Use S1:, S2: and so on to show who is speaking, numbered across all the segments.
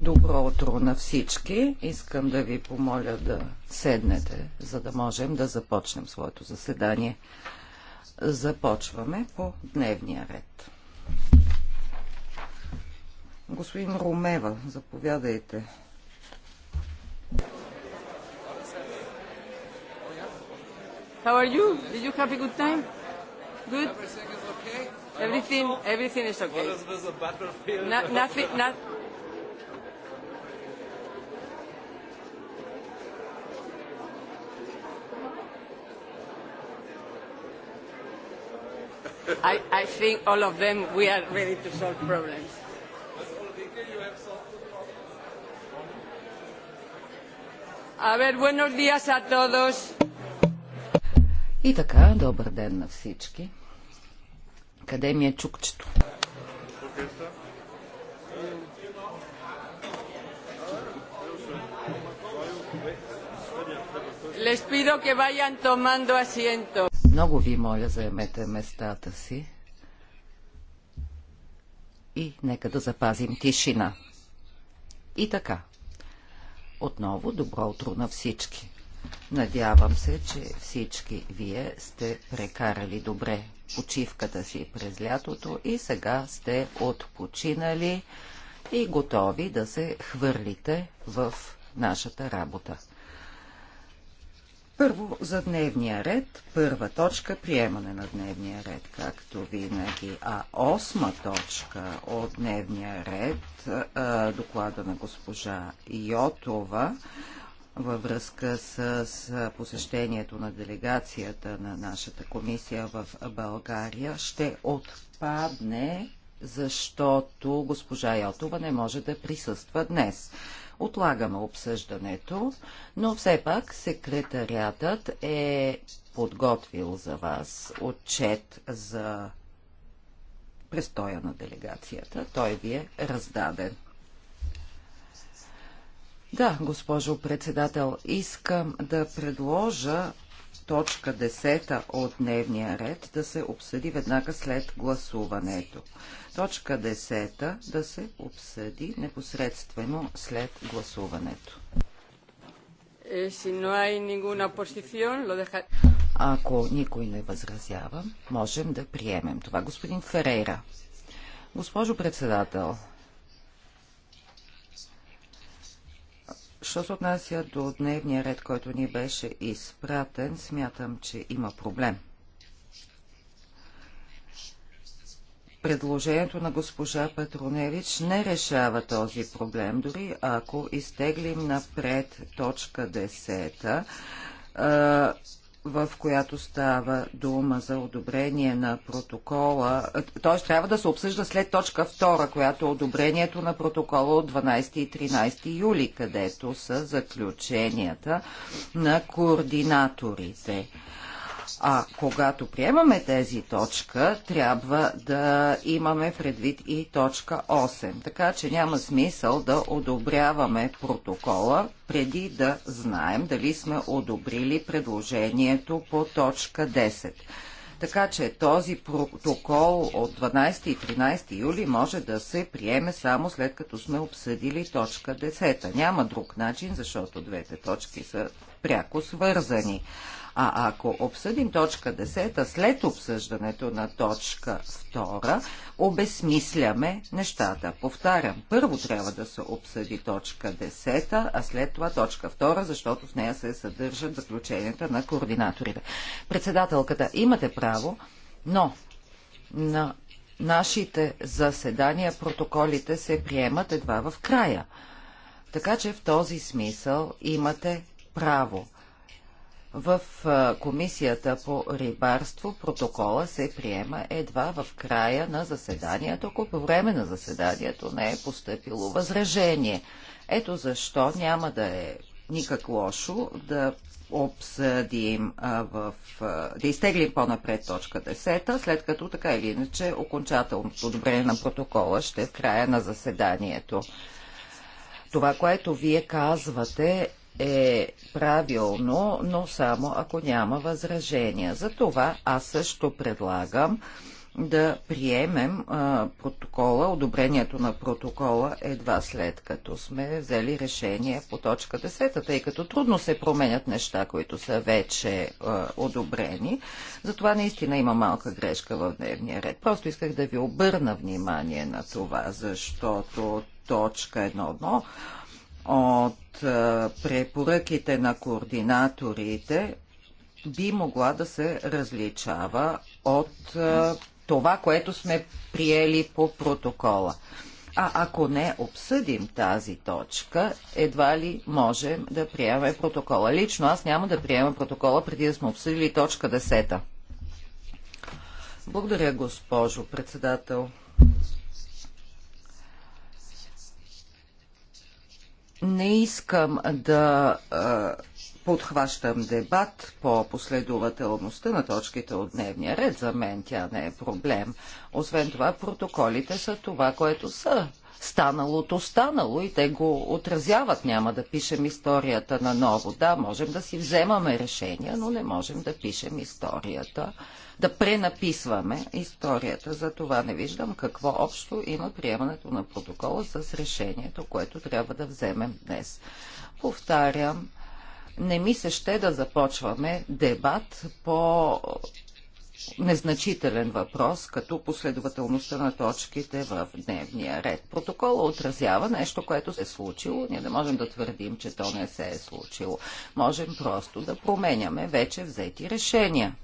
S1: Добро утро на всички. Искам да ви помоля да седнете, за да можем да започнем своето заседание. Започваме по дневния ред. Господин Ромева, заповядайте.
S2: How are you? Did you have a good time? Good?
S1: Everything is okay? Everything,
S2: everything is okay. What is this,
S1: a battlefield? No, nothing, not,
S2: I, I think all of them, we are ready to solve problems. A ver, buenos días a todos.
S1: И така, добър ден на всички. Къде ми е чукчето?
S2: Les pido que vayan tomando
S1: asiento. Много ви моля, заемете местата си. И нека да запазим тишина. И така. Отново добро утро на всички. Надявам се, че всички вие сте прекарали добре почивката си през лятото и сега сте отпочинали и готови да се хвърлите в нашата работа. Първо за дневния ред. Първа точка приемане на дневния ред, както винаги. А осма точка от дневния ред, доклада на госпожа Йотова, във връзка с, посещението на делегацията на нашата комисия в България ще отпадне, защото госпожа Йотова не може да присъства днес. Отлагаме обсъждането, но все пак секретариатът е подготвил за вас отчет за престоя на делегацията. Той ви е раздаден. Да, госпожо председател, искам да предложа точка 10 от дневния ред да се обсъди веднага след гласуването. Точка 10 да се обсъди непосредствено след гласуването. Е, Ако никой не възразява, можем да приемем това. Господин Ферейра. Госпожо председател, Що се отнася до дневния ред, който ни беше изпратен, смятам, че има проблем. Предложението на госпожа Петроневич не решава този проблем. Дори ако изтеглим напред точка 10, в която става дума за одобрение на протокола, т.е. трябва да се обсъжда след точка 2, която е одобрението на протокола от 12 и 13 юли, където са заключенията на координаторите. А когато приемаме тези точка, трябва да имаме предвид и точка 8. Така че няма смисъл да одобряваме протокола преди да знаем дали сме одобрили предложението по точка 10. Така че този протокол от 12 и 13 юли може да се приеме само след като сме обсъдили точка 10. Няма друг начин, защото двете точки са пряко свързани. А ако обсъдим точка 10, след обсъждането на точка 2, обесмисляме нещата. Повтарям, първо трябва да се обсъди точка 10, а след това точка 2, защото в нея се съдържат заключенията на координаторите. Председателката, имате право, но на нашите заседания протоколите се приемат едва в края. Така че в този смисъл имате право. В комисията по рибарство протокола се приема едва в края на заседанието, ако по време на заседанието не е поступило възражение. Ето защо няма да е никак лошо да обсъдим в... да изтеглим по-напред точка 10, след като така или иначе окончателното одобрение на протокола ще е в края на заседанието. Това, което вие казвате е правилно, но само ако няма възражения. Затова аз също предлагам да приемем а, протокола, одобрението на протокола едва след като сме взели решение по точка 10, тъй като трудно се променят неща, които са вече а, одобрени. Затова наистина има малка грешка в дневния ред. Просто исках да ви обърна внимание на това, защото точка 1.1 от препоръките на координаторите би могла да се различава от това, което сме приели по протокола. А ако не обсъдим тази точка, едва ли можем да приемем протокола. Лично аз няма да приема протокола преди да сме обсъдили точка 10. Благодаря, госпожо председател. Не искам да а, подхващам дебат по последователността на точките от дневния ред. За мен тя не е проблем. Освен това, протоколите са това, което са станалото станало и те го отразяват. Няма да пишем историята на ново. Да, можем да си вземаме решения, но не можем да пишем историята, да пренаписваме историята. За това не виждам какво общо има приемането на протокола с решението, което трябва да вземем днес. Повтарям, не ми се ще да започваме дебат по незначителен въпрос, като последователността на точките в дневния ред. Протокола отразява нещо, което се е случило. Ние не можем да твърдим, че то не се е случило. Можем просто да променяме вече взети решения.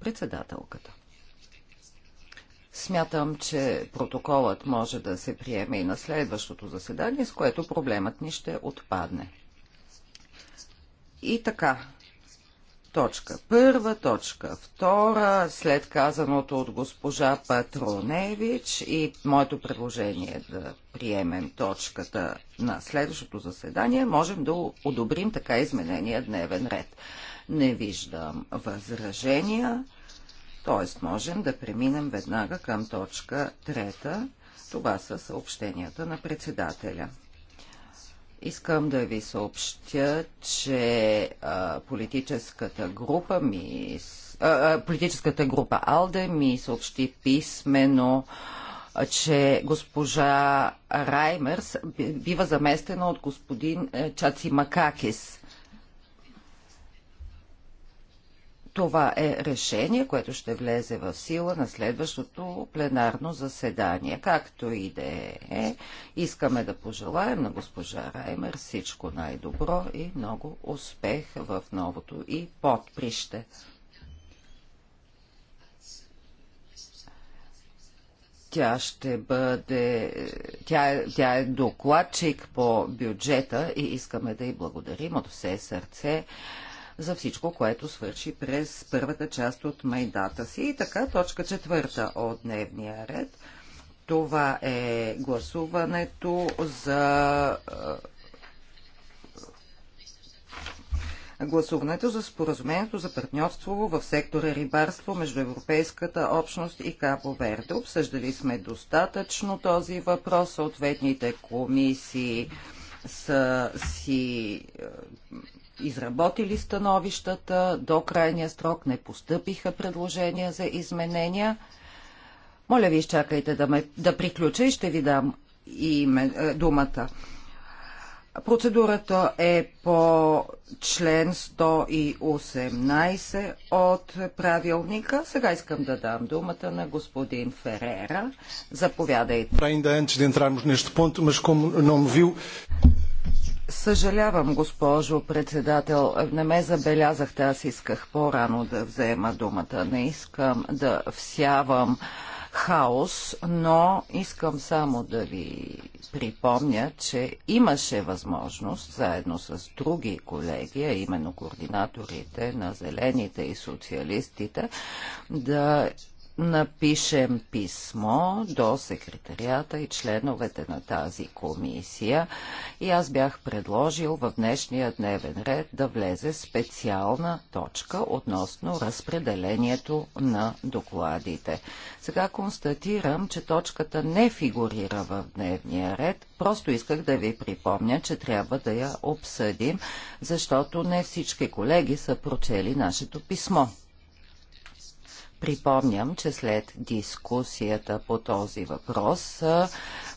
S1: Председателката. Смятам, че протоколът може да се приеме и на следващото заседание, с което проблемът ни ще отпадне. И така, точка първа, точка втора, след казаното от госпожа Патроневич и моето предложение е да приемем точката на следващото заседание, можем да одобрим така изменения дневен ред. Не виждам възражения, т.е. можем да преминем веднага към точка трета. Това са съобщенията на председателя. Искам да ви съобщя, че а, политическата група ми а, политическата група Алде ми съобщи писмено, че госпожа Раймерс бива заместена от господин Чаци Макакис. Това е решение, което ще влезе в сила на следващото пленарно заседание. Както и да е, искаме да пожелаем на госпожа Раймер всичко най-добро и много успех в новото и подприще. Тя ще бъде... Тя е, тя е докладчик по бюджета и искаме да й благодарим от все сърце за всичко, което свърши през първата част от майдата си. И така, точка четвърта от дневния ред. Това е гласуването за е, гласуването за споразумението за партньорство в сектора рибарство между Европейската общност и Капо Верде. Обсъждали сме достатъчно този въпрос. Съответните комисии са си е, изработили становищата, до крайния срок не поступиха предложения за изменения. Моля ви, изчакайте да, ме, да приключа и ще ви дам име, е, думата. Процедурата е по член 118 от правилника. Сега искам да дам думата на господин Ферера. Заповядайте. Ainda antes de entrarmos neste ponto, mas como não me viu... Съжалявам, госпожо председател, не ме забелязахте, аз исках по-рано да взема думата. Не искам да всявам хаос, но искам само да ви припомня, че имаше възможност, заедно с други колеги, а именно координаторите на зелените и социалистите, да напишем писмо до секретарията и членовете на тази комисия и аз бях предложил в днешния дневен ред да влезе специална точка относно разпределението на докладите. Сега констатирам, че точката не фигурира в дневния ред. Просто исках да ви припомня, че трябва да я обсъдим, защото не всички колеги са прочели нашето писмо. Припомням, че след дискусията по този въпрос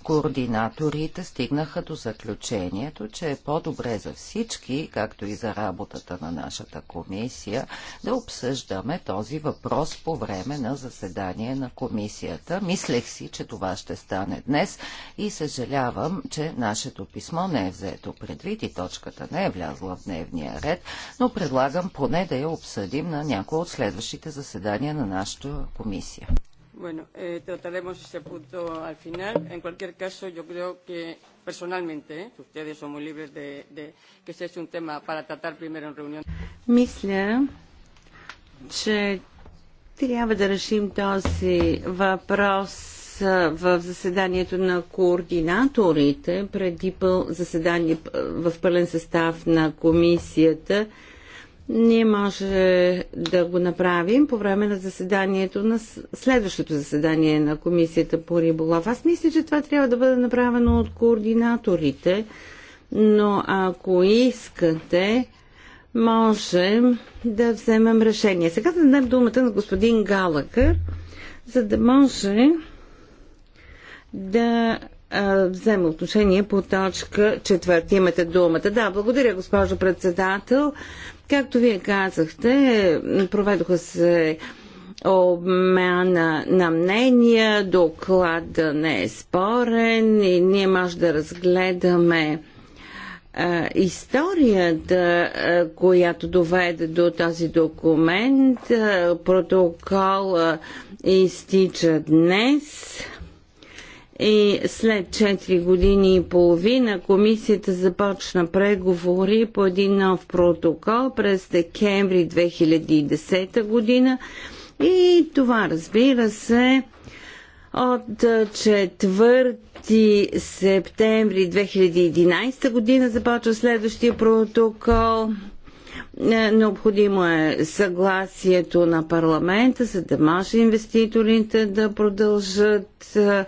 S1: Координаторите стигнаха до заключението, че е по-добре за всички, както и за работата на нашата комисия, да обсъждаме този въпрос по време на заседание на комисията. Мислех си, че това ще стане днес и съжалявам, че нашето писмо не е взето предвид и точката не е влязла в дневния ред, но предлагам поне да я обсъдим на някои от следващите заседания на нашата комисия.
S2: Bueno, eh, trataremos ese punto al final. En cualquier caso, yo creo que personalmente, eh, ustedes son muy libres de, de que ese es un tema para tratar primero en reunión.
S3: Мисля, че трябва да решим този въпрос в заседанието на координаторите преди пъл, заседание в пълен състав на комисията. Ние може да го направим по време на заседанието на следващото заседание на Комисията по риболов. Аз мисля, че това трябва да бъде направено от координаторите, но ако искате, можем да вземем решение. Сега да дадем думата на господин Галакър, за да може да взема отношение по точка четвърта. Имате думата. Да, благодаря, госпожо председател. Както вие казахте, проведоха се обмяна на мнения, доклад не е спорен и ние може да разгледаме а, историята, а, която доведе до този документ. А, протокол изтича днес. И след 4 години и половина комисията започна преговори по един нов протокол през декември 2010 година. И това, разбира се, от 4 септември 2011 година започва следващия протокол. Е, необходимо е съгласието на парламента, за да може инвеститорите да продължат е,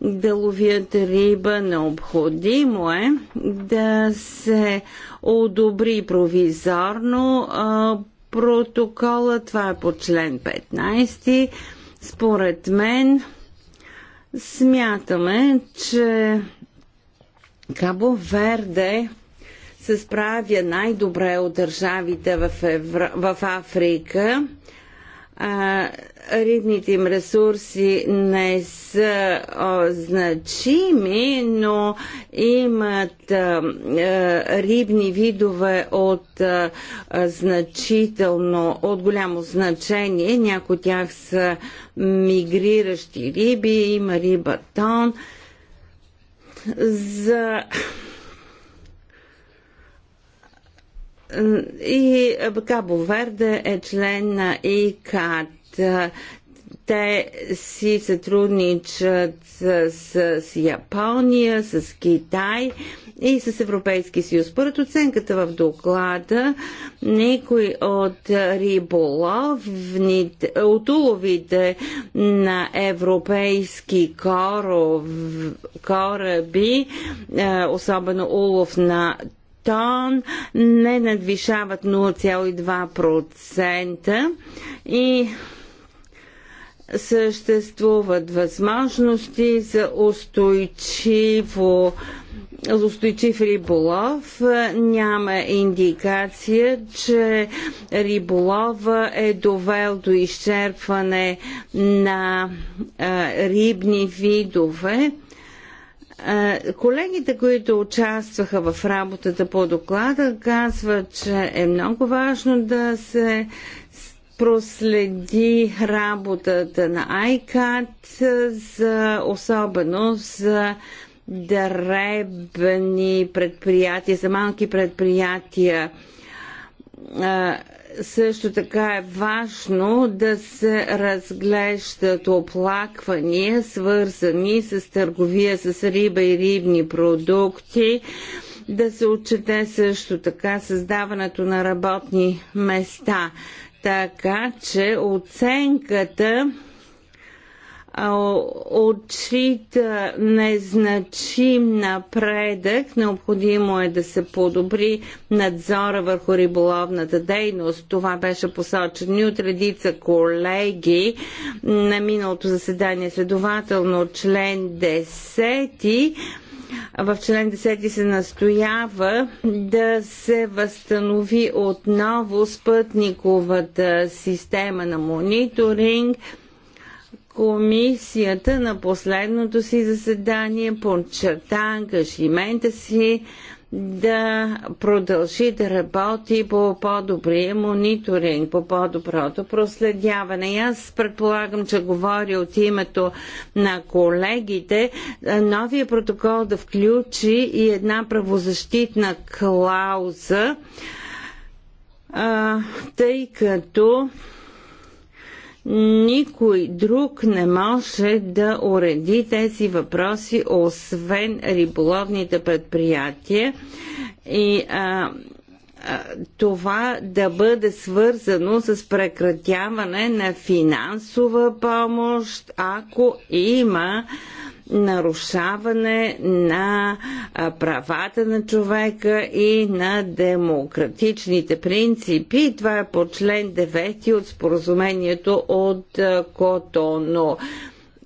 S3: да ловят риба. Необходимо е да се одобри провизорно а, протокола. Това е по член 15. Според мен смятаме, че Кабо Верде се справя най-добре от държавите в, Евро... в Африка а, ридните им ресурси не са о, значими, но имат а, рибни видове от а, значително, от голямо значение. Някои от тях са мигриращи риби, има риба тон. За И Кабо Верде е член на ИКАТ. Те си сътрудничат с, с, Япония, с Китай и с Европейски съюз. Според оценката в доклада, никой от риболовните, от уловите на европейски коров, кораби, особено улов на тон не надвишават 0,2% и съществуват възможности за устойчиво устойчив риболов. Няма индикация, че риболова е довел до изчерпване на а, рибни видове. Е, колегите, които участваха в работата по доклада, казват, че е много важно да се проследи работата на ICAT, за, особено за дребни предприятия, за малки предприятия е, също така е важно да се разглеждат оплаквания, свързани с търговия с риба и рибни продукти, да се отчете също така създаването на работни места. Така че оценката отчита незначим напредък. Необходимо е да се подобри надзора върху риболовната дейност. Това беше посочено и от редица колеги на миналото заседание. Следователно, член 10 в член 10 се настоява да се възстанови отново спътниковата система на мониторинг – Комисията на последното си заседание подчерта ангажимента си да продължи да работи по по-добрия мониторинг, по по-доброто проследяване. И аз предполагам, че говоря от името на колегите. Новия протокол да включи и една правозащитна клауза, тъй като никой друг не може да уреди тези въпроси, освен риболовните предприятия. И а, това да бъде свързано с прекратяване на финансова помощ, ако има а, нарушаване на правата на човека и на демократичните принципи. Това е по член 9 от споразумението от Котоно.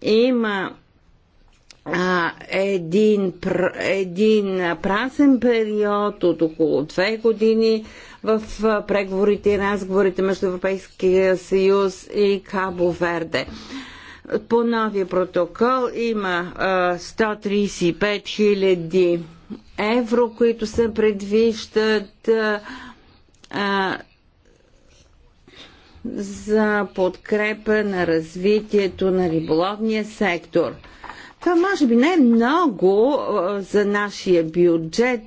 S3: Има а, един, пр, един празен период от около две години в преговорите и разговорите между Европейския съюз и Кабо Верде. А, по новия протокол има 135 000 евро, които се предвиждат за подкрепа на развитието на риболовния сектор. Това може би не е много за нашия бюджет,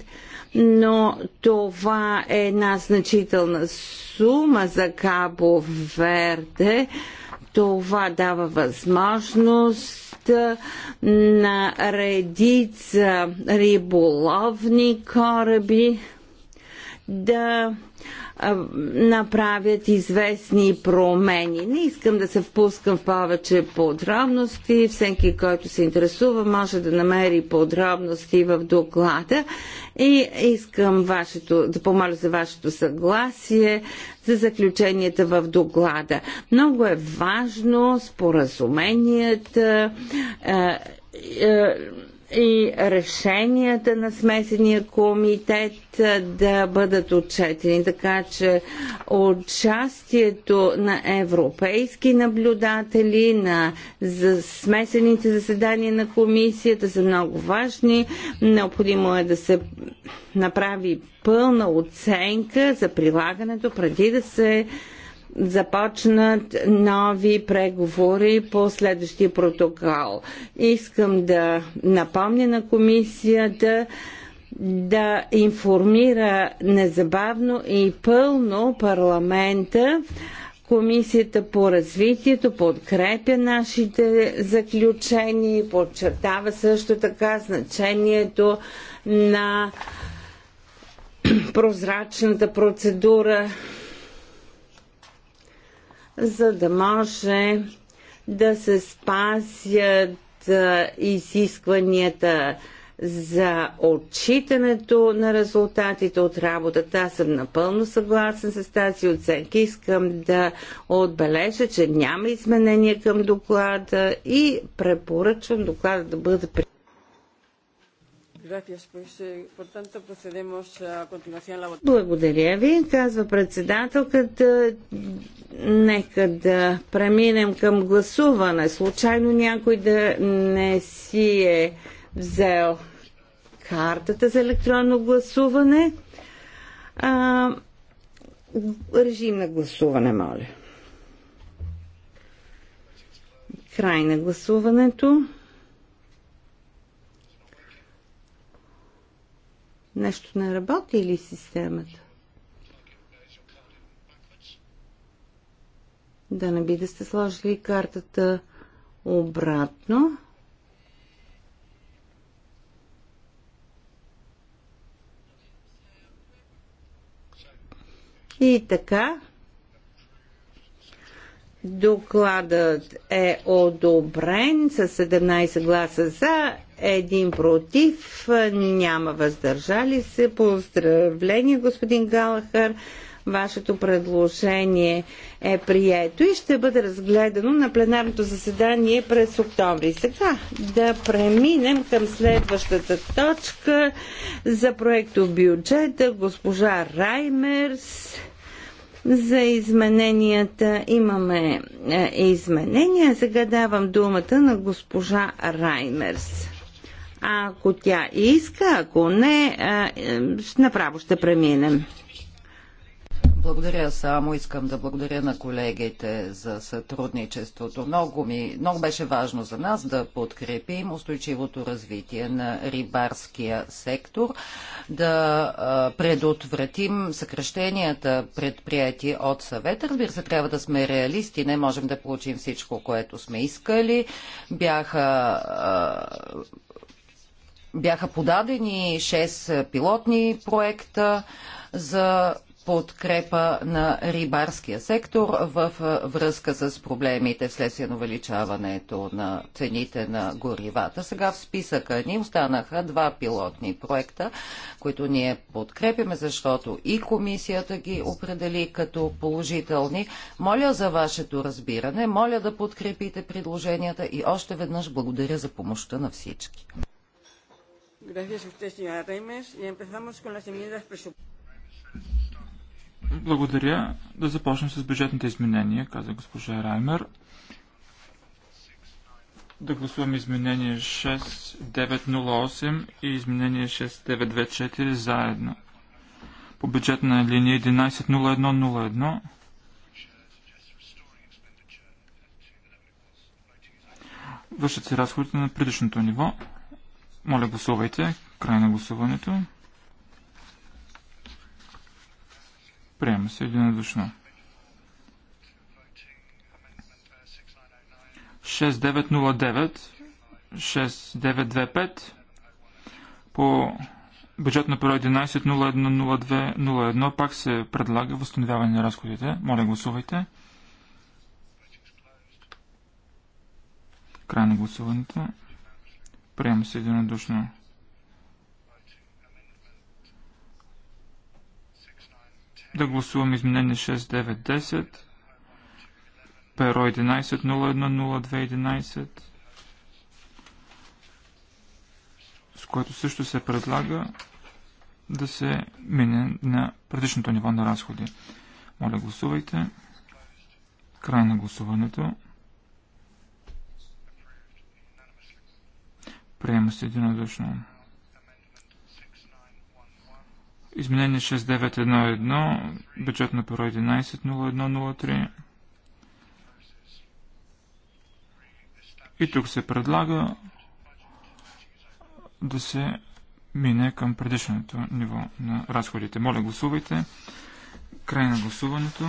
S3: но това е една значителна сума за Кабо Верде. Това дава възможност на редица риболовни кораби да направят известни промени. Не искам да се впускам в повече подробности. Всеки, който се интересува, може да намери подробности в доклада и искам вашето, да помоля за вашето съгласие за заключенията в доклада. Много е важно споразуменията. Е, е, и решенията на смесения комитет да бъдат отчетени. Така че участието на европейски наблюдатели на за смесените заседания на комисията са много важни. Необходимо е да се направи пълна оценка за прилагането преди да се започнат нови преговори по следващия протокол. Искам да напомня на комисията да информира незабавно и пълно парламента. Комисията по развитието подкрепя нашите заключения и подчертава също така значението на прозрачната процедура за да може да се спасят изискванията за отчитането на резултатите от работата. Аз съм напълно съгласен с тази оценка. Искам да отбележа, че няма изменения към доклада и препоръчвам доклада да бъде при...
S2: Eh,
S3: Благодаря ви, казва председателката. Нека да преминем към гласуване. Случайно някой да не си е взел картата за електронно гласуване. А, режим на
S1: гласуване, моля.
S3: Край на гласуването. Нещо не работи или системата? Да не би да сте сложили картата обратно. И така, Докладът е одобрен с 17 гласа за, един против, няма въздържали се. Поздравление, господин Галахър. Вашето предложение е прието и ще бъде разгледано на пленарното заседание през октомври. Сега да преминем към следващата точка за проекто бюджета. Госпожа Раймерс за измененията. Имаме е, изменения. Сега давам думата на госпожа Раймерс. Ако тя иска, ако не, е, е, направо ще преминем.
S1: Благодаря само. Искам да благодаря на колегите за сътрудничеството. Много, ми, много беше важно за нас да подкрепим устойчивото развитие на рибарския сектор, да а, предотвратим съкрещенията предприяти от съвета. Разбира се, трябва да сме реалисти, не можем да получим всичко, което сме искали. Бяха а, бяха подадени 6 пилотни проекта за подкрепа на рибарския сектор в връзка с проблемите вследствие на увеличаването на цените на горивата. Сега в списъка ни останаха два пилотни проекта, които ние подкрепяме, защото и комисията ги определи като положителни. Моля за вашето разбиране, моля да подкрепите предложенията и още веднъж благодаря за помощта на всички.
S2: Gracias a usted, señora Y empezamos con las enmiendas presupuestarias.
S4: Благодаря. Да започнем с бюджетните изменения, каза госпожа Раймер. Да гласуваме изменение 6908 и изменение 6924 заедно. По бюджетна линия 110101 вършат се разходите на предишното ниво. Моля гласувайте. Край на гласуването. Приема се единодушно. 6909 6925 по бюджетно перо 11.01.02.01 пак се предлага възстановяване на разходите. Моля, гласувайте. Край на гласуването. Приема се единодушно. Да гласувам изменение 6910, перо 11010211, с което също се предлага да се мине на предишното ниво на разходи. Моля, гласувайте. Край на гласуването. Приема се единодушно. Изменение 6911, бюджет на перо 110103. И тук се предлага да се мине към предишното ниво на разходите. Моля, гласувайте. Край на гласуването.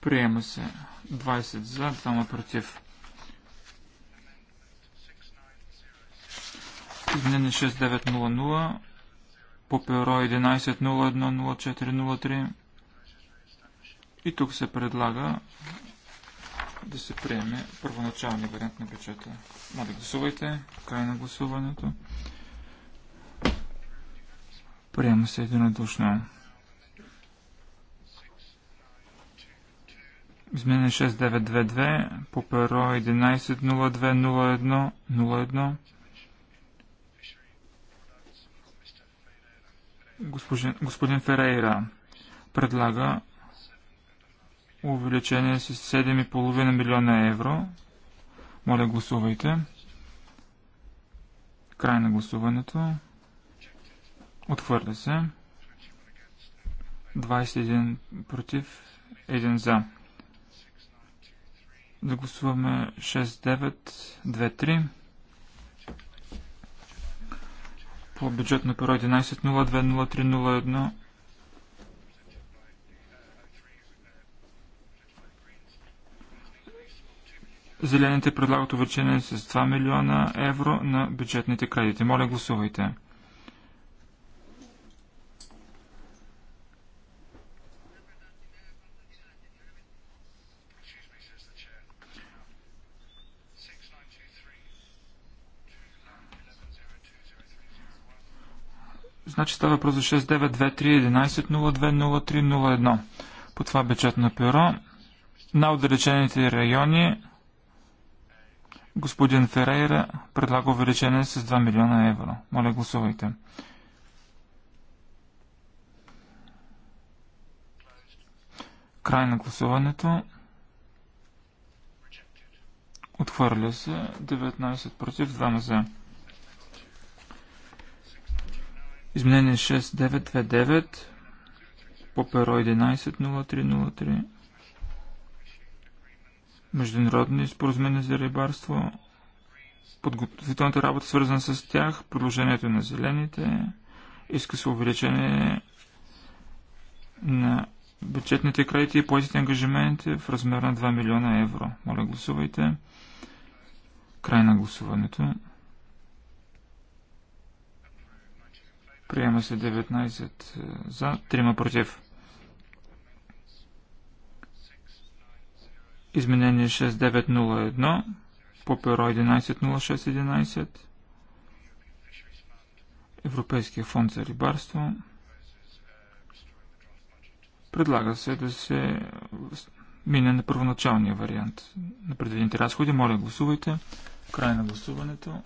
S4: Приема се 20 за, 2 против. Изменение 6900 по перо 11010403 и тук се предлага да се приеме първоначалния вариант на бюджета. Моля, гласувайте. Край на гласуването. Приема се единодушно. Измене 6922 по перо 11020101 господин Ферейра предлага увеличение с 7,5 милиона евро. Моля, гласувайте. Край на гласуването. Отхвърля се. 21 против, 1 за. Да гласуваме 6-9-2-3. по бюджет на перо 11.02.03.01. Зелените предлагат увеличение с 2 милиона евро на бюджетните кредити. Моля, гласувайте. Значи става въпрос за 11020301. По това бюджетно перо на отдалечените райони господин Ферейра предлага увеличение с 2 милиона евро. Моля, гласувайте. Край на гласуването. Отхвърля се 19 против 2 за. Изменение 6929 по перо 110303. Международни споразумения за рибарство. Подготовителната работа свързана с тях. Продължението на зелените. Иска се увеличение на бюджетните кредити и поетите ангажименти в размер на 2 милиона евро. Моля, гласувайте. Край на гласуването. Приема се 19 е, за, 3 против. Изменение 6901 по перо 110611 Европейския фонд за рибарство. Предлага се да се мине на първоначалния вариант на предвидените разходи. Моля, гласувайте. Край на гласуването.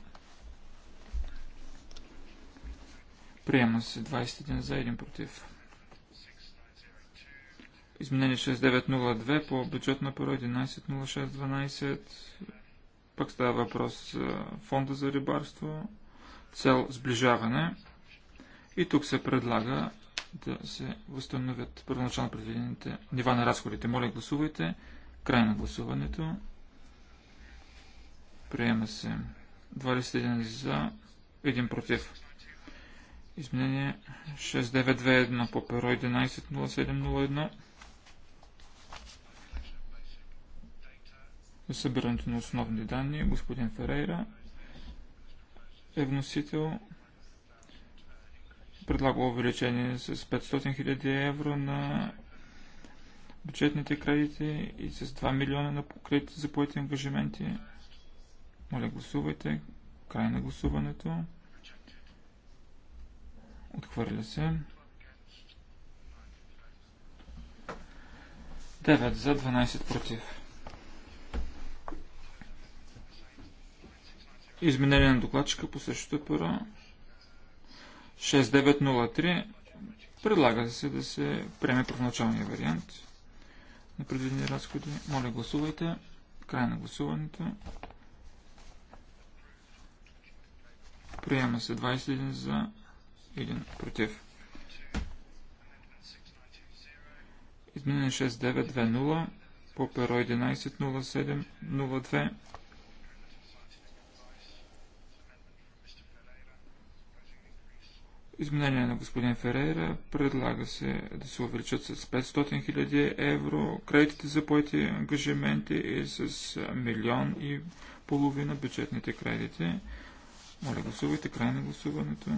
S4: Приема се 21 за 1 против. Изменение 6902 по бюджет на първо 110612. Пък става въпрос за фонда за рибарство. Цел сближаване. И тук се предлага да се възстановят първоначално предвидените нива на разходите. Моля, гласувайте. Край на гласуването. Приема се 21 за, 1 против. Изменение 6921 по перо 110701 за събирането на основни данни. Господин Ферейра е вносител. Предлага увеличение с 500 000 евро на бюджетните кредити и с 2 милиона на кредити за поети ангажименти. Моля, гласувайте. Край на гласуването. Отхвърля се. 9 за 12 против. Изменение на докладчика по същото пара. 6903 предлага се да се приеме първоначалния вариант на предвидени разходи. Моля гласувайте. Край на гласуването. Приема се 21 за един против. Изменение 6920 по перо 110702. Изменение на господин Ферейра предлага се да се увеличат с 500 000 евро кредитите за поети ангажименти и с милион и половина бюджетните кредити. Моля гласувайте край на гласуването.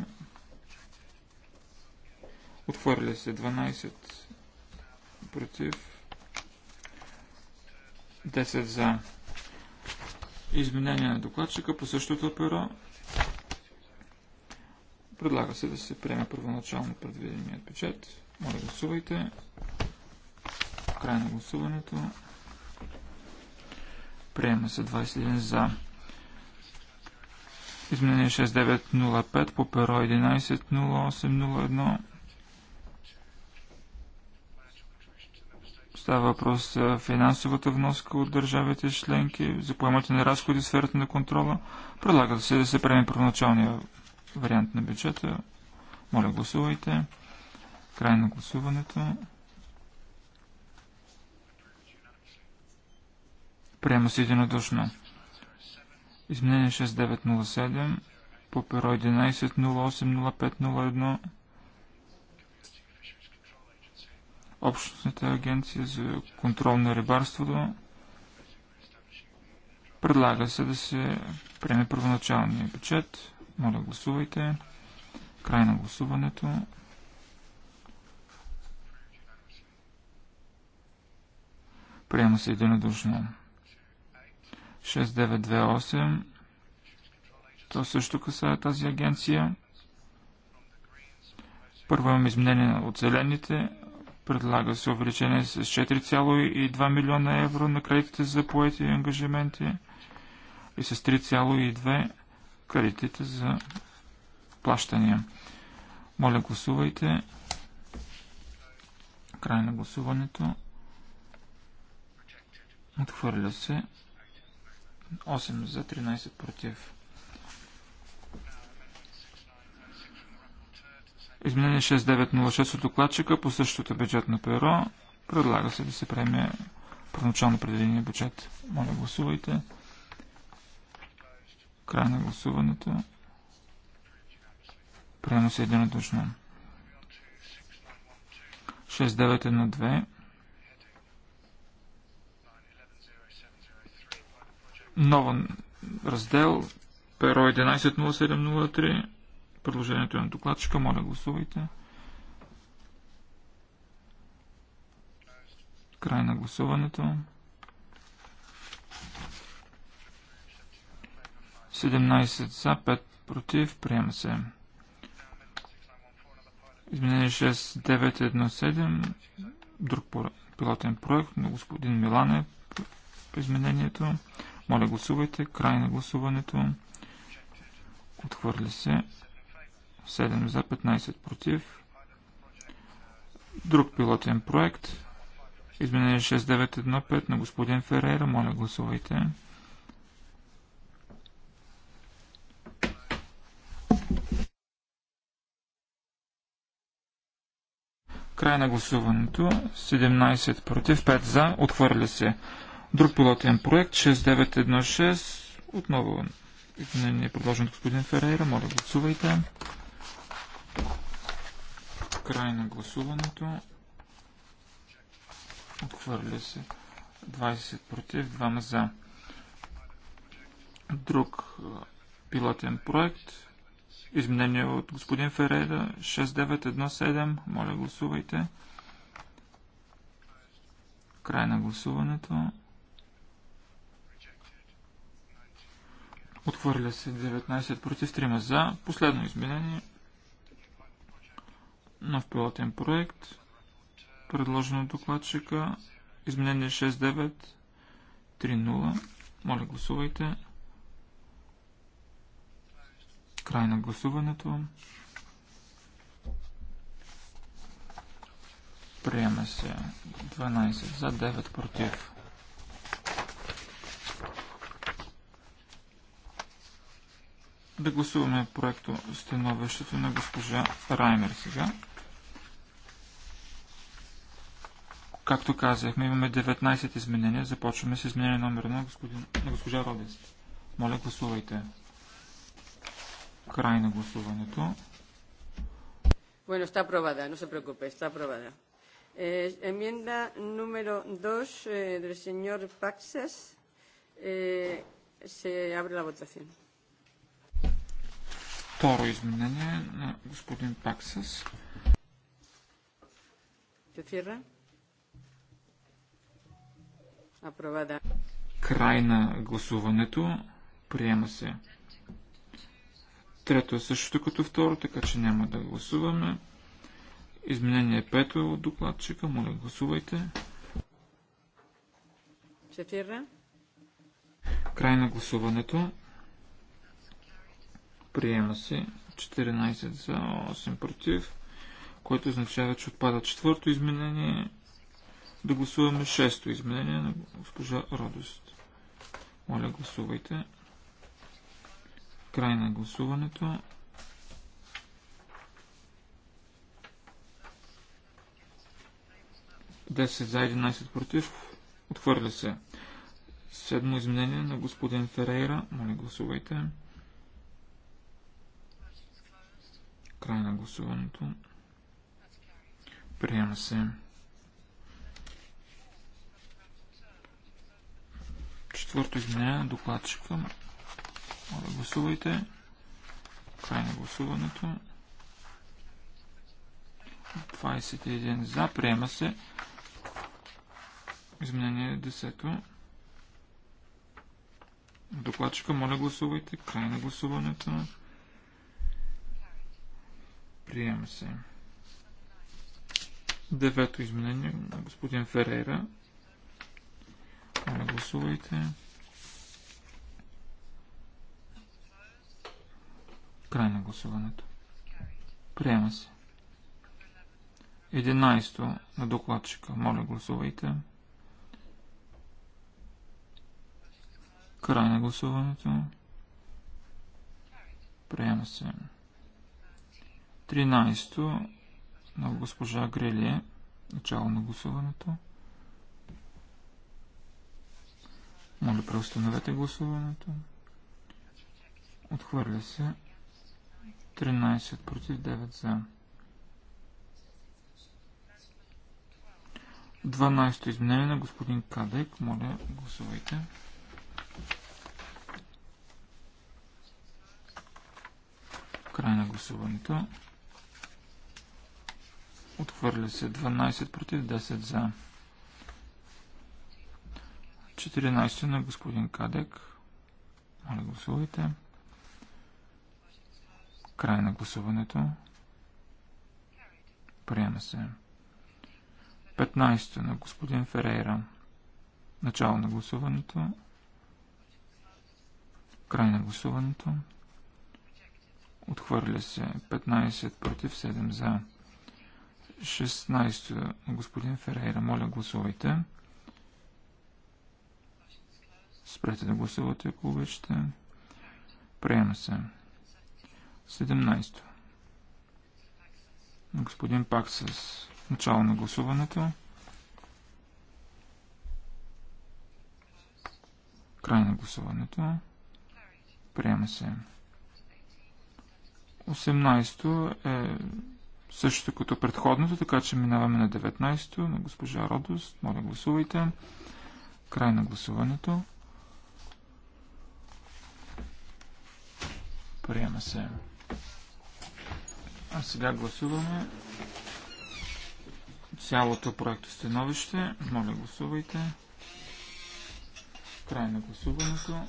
S4: Отхвърля се 12 против 10 за. Изменение на докладчика по същото перо. Предлага се да се приеме първоначално предвиденият бюджет. Моля гласувайте. Край на гласуването. Приема се 21 за. Изменение 6905 по перо 110801. Става въпрос за финансовата вноска от държавите членки, за поемате на разходи в сферата на контрола. Предлага се да се приеме първоначалния вариант на бюджета. Моля, гласувайте. Край на гласуването. Приема се единодушно. Изменение 6907 по перо 11080501 Общностната агенция за контрол на рибарството. Предлага се да се приеме първоначалния бюджет. Моля, гласувайте. Край на гласуването. Приема се единодушно. 6928. То също касае тази агенция. Първо имаме изменение от зелените. Предлага се увеличение с 4,2 милиона евро на кредитите за поети и ангажименти и с 3,2 кредитите за плащания. Моля, гласувайте. Край на гласуването. Отхвърля се. 8 за 13 против. Изменение 6906 от докладчика по същото бюджетно перо. Предлага се да се приеме първоначално предвидения бюджет. Моля, гласувайте. Край на гласуването. Приема се единодушно. 6912 Нов раздел Перо 110703 предложението е на докладчика. Моля, гласувайте. Край на гласуването. 17 за, 5 против. Приема се. Изменение 6917. Друг пилотен проект на господин Милане. по Изменението. Моля гласувайте. Край на гласуването. Отхвърли се. 7 за, 15 против. Друг пилотен проект. Изменение 6915 на господин Ферейра. Моля, гласувайте. Край на гласуването. 17 против, 5 за. Отхвърля се. Друг пилотен проект 6916. Отново изменение предложено от господин Ферейра. Моля, гласувайте. Край на гласуването. Отхвърля се 20 против, 2 за. Друг пилотен проект. Изменение от господин Фереда 6917. Моля гласувайте. Край на гласуването. Отхвърля се 19 против 3 за. Последно изменение нов пилотен проект, предложен от докладчика, изменение 6930. Моля, гласувайте. Край на гласуването. Приема се 12 за 9 против. Да гласуваме проекто становището на госпожа Раймер сега. Както казахме, имаме 19 изменения. Започваме с изменение номер 1 на, на госпожа Родес. Моля, гласувайте. Край на гласуването.
S2: Bueno, está aprobada, no se preocupe, está aprobada. Eh, enmienda número 2 eh, del señor Paxas. Eh, se abre la votación.
S4: Второ изменение на господин Паксас. Се cierra? Край на гласуването. Приема се. Трето е същото като второ, така че няма да гласуваме. Изменение пето е от докладчика. Моля, гласувайте. Четирна. Край на гласуването. Приема се 14 за 8 против, което означава, че отпада четвърто изменение. Да гласуваме шесто изменение на госпожа Родост. Моля, гласувайте. Край на гласуването. Десет за 11 против. Отхвърля се. Седмо изменение на господин Ферейра. Моля, гласувайте. Край на гласуването. Приема се. Четвърто изменение на докладчика. Моля, гласувайте. Край на гласуването. 21 за. Приема се. Изменение 10. Докладчика, моля гласувайте. Край на гласуването. Приема се. Девето изменение на господин Ферера. Моля, гласувайте. Край на гласуването. Приема се. 11 то на докладчика. Моля, гласувайте. Край на гласуването. Приема се. 13 то на госпожа Грелие. Начало на гласуването. Моля, преустановете гласуването. Отхвърля се. 13 против 9 за. 12 изменение на господин Кадек. Моля, гласувайте. Край на гласуването. Отхвърля се 12 против 10 за. 14 на господин Кадек. Моля гласувайте. Край на гласуването. Приема се. 15 на господин Ферейра. Начало на гласуването. Край на гласуването. Отхвърля се 15 против 7 за. 16 на господин Ферейра. Моля гласувайте. Спрете да гласувате, ако обичате. Приема се. 17. Господин пак с начало на гласуването. Край на гласуването. Приема се. 18 е същото като предходното, така че минаваме на 19 на госпожа Родост. Моля, гласувайте. Край на гласуването. Приема се. А сега гласуваме цялото проекто становище. Моля, гласувайте. Край на гласуването.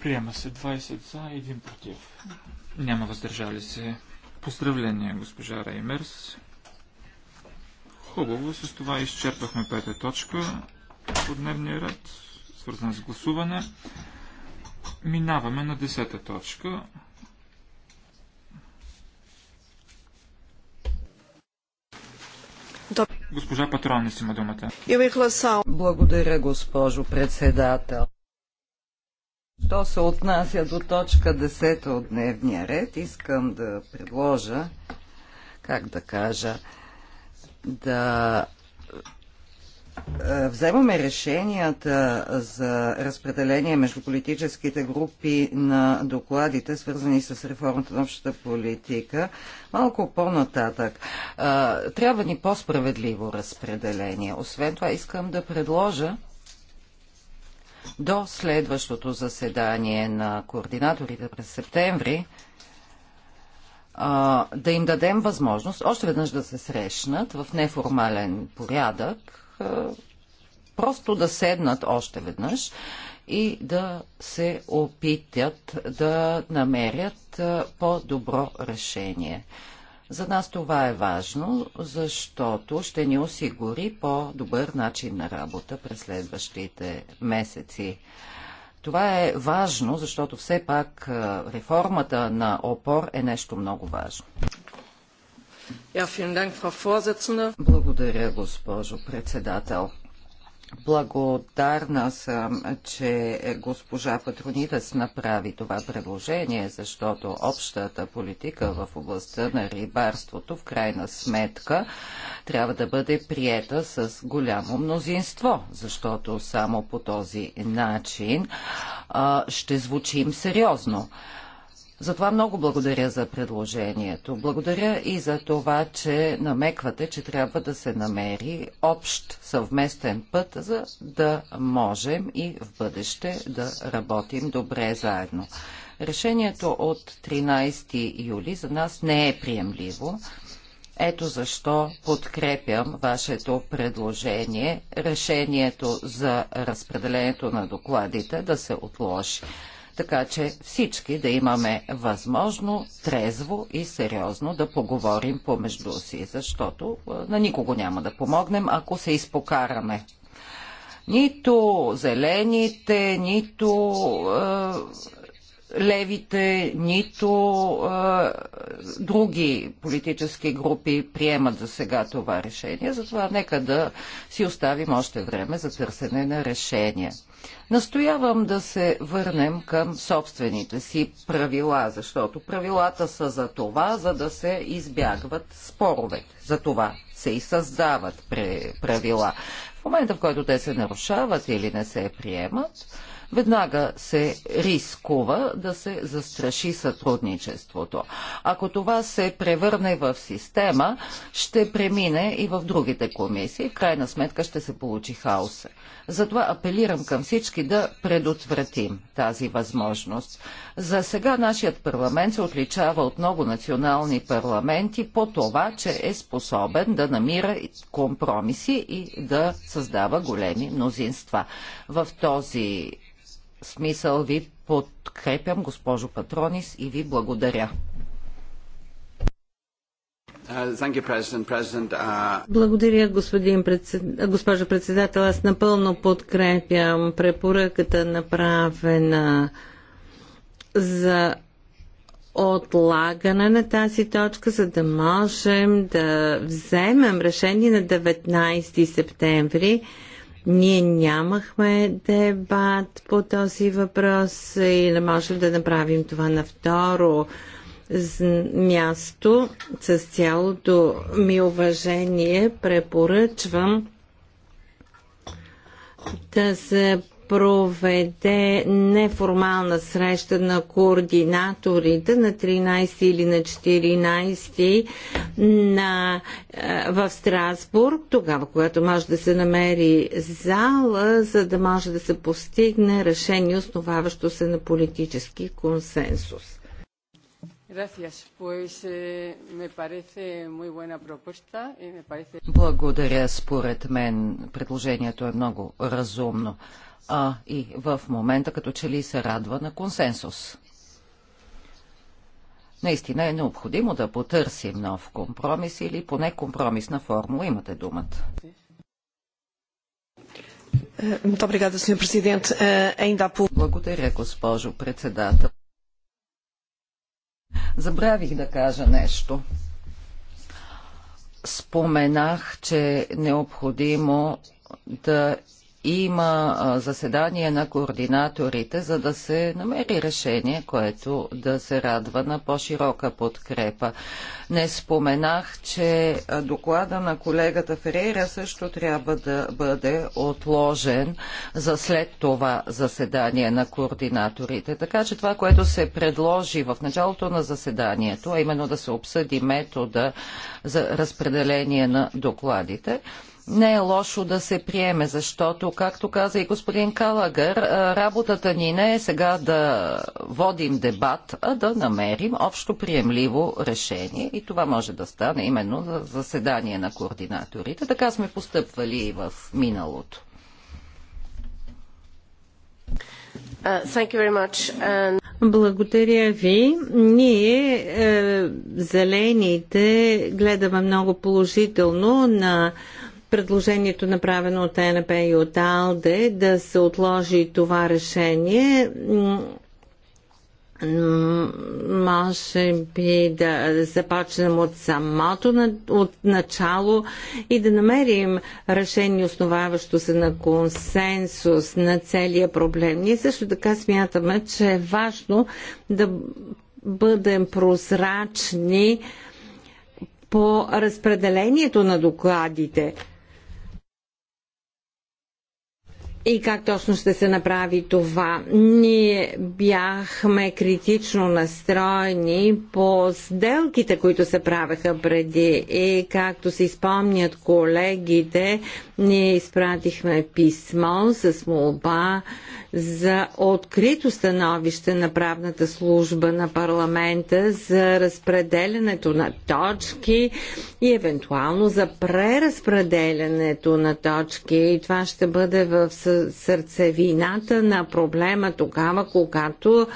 S4: Приема се 20 за, 1 против. Няма въздържали се. Поздравления, госпожа Реймерс. Хубаво, с това изчерпахме пета точка от дневния ред, свързан с гласуване. Минаваме на десета точка. Госпожа Патрон, не си има думата.
S1: Благодаря, госпожо председател. Що се отнася до точка 10 от дневния ред, искам да предложа, как да кажа, да е, вземаме решенията за разпределение между политическите групи на докладите, свързани с реформата на общата политика, малко по-нататък. Е, трябва ни по-справедливо разпределение. Освен това, искам да предложа до следващото заседание на координаторите през септември да им дадем възможност още веднъж да се срещнат в неформален порядък е, просто да седнат още веднъж и да се опитят да намерят е, по-добро решение. За нас това е важно, защото ще ни осигури по-добър начин на работа през следващите месеци. Това е важно, защото все пак е, реформата на опор е нещо много важно. Благодаря, госпожо председател. Благодарна съм, че госпожа Патронидес направи това предложение, защото общата политика в областта на рибарството в крайна сметка трябва да бъде приета с голямо мнозинство, защото само по този начин а, ще звучим сериозно. Затова много благодаря за предложението. Благодаря и за това, че намеквате, че трябва да се намери общ съвместен път, за да можем и в бъдеще да работим добре заедно. Решението от 13 юли за нас не е приемливо. Ето защо подкрепям вашето предложение, решението за разпределението на докладите да се отложи така че всички да имаме възможно трезво и сериозно да поговорим помежду си, защото на никого няма да помогнем, ако се изпокараме. Нито зелените, нито левите, нито а, други политически групи приемат за сега това решение. Затова нека да си оставим още време за търсене на решение. Настоявам да се върнем към собствените си правила, защото правилата са за това, за да се избягват спорове За това се и създават правила. В момента, в който те се нарушават или не се приемат, веднага се рискува да се застраши сътрудничеството. Ако това се превърне в система, ще премине и в другите комисии. В крайна сметка ще се получи хаос. Затова апелирам към всички да предотвратим тази възможност. За сега нашият парламент се отличава от много национални парламенти по това, че е способен да намира компромиси и да създава големи мнозинства. В този смисъл ви подкрепям, госпожо Патронис, и ви благодаря. Uh,
S3: благодаря, господин председ... госпожо председател. Аз напълно подкрепям препоръката направена за отлагане на тази точка, за да можем да вземем решение на 19 септември ние нямахме дебат по този въпрос и не можем да направим това на второ място. С цялото ми уважение препоръчвам да се проведе неформална среща на координаторите на 13 или на 14 на, е, в Страсбург, тогава, когато може да се намери зала, за да може да се постигне решение, основаващо се на политически консенсус.
S2: Е,
S1: Благодаря. Според мен предложението е много разумно а и в момента като че ли се радва на консенсус. Наистина е необходимо да потърсим нов компромис или поне компромисна формула. Имате думата. Е, е, Благодаря, госпожо председател. Забравих да кажа нещо. Споменах, че е необходимо да има заседание на координаторите, за да се намери решение, което да се радва на по-широка подкрепа. Не споменах, че доклада на колегата Ферейра също трябва да бъде отложен за след това заседание на координаторите. Така че това, което се предложи в началото на заседанието, а именно да се обсъди метода за разпределение на докладите, не е лошо да се приеме, защото, както каза и господин Калагър, работата ни не е сега да водим дебат, а да намерим общо приемливо решение. И това може да стане именно за заседание на координаторите. Така сме постъпвали и в миналото.
S3: Uh,
S1: Благодаря ви.
S3: Ние, е, зелените, гледаме много положително на предложението направено от ЕНП и от АЛДЕ да се отложи това решение може би да започнем от самото от начало и да намерим решение, основаващо се на консенсус на целия проблем. Ние също така смятаме, че е важно да бъдем прозрачни по разпределението на докладите и как точно ще се направи това. Ние бяхме критично настроени по сделките, които се правеха преди и както се изпомнят колегите, ние изпратихме писмо с молба за открито становище на правната служба на парламента за разпределянето на точки и евентуално за преразпределянето на точки. И това ще бъде в сърцевината на проблема тогава, когато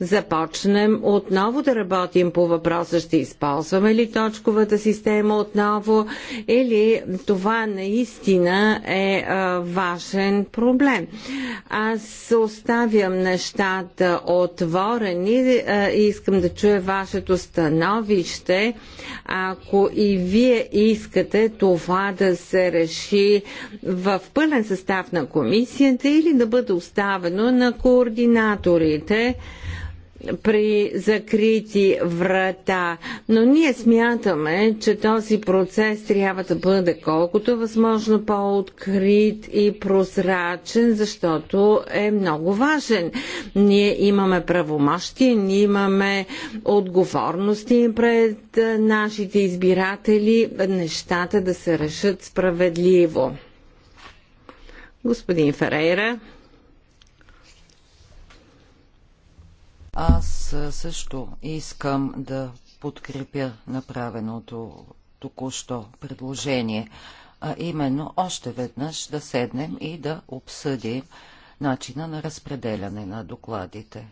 S3: започнем отново да работим по въпроса, ще използваме ли точковата система отново или това наистина е важен проблем. Аз оставям нещата отворени и искам да чуя вашето становище, ако и вие искате това да се реши в пълен състав на комисията или да бъде оставено на координаторите при закрити врата. Но ние смятаме, че този процес трябва да бъде колкото възможно по-открит и прозрачен, защото е много важен. Ние имаме правомощи, ние имаме отговорности пред нашите избиратели нещата да се решат справедливо. Господин Ферейра.
S1: Аз също искам да подкрепя направеното току-що предложение, а именно още веднъж да седнем и да обсъдим начина на разпределяне на докладите.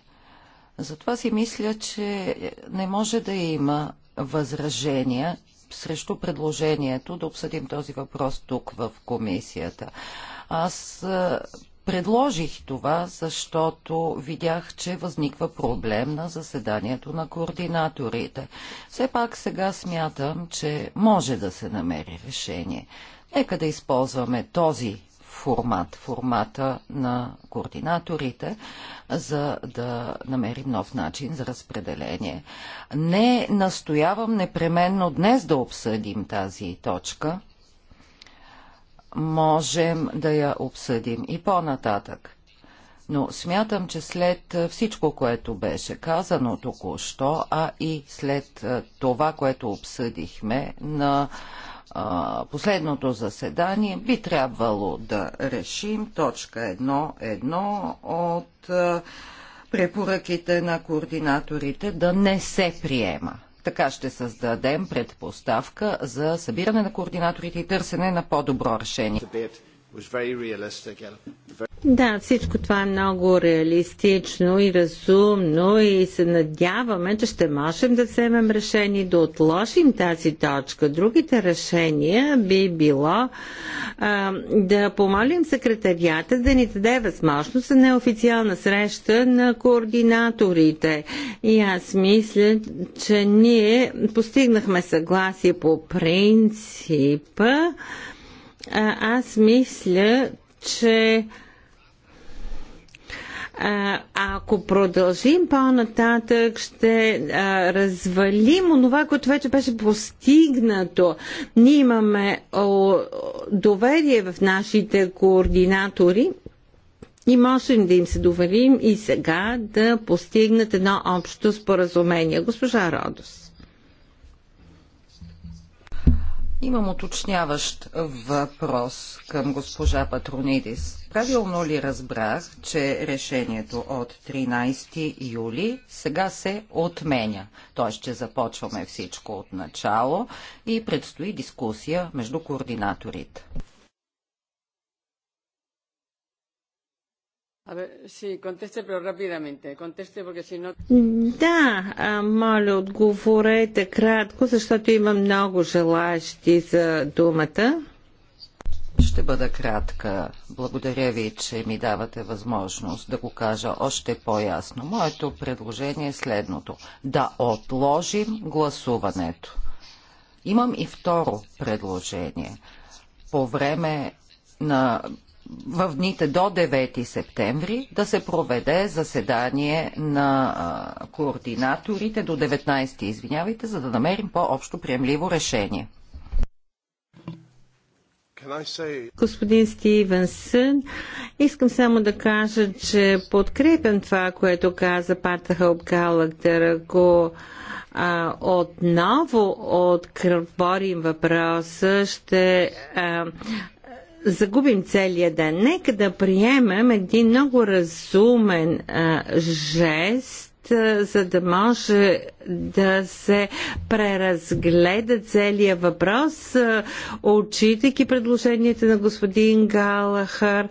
S1: Затова си мисля, че не може да има възражения срещу предложението да обсъдим този въпрос тук в комисията. Аз Предложих това, защото видях, че възниква проблем на заседанието на координаторите. Все пак сега смятам, че може да се намери решение. Нека да използваме този формат, формата на координаторите, за да намерим нов начин за разпределение. Не настоявам непременно днес да обсъдим тази точка, можем да я обсъдим и по-нататък. Но смятам, че след всичко, което беше казано току-що, а и след това, което обсъдихме на последното заседание, би трябвало да решим точка 1.1 от препоръките на координаторите да не се приема. Така ще създадем предпоставка за събиране на координаторите и търсене на по-добро решение. Да,
S3: всичко това е много реалистично и разумно и се надяваме, че ще можем да вземем решение да отложим тази точка. Другите решения би било а, да помолим секретарията да ни даде възможност за неофициална среща на координаторите. И аз мисля, че ние постигнахме съгласие по принципа. А, аз мисля, че ако продължим по-нататък, ще а, развалим онова, което вече беше постигнато. Ние имаме о, доверие в нашите координатори и можем да им се доверим и сега да постигнат едно общо споразумение. Госпожа Родос.
S1: Имам уточняващ въпрос към госпожа Патронидис. Правилно ли разбрах, че решението от 13 юли сега се отменя? Тоест, ще започваме всичко от начало и предстои дискусия между координаторите. Да,
S3: моля, отговорете кратко, защото има много желащи за
S1: думата. Ще бъда кратка. Благодаря ви, че ми давате възможност да го кажа още по-ясно. Моето предложение е следното. Да отложим гласуването. Имам и второ предложение. По време на в дните до 9 септември да се проведе заседание на координаторите до 19, извинявайте, за да намерим по-общо приемливо решение. Господин Стивенсън, искам само да
S3: кажа, че подкрепям това, което каза Парта Хълб Галактер. Ако а, отново откръворим въпроса, ще а, загубим целия ден. Нека да приемем един много разумен а, жест за да може да се преразгледа целият въпрос, отчитайки предложенията на господин Галахър,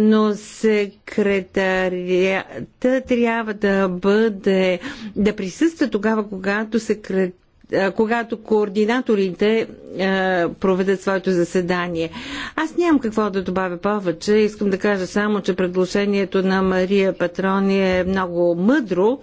S3: но секретарията трябва да бъде, да присъства тогава, когато секретарията когато координаторите проведат своето заседание. Аз нямам какво да добавя повече. Искам да кажа само, че предложението на Мария Патрони е много мъдро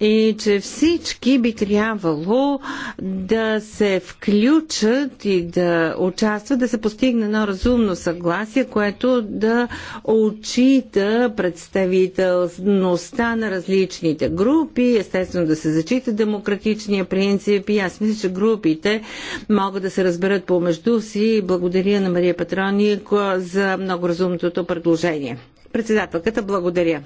S3: и че всички би трябвало да се включат и да участват, да се постигне едно разумно съгласие, което да очита представителността на различните групи, естествено да се зачита демократичния принцип и аз мисля, че групите могат да се разберат помежду си. Благодаря на Мария Патрони за много разумното предложение. Председателката, благодаря.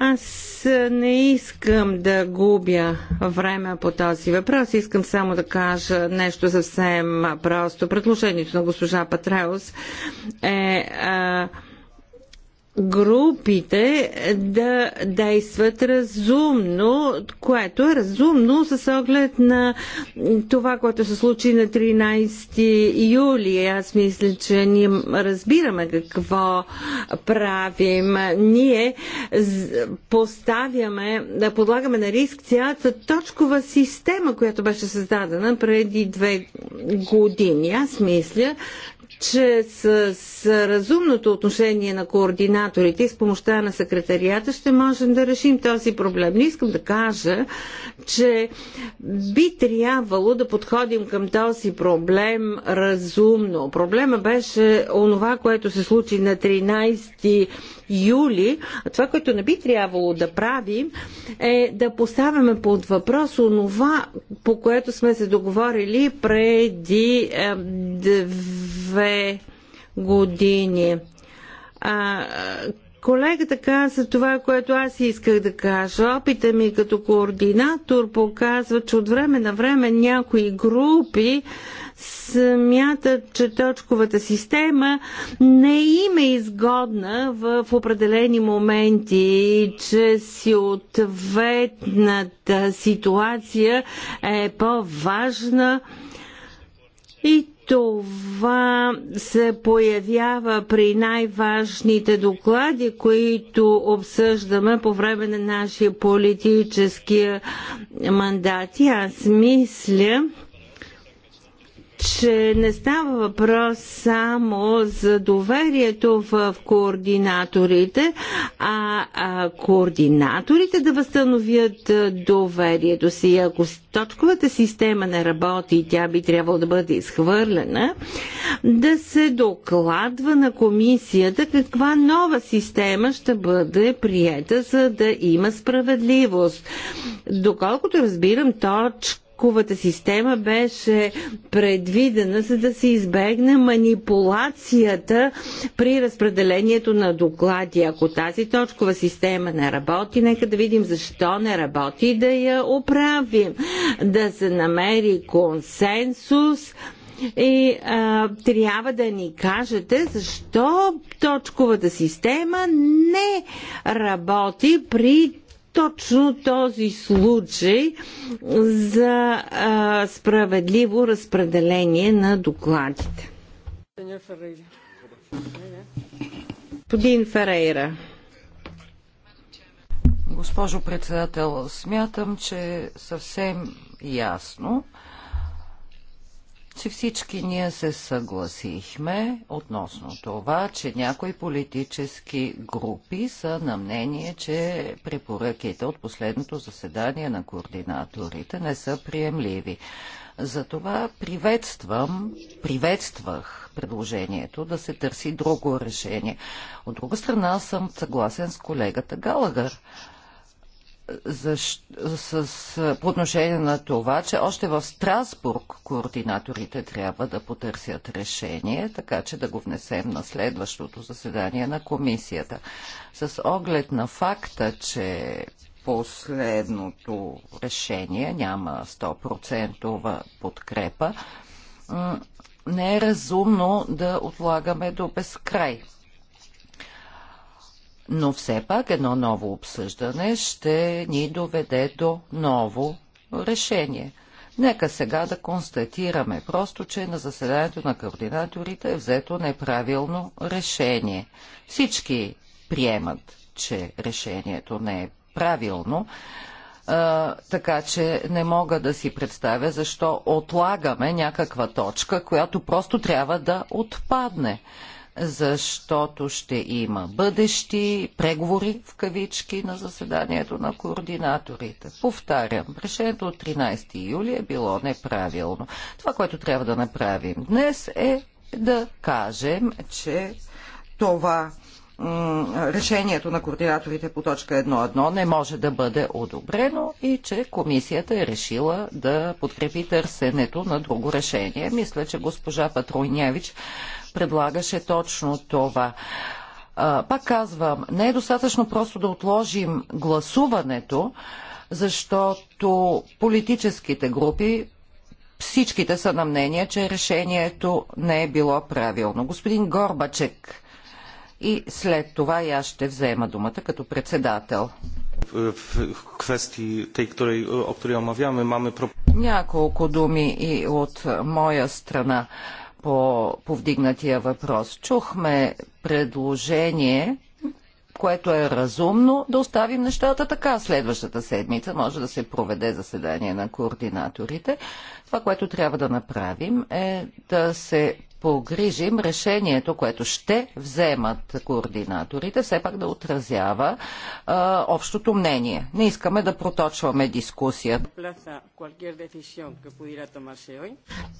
S3: Аз не искам да губя време по този въпрос. Искам само да кажа нещо съвсем просто. Предложението на госпожа Патреус е а, групите да действат разумно, което е разумно с оглед на това, което се случи на 13 юли. Аз мисля, че ние разбираме какво правим. Ние поставяме, да подлагаме на риск цялата точкова система, която беше създадена преди две години. Аз мисля, че с, с разумното отношение на координаторите и с помощта на секретарията ще можем да решим този проблем. Не искам да кажа, че би трябвало да подходим към този проблем разумно. Проблема беше онова, което се случи на 13 юли. А това, което не би трябвало да правим, е да поставяме под въпрос онова, по което сме се договорили преди е, две две години. А, колегата каза това, което аз исках да кажа. Опита ми като координатор показва, че от време на време някои групи смятат, че точковата система не им е изгодна в определени моменти че си ответната ситуация е по-важна и това се появява при най-важните доклади, които обсъждаме по време на нашия политическия мандат. И аз мисля, че не става въпрос само за доверието в координаторите, а, а координаторите да възстановят доверието си. Ако точковата система не работи и тя би трябвало да бъде изхвърлена, да се докладва на комисията каква нова система ще бъде приета, за да има справедливост. Доколкото разбирам, точка банковата система беше предвидена, за да се избегне манипулацията при разпределението на доклади. Ако тази точкова система не работи, нека да видим защо не работи и да я оправим. Да се намери консенсус и а, трябва да ни кажете защо точковата система не работи при точно този случай за а, справедливо разпределение на докладите.
S1: Господин Ферейра. Госпожо председател, смятам, че е съвсем ясно че всички ние се съгласихме относно това, че някои политически групи са на мнение, че препоръките от последното заседание на координаторите не са приемливи. Затова приветствам, приветствах предложението да се търси друго решение. От друга страна съм съгласен с колегата Галагър защ... с... по отношение на това, че още в Страсбург координаторите трябва да потърсят решение, така че да го внесем на следващото заседание на комисията. С оглед на факта, че последното решение няма 100% подкрепа, не е разумно да отлагаме до безкрай но все пак едно ново обсъждане ще ни доведе до ново решение. Нека сега да констатираме просто, че на заседанието на координаторите е взето неправилно решение. Всички приемат, че решението не е правилно, а, така че не мога да си представя защо отлагаме някаква точка, която просто трябва да отпадне защото ще има бъдещи преговори в кавички на заседанието на координаторите. Повтарям, решението от 13 юли е било неправилно. Това, което трябва да направим днес е да кажем, че това решението на координаторите по точка 1.1 не може да бъде одобрено и че комисията е решила да подкрепи търсенето на друго решение. Мисля, че госпожа Патруйнявич предлагаше точно това. Пак казвам, не е достатъчно просто да отложим гласуването, защото политическите групи всичките са на мнение, че решението не е било правилно. Господин Горбачек и след това и аз ще взема думата като председател.
S4: В której
S1: Няколко думи и от моя страна по повдигнатия въпрос. Чухме предложение, което е разумно, да оставим нещата така. Следващата седмица може да се проведе заседание на координаторите. Това, което трябва да направим е да се погрижим решението, което ще вземат координаторите, все пак да отразява а, общото мнение. Не искаме да проточваме дискусията.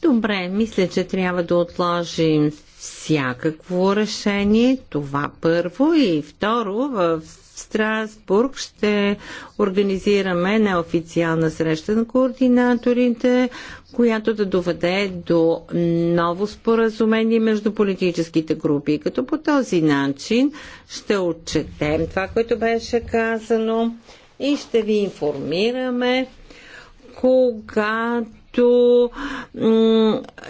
S3: Добре, мисля, че трябва да отложим всякакво решение. Това първо и второ в Страсбург ще организираме неофициална среща на координаторите, която да доведе до ново споразумение между политическите групи. Като по този начин ще отчетем това, което беше казано и ще ви информираме когато нещо,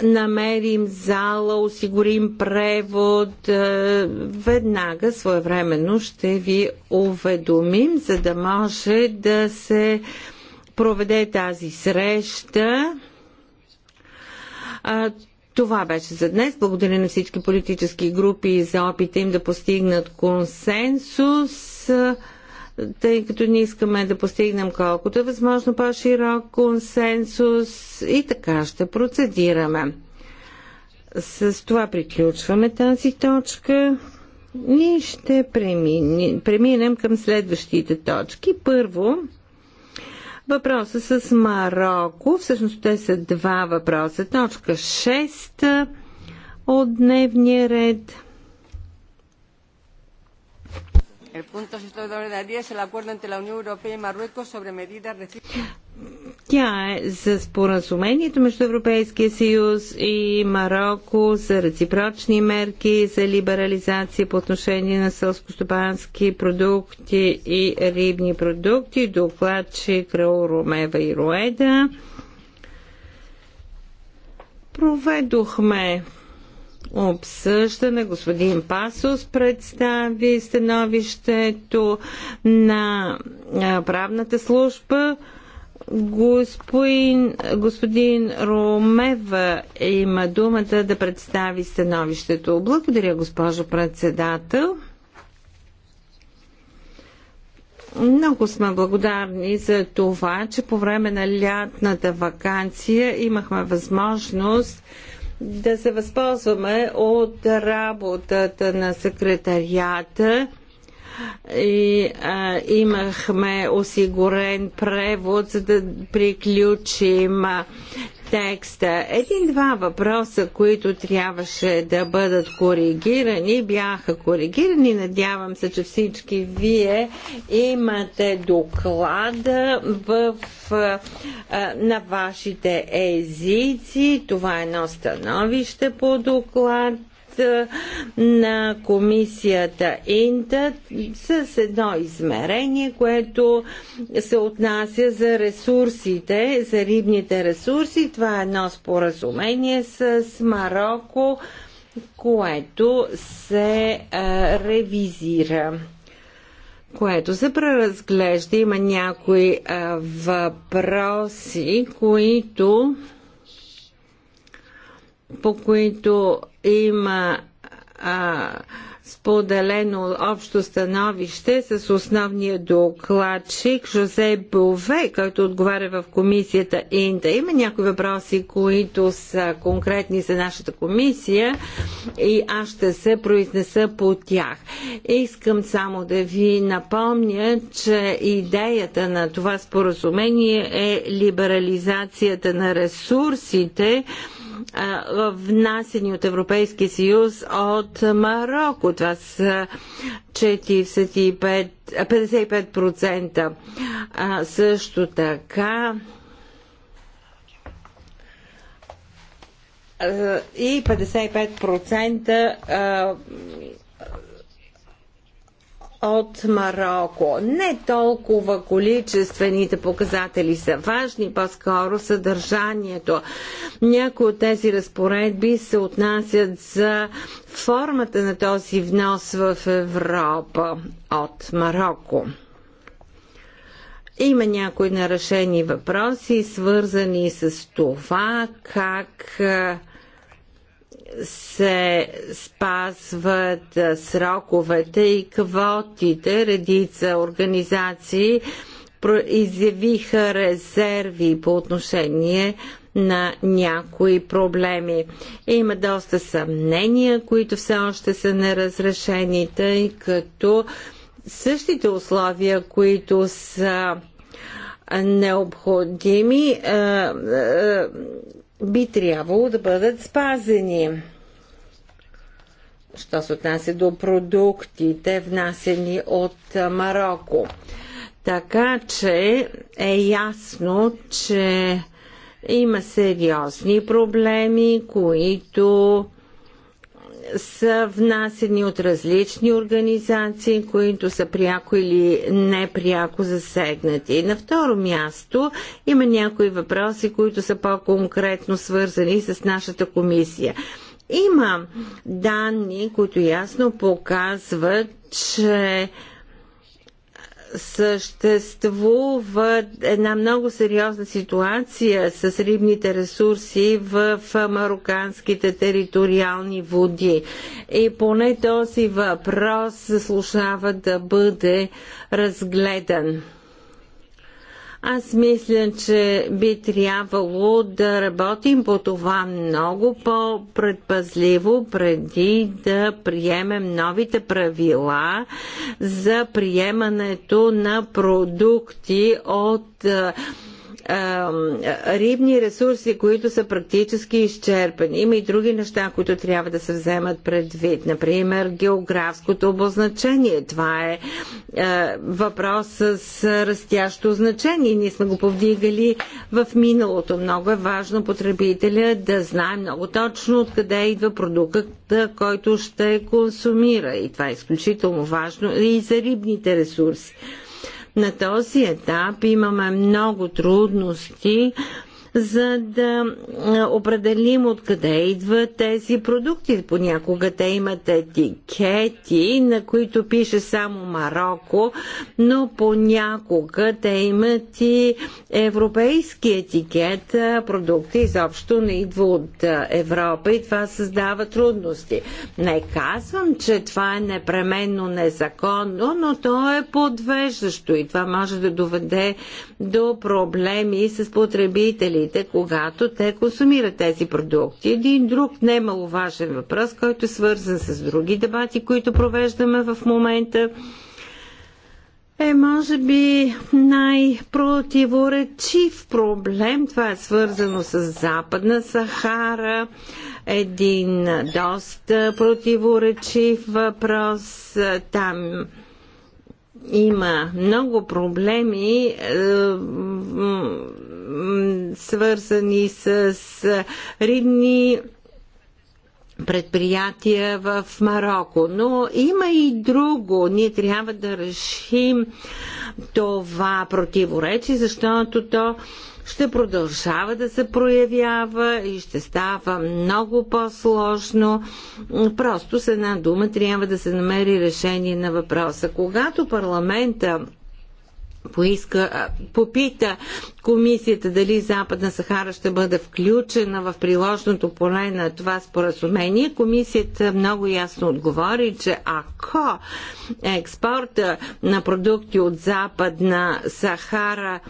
S3: намерим зала, осигурим превод, е, веднага своевременно ще ви уведомим, за да може да се проведе тази среща. Това беше за днес. Благодаря на всички политически групи за опита им да постигнат консенсус тъй като ние искаме да постигнем колкото е възможно по-широк консенсус и така ще процедираме. С това приключваме тази точка. Ние ще преминем, преминем към следващите точки. Първо, въпроса с Марокко. Всъщност те са два въпроса. Точка 6 от дневния ред.
S2: El punto es el acuerdo entre la Unión Europea y Marruecos sobre medidas
S3: Тя е за споразумението между Европейския съюз и Марокко за реципрочни мерки за либерализация по отношение на сълскостопански продукти и рибни продукти. Докладчик Рао Ромева и Роеда. Проведохме обсъждане. Господин Пасос представи становището на правната служба. Господин, господин Ромева има думата да представи становището. Благодаря, госпожо председател. Много сме благодарни за това, че по време на лятната вакансия имахме възможност да се възползваме от работата на секретарията и а, имахме осигурен превод, за да приключим текста. Един-два въпроса, които трябваше да бъдат коригирани, бяха коригирани. Надявам се, че всички вие имате доклада в, а, на вашите езици. Това е едно становище по доклад на комисията Инта с едно измерение, което се отнася за ресурсите, за рибните ресурси. Това е едно споразумение с Марокко, което се а, ревизира което се преразглежда. Има някои а, въпроси, които по които има а, споделено общо становище с основния докладчик Жозе Бове, който отговаря в комисията Инта Има някои въпроси, които са конкретни за нашата комисия и аз ще се произнеса по тях. Искам само да ви напомня, че идеята на това споразумение е либерализацията на ресурсите, внасени от Европейския съюз от Марокко. Това са 45, 55%. А, също така и 55% от Марокко. Не толкова количествените показатели са важни, по-скоро съдържанието. Някои от тези разпоредби се отнасят за формата на този внос в Европа от Марокко. Има някои нарешени въпроси, свързани с това как се спазват сроковете и квотите. Редица организации изявиха резерви по отношение на някои проблеми. Има доста съмнения, които все още са неразрешени, тъй като същите условия, които са необходими, би трябвало да бъдат спазени. Що се отнася до продуктите, внасени от Марокко. Така че е ясно, че има сериозни проблеми, които са внасени от различни организации, които са пряко или непряко засегнати. на второ място има някои въпроси, които са по-конкретно свързани с нашата комисия. Има данни, които ясно показват, че съществува една много сериозна ситуация с рибните ресурси в мароканските териториални води. И поне този въпрос заслужава да бъде разгледан. Аз мисля, че би трябвало да работим по това много по-предпазливо преди да приемем новите правила за приемането на продукти от е, рибни ресурси, които са практически изчерпани. Има и други неща, които трябва да се вземат предвид. Например, географското обозначение. Това е, е въпрос с растящо значение. Ние сме го повдигали в миналото. Много е важно потребителя да знае много точно откъде идва продукта, е, който ще консумира. И това е изключително важно и за рибните ресурси. На този етап имаме много трудности за да определим откъде идват тези продукти. Понякога те имат етикети, на които пише само Марокко, но понякога те имат и европейски етикет. Продукти изобщо не идва от Европа и това създава трудности. Не казвам, че това е непременно незаконно, но то е подвеждащо и това може да доведе до проблеми с потребители потребителите, когато те консумират тези продукти. Един друг немаловажен въпрос, който е свързан с други дебати, които провеждаме в момента, е, може би, най-противоречив проблем. Това е свързано с Западна Сахара. Един доста противоречив въпрос. Там има много проблеми е, свързани с ридни предприятия в Марокко. Но има и друго. Ние трябва да решим това противоречие, защото то ще продължава да се проявява и ще става много по-сложно. Просто с една дума трябва да се намери решение на въпроса. Когато парламента поиска, попита комисията дали Западна Сахара ще бъде включена в приложното поле на това споразумение. Комисията много ясно отговори, че ако експорта на продукти от Западна Сахара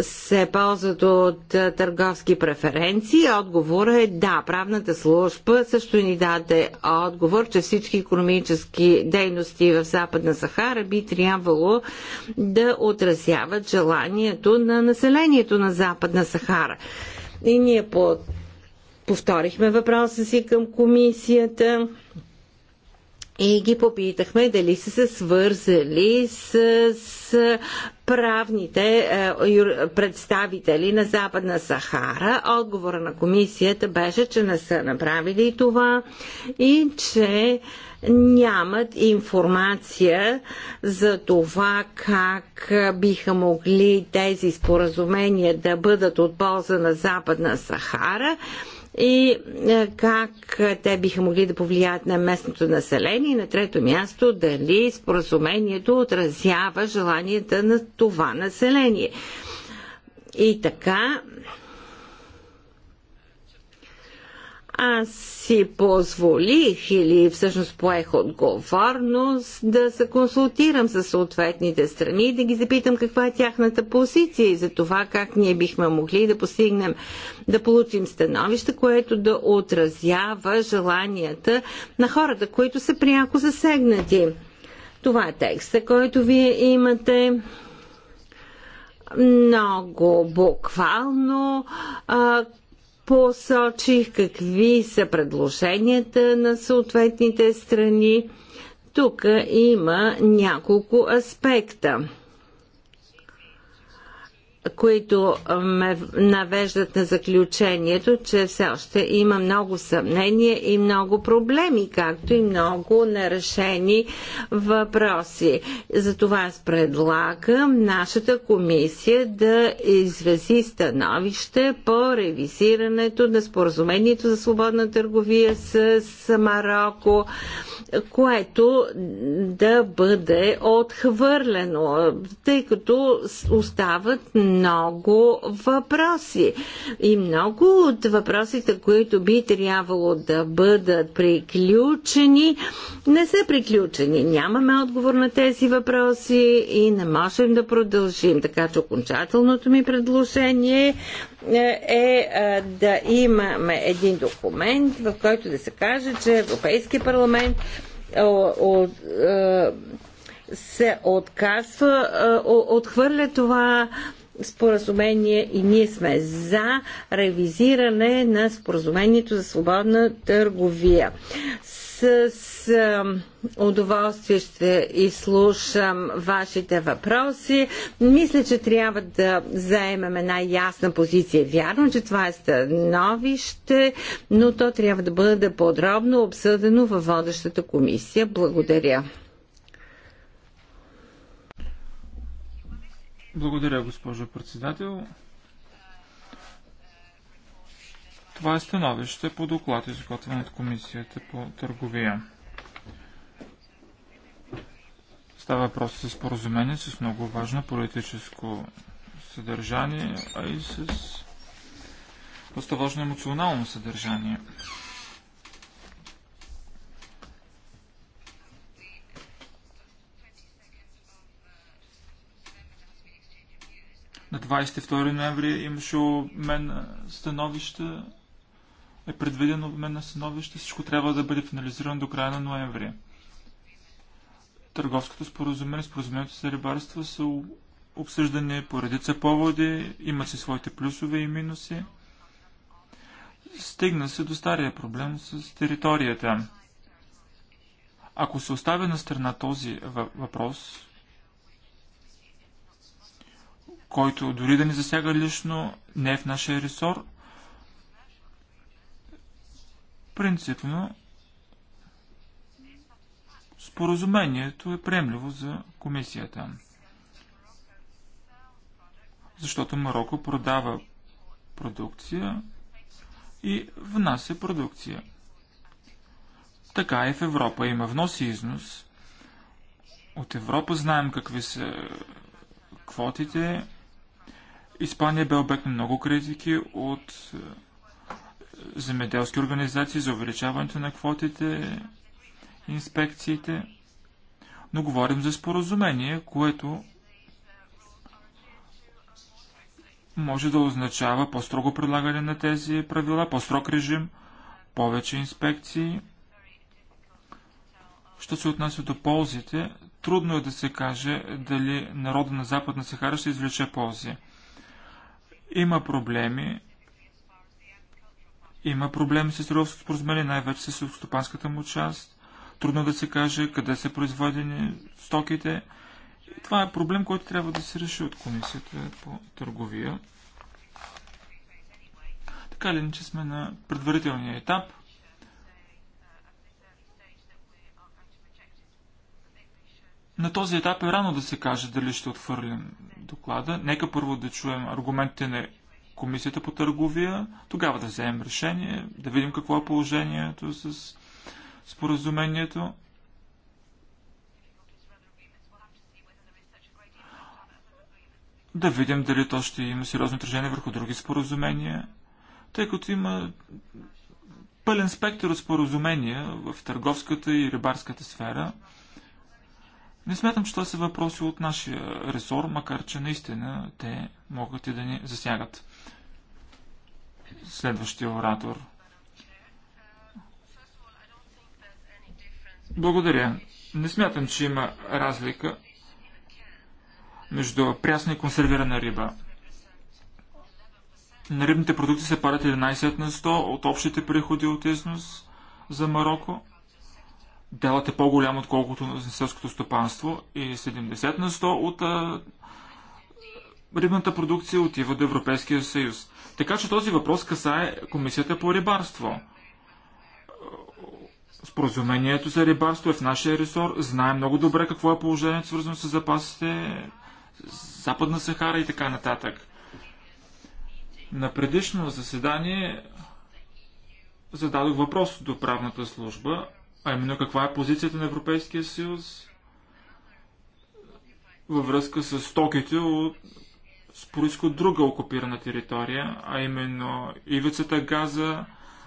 S3: се ползват от търговски преференции? Отговорът е да. Правната служба също ни даде отговор, че всички економически дейности в Западна Сахара би трябвало да отразяват желанието на населението на Западна Сахара. И ние по... повторихме въпроса си към комисията и ги попитахме дали са се свързали с, с правните е, представители на Западна Сахара. Отговора на комисията беше, че не са направили това и че нямат информация за това как биха могли тези споразумения да бъдат от полза на Западна Сахара и е, как те биха могли да повлияят на местното население. И на трето място, дали споразумението отразява желанията на това население. И така, аз си позволих или всъщност поех отговорност да се консултирам с съответните страни и да ги запитам каква е тяхната позиция и за това как ние бихме могли да постигнем, да получим становище, което да отразява желанията на хората, които са пряко засегнати. Това е текста, който вие имате много буквално а, посочих какви са предложенията на съответните страни. Тук има няколко аспекта които ме навеждат на заключението, че все още има много съмнения и много проблеми, както и много нерешени въпроси. Затова аз предлагам нашата комисия да извези становище по ревизирането на споразумението за свободна търговия с Марокко, което да бъде отхвърлено, тъй като остават много въпроси. И много от въпросите, които би трябвало да бъдат приключени, не са приключени. Нямаме отговор на тези въпроси и не можем да продължим. Така че окончателното ми предложение е, е, е да имаме един документ, в който да се каже, че Европейския парламент е, се отказва, отхвърля това споразумение и ние сме за ревизиране на споразумението за свободна търговия. С, с удоволствие ще изслушам вашите въпроси. Мисля, че трябва да заемем една ясна позиция. Вярно, че това е становище, но то трябва да бъде подробно обсъдено във водещата комисия. Благодаря.
S4: Благодаря, госпожо председател. Това е становище по доклад, изготвен от Комисията по търговия. Става въпрос за споразумение с много важно политическо съдържание, а и с доста важно емоционално съдържание. На 22 ноември имаше обмен на становища, е предвиден обмен на становище, всичко трябва да бъде финализирано до края на ноември. Търговското споразумение, споразумението за рибарство са обсъждани по редица поводи, имат си своите плюсове и минуси. Стигна се до стария проблем с територията. Ако се оставя на страна този въпрос, който дори да ни засяга лично, не е в нашия ресор. Принципно, споразумението е приемливо за комисията. Защото Марокко продава продукция и внася продукция. Така и е в Европа има внос и износ. От Европа знаем какви са квотите, Испания бе обект на много критики от е, земеделски организации за увеличаването на квотите, инспекциите, но говорим за споразумение, което може да означава по-строго предлагане на тези правила, по-строг режим, повече инспекции. Що се отнася до ползите, трудно е да се каже дали народа на Западна Сахара ще извлече ползи. Има проблеми. Има проблеми с търговското споразумение, най-вече с стопанската му част. Трудно да се каже къде са произведени стоките. И това е проблем, който трябва да се реши от комисията по търговия. Така ли, че сме на предварителния етап – На този етап е рано да се каже дали ще отхвърлим доклада. Нека първо да чуем аргументите на комисията по търговия, тогава да вземем решение, да видим какво е положението с споразумението. Да видим дали то ще има сериозно отражение върху други споразумения, тъй като има пълен спектър от споразумения в търговската и рибарската сфера – не смятам, че това са въпроси от нашия ресор, макар че наистина те могат и да ни засягат. Следващия оратор. Благодаря. Не смятам, че има разлика между прясна и консервирана риба. На рибните продукти се падат 11 на 100 от общите приходи от износ за Марокко делът е по-голям, отколкото на селското стопанство и 70 на 100 от а, рибната продукция отива до Европейския съюз. Така че този въпрос касае Комисията по рибарство. Споразумението за рибарство е в нашия ресор. Знаем много добре какво е положението свързано с запасите Западна Сахара и така нататък. На предишно заседание зададох въпрос до правната служба а именно каква е позицията на Европейския съюз във връзка с стоките от, Спориско друга окупирана територия, а именно ивицата Газа,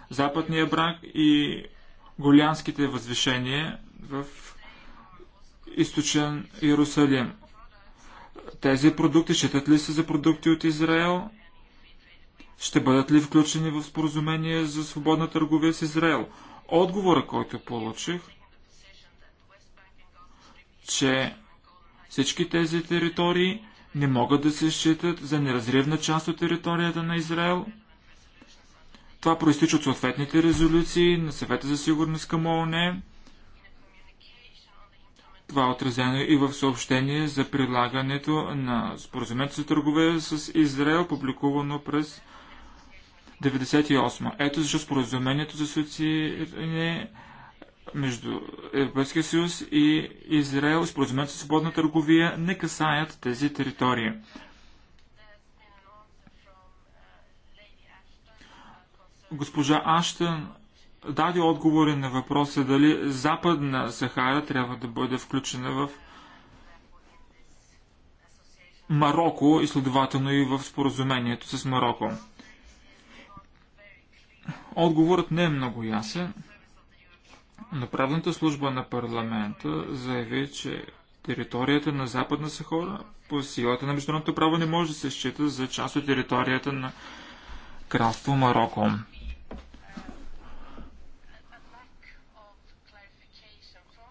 S4: Западния брак и голянските възвишения в източен Иерусалим. Тези продукти считат ли се за продукти от Израел? Ще бъдат ли включени в споразумение за свободна търговия с Израел? Отговора, който получих, че всички тези територии не могат да се считат за неразривна част от територията на Израел. Това проистича от съответните резолюции на съвета за сигурност към ООН. Това е отразено и в съобщение за прилагането на споразумението за търгове с Израел, публикувано през 98. Ето защо споразумението за асоцииране между Европейския съюз и Израел, споразумението за свободна търговия, не касаят тези територии. Госпожа Аштън даде отговори на въпроса дали Западна Сахара трябва да бъде включена в Марокко и следователно и в споразумението с Марокко. Отговорът не е много ясен. Направната служба на парламента заяви, че територията на Западна Сахара по силата на международното право не може да се счита за част от територията на кралство Марокко.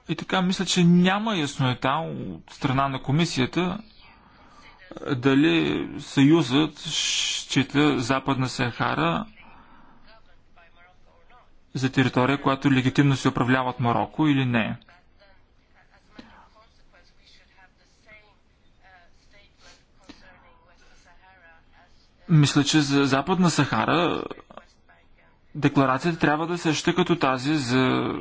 S4: И така, мисля, че няма яснота от страна на комисията дали Съюзът счита Западна Сахара за територия, която легитимно се управлява от Марокко или не. Мисля, че за Западна Сахара декларацията трябва да се ще като тази за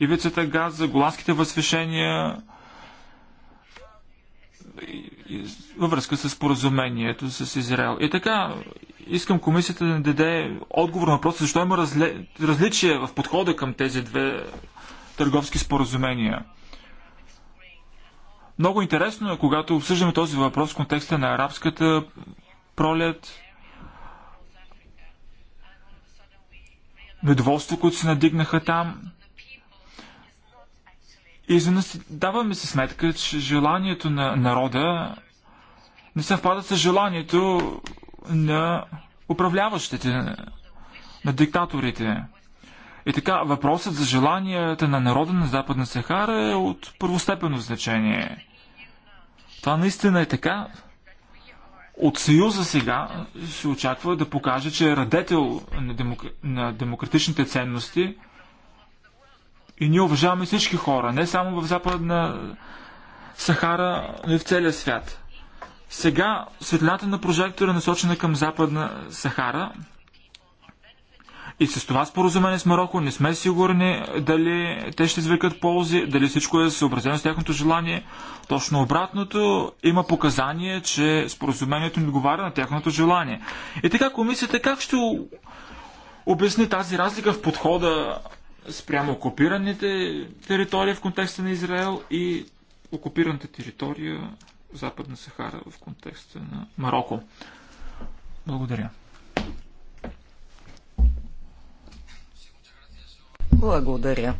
S4: ивицата газ, за голландските възсвишения във връзка с поразумението с Израел. И така, искам комисията да даде отговор на въпроса, защо има разли... различия в подхода към тези две търговски споразумения. Много интересно е, когато обсъждаме този въпрос в контекста на арабската пролет, недоволство, които се надигнаха там, и за нас даваме се сметка, че желанието на народа не съвпада с желанието на управляващите, на диктаторите. И така, въпросът за желанията на народа на Западна Сахара е от първостепенно значение. Това наистина е така. От Съюза сега се очаква да покаже, че е радетел на, демок... на демократичните ценности – и ние уважаваме всички хора, не само в Западна Сахара, но и в целия свят. Сега светлината на прожектора е насочена към Западна Сахара. И с това споразумение с Марокко не сме сигурни дали те ще извлекат ползи, дали всичко е съобразено с тяхното желание. Точно обратното, има показание, че споразумението не отговаря на тяхното желание. И така комисията как ще обясни тази разлика в подхода спрямо окупираните територии в контекста на Израел и окупираната територия в Западна Сахара в контекста на Марокко. Благодаря.
S1: Благодаря.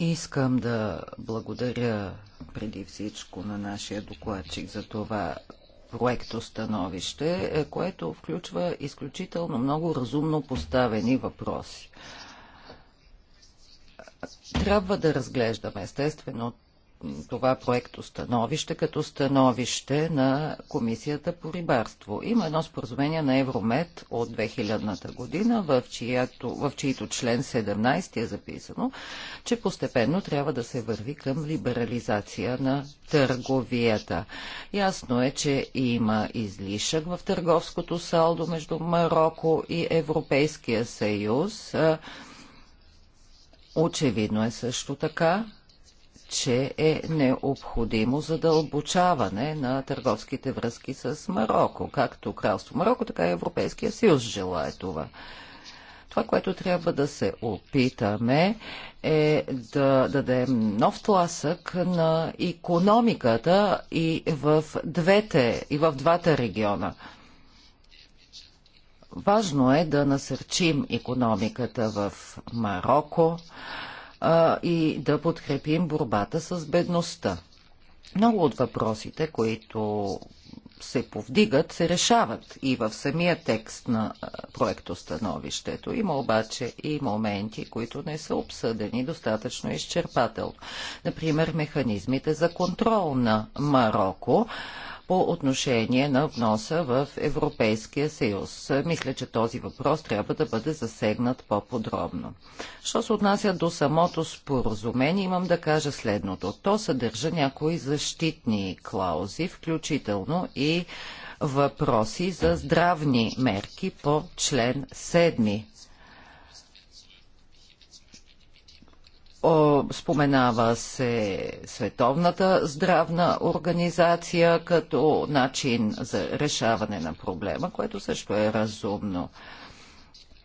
S1: Искам да благодаря преди всичко на нашия докладчик за това проектостановище, е, което включва изключително много разумно поставени въпроси. Трябва да разглеждаме естествено това проекто становище като становище на Комисията по рибарство. Има едно споразумение на Евромед от 2000-та година, в, чието, в чието член 17 е записано, че постепенно трябва да се върви към либерализация на търговията. Ясно е, че има излишък в търговското салдо между Марокко и Европейския съюз. Очевидно е също така, че е необходимо задълбочаване на търговските връзки с Марокко, както Кралство Марокко, така и Европейския съюз желая това. Това, което трябва да се опитаме е да дадем нов тласък на економиката и в двете, и в двата региона. Важно е да насърчим економиката в Марокко, а, и да подкрепим борбата с бедността. Много от въпросите, които се повдигат, се решават и в самия текст на проектостановището. Има обаче и моменти, които не са обсъдени достатъчно изчерпателно. Например, механизмите за контрол на Марокко по отношение на вноса в Европейския съюз. Мисля, че този въпрос трябва да бъде засегнат по-подробно. Що се отнася до самото споразумение, имам да кажа следното. То съдържа някои защитни клаузи, включително и въпроси за здравни мерки по член 7 Споменава се Световната здравна организация като начин за решаване на проблема, което също е разумно.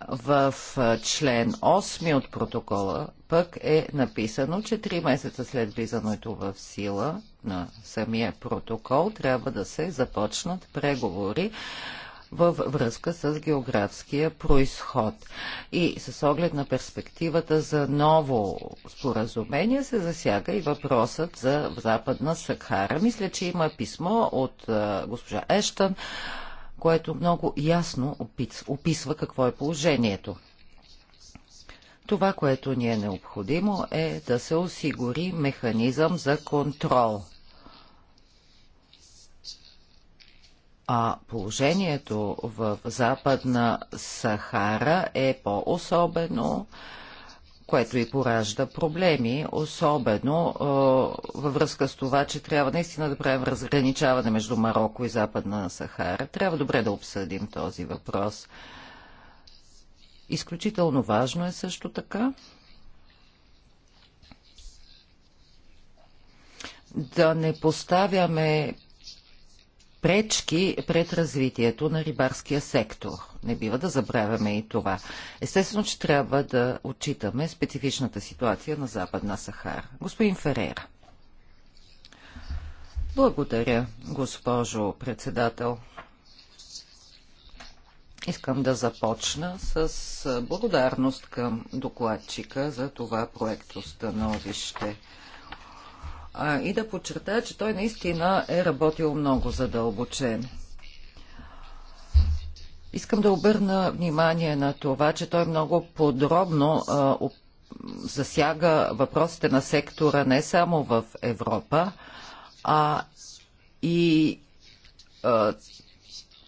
S1: В член 8 от протокола пък е написано, че 3 месеца след влизането в сила на самия протокол трябва да се започнат преговори във връзка с географския происход. И с оглед на перспективата за ново споразумение се засяга и въпросът за Западна Сахара. Мисля, че има писмо от госпожа Ештън, което много ясно описва какво е положението. Това, което ни е необходимо е да се осигури механизъм за контрол. А положението в Западна Сахара е по-особено, което и поражда проблеми, особено е, във връзка с това, че трябва наистина да правим разграничаване между Марокко и Западна Сахара. Трябва добре да обсъдим този въпрос. Изключително важно е също така да не поставяме пречки пред развитието на рибарския сектор. Не бива да забравяме и това. Естествено, че трябва да отчитаме специфичната ситуация на Западна Сахара. Господин Ферера. Благодаря, госпожо председател. Искам да започна с благодарност към докладчика за това проекто становище а, и да подчертая, че той наистина е работил много задълбочено. Искам да обърна внимание на това, че той много подробно а, засяга въпросите на сектора не само в Европа, а и а,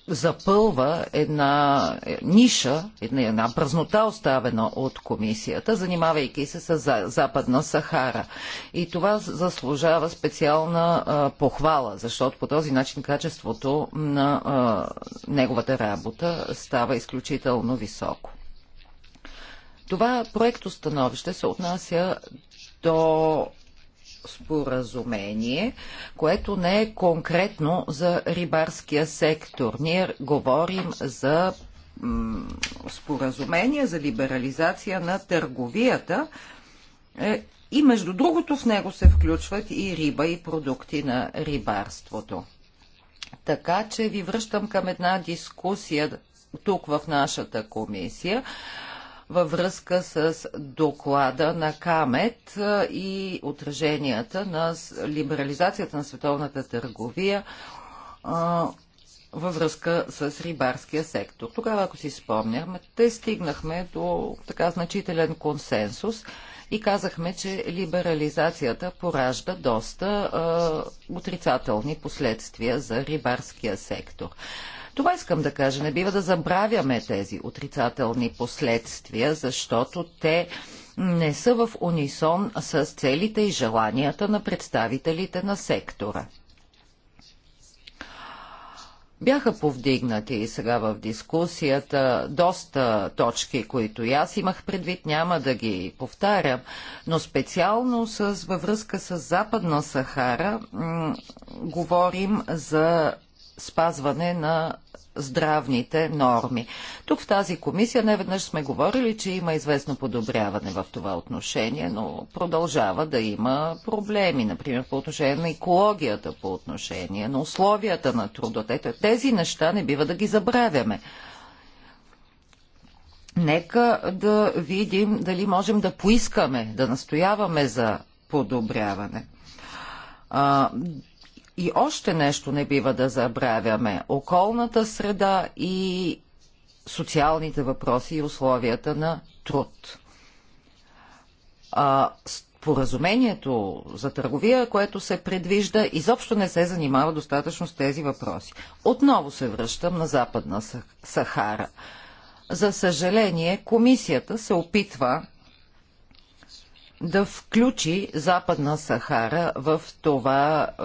S1: запълва една е, ниша, една, една празнота оставена от комисията, занимавайки се с Западна Сахара. И това заслужава специална а, похвала, защото по този начин качеството на а, неговата работа става изключително високо. Това проекто становище се отнася до споразумение, което не е конкретно за рибарския сектор. Ние говорим за споразумение за либерализация на търговията е, и между другото в него се включват и риба и продукти на рибарството. Така че ви връщам към една дискусия тук в нашата комисия, във връзка с доклада на Камет и отраженията на либерализацията на световната търговия във връзка с рибарския сектор. Тогава, ако си спомняме, те стигнахме до така значителен консенсус и казахме, че либерализацията поражда доста а, отрицателни последствия за рибарския сектор. Това искам да кажа. Не бива да забравяме тези отрицателни последствия, защото те не са в унисон с целите и желанията на представителите на сектора. Бяха повдигнати и сега в дискусията доста точки, които и аз имах предвид, няма да ги повтарям, но специално с, във връзка с Западна Сахара говорим за спазване на здравните норми. Тук в тази комисия не веднъж сме говорили, че има известно подобряване в това отношение, но продължава да има проблеми, например по отношение на екологията, по отношение на условията на труда. Тези неща не бива да ги забравяме. Нека да видим дали можем да поискаме, да настояваме за подобряване. И още нещо не бива да забравяме. Околната среда и социалните въпроси и условията на труд. А, споразумението за търговия, което се предвижда, изобщо не се занимава достатъчно с тези въпроси. Отново се връщам на Западна Сахара. За съжаление, комисията се опитва да включи Западна Сахара в това е,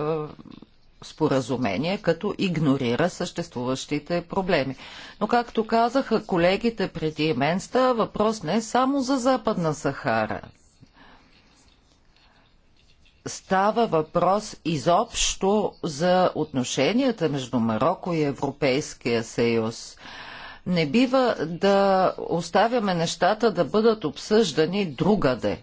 S1: споразумение, като игнорира съществуващите проблеми. Но както казаха колегите преди мен, става въпрос не само за Западна Сахара. Става въпрос изобщо за отношенията между Марокко и Европейския съюз не бива да оставяме нещата да бъдат обсъждани другаде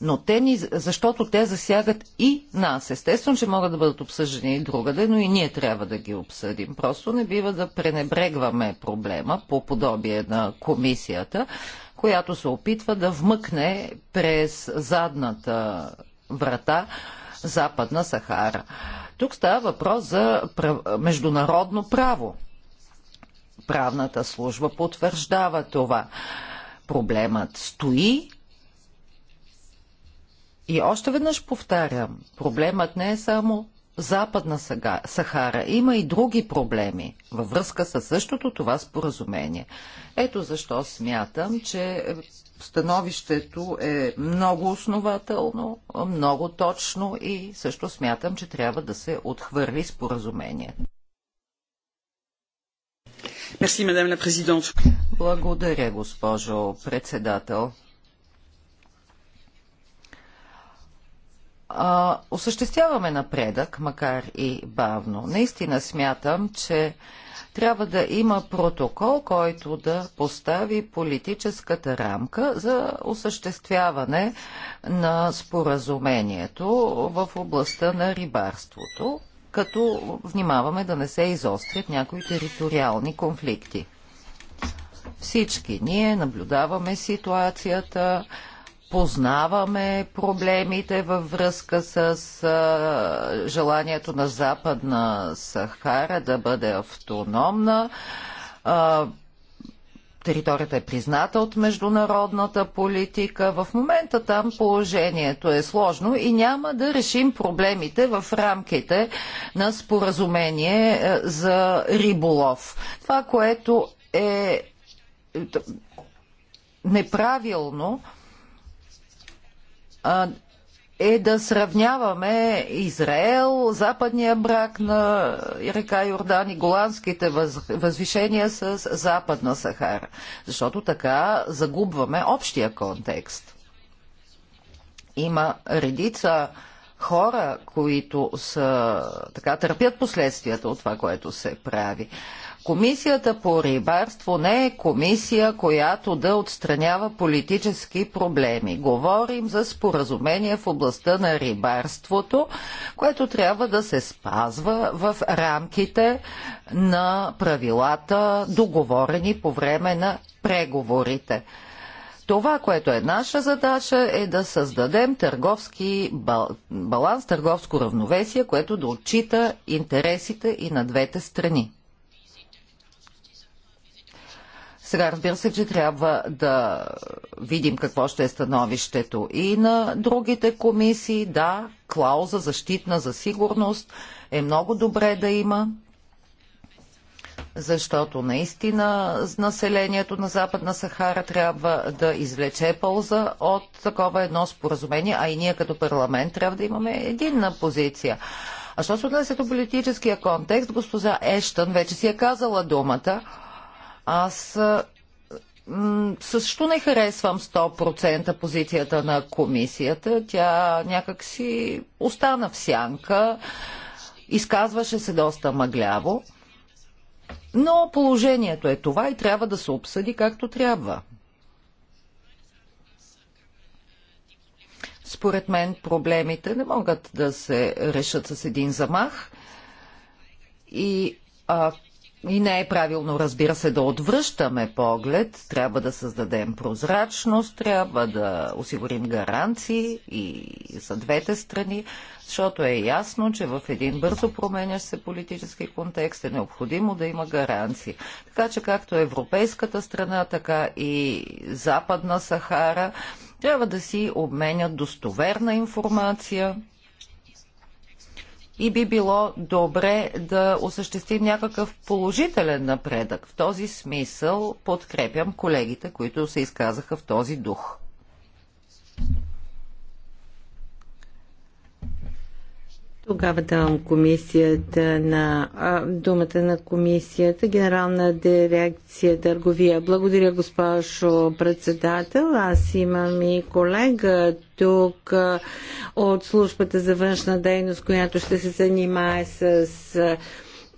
S1: но те ни, защото те засягат и нас. Естествено, че могат да бъдат обсъждани и другаде, но и ние трябва да ги обсъдим. Просто не бива да пренебрегваме проблема по подобие на комисията, която се опитва да вмъкне през задната врата Западна Сахара. Тук става въпрос за международно право. Правната служба потвърждава това. Проблемът стои, и още веднъж повтарям, проблемът не е само Западна Сахара. Има и други проблеми във връзка с същото това споразумение. Ето защо смятам, че становището е много основателно, много точно и също смятам, че трябва да се отхвърли споразумението. Благодаря, госпожо председател. а, осъществяваме напредък, макар и бавно. Наистина смятам, че трябва да има протокол, който да постави политическата рамка за осъществяване на споразумението в областта на рибарството, като внимаваме да не се изострят някои териториални конфликти. Всички ние наблюдаваме ситуацията, познаваме проблемите във връзка с а, желанието на Западна Сахара да бъде автономна. А, територията е призната от международната политика. В момента там положението е сложно и няма да решим проблемите в рамките на споразумение е, за риболов. Това, което е неправилно, е да сравняваме Израел, западния брак на река Йордан и голандските възвишения с Западна Сахара. Защото така загубваме общия контекст. Има редица хора, които са, така, търпят последствията от това, което се прави. Комисията по рибарство не е комисия, която да отстранява политически проблеми. Говорим за споразумение в областта на рибарството, което трябва да се спазва в рамките на правилата, договорени по време на преговорите. Това, което е наша задача, е да създадем търговски баланс, търговско равновесие, което да отчита интересите и на двете страни. Сега разбира се, че трябва да видим какво ще е становището и на другите комисии. Да, клауза защитна за сигурност е много добре да има, защото наистина населението на Западна Сахара трябва да извлече полза от такова едно споразумение, а и ние като парламент трябва да имаме единна позиция. А що се отнесе до политическия контекст, госпожа Ештън вече си е казала думата аз също не харесвам 100% позицията на комисията. Тя някак си остана в сянка, изказваше се доста мъгляво. Но положението е това и трябва да се обсъди както трябва. Според мен проблемите не могат да се решат с един замах. И ако и не е правилно, разбира се, да отвръщаме поглед. Трябва да създадем прозрачност, трябва да осигурим гаранции и за двете страни, защото е ясно, че в един бързо променящ се политически контекст е необходимо да има гаранции. Така че както европейската страна, така и Западна Сахара трябва да си обменят достоверна информация и би било добре да осъществим някакъв положителен напредък. В този смисъл подкрепям колегите, които се изказаха в този дух.
S3: Тогава давам комисията на а, думата на комисията, генерална дирекция търговия. Благодаря, госпожо председател. Аз имам и колега тук а, от службата за външна дейност, която ще се занимае с. А,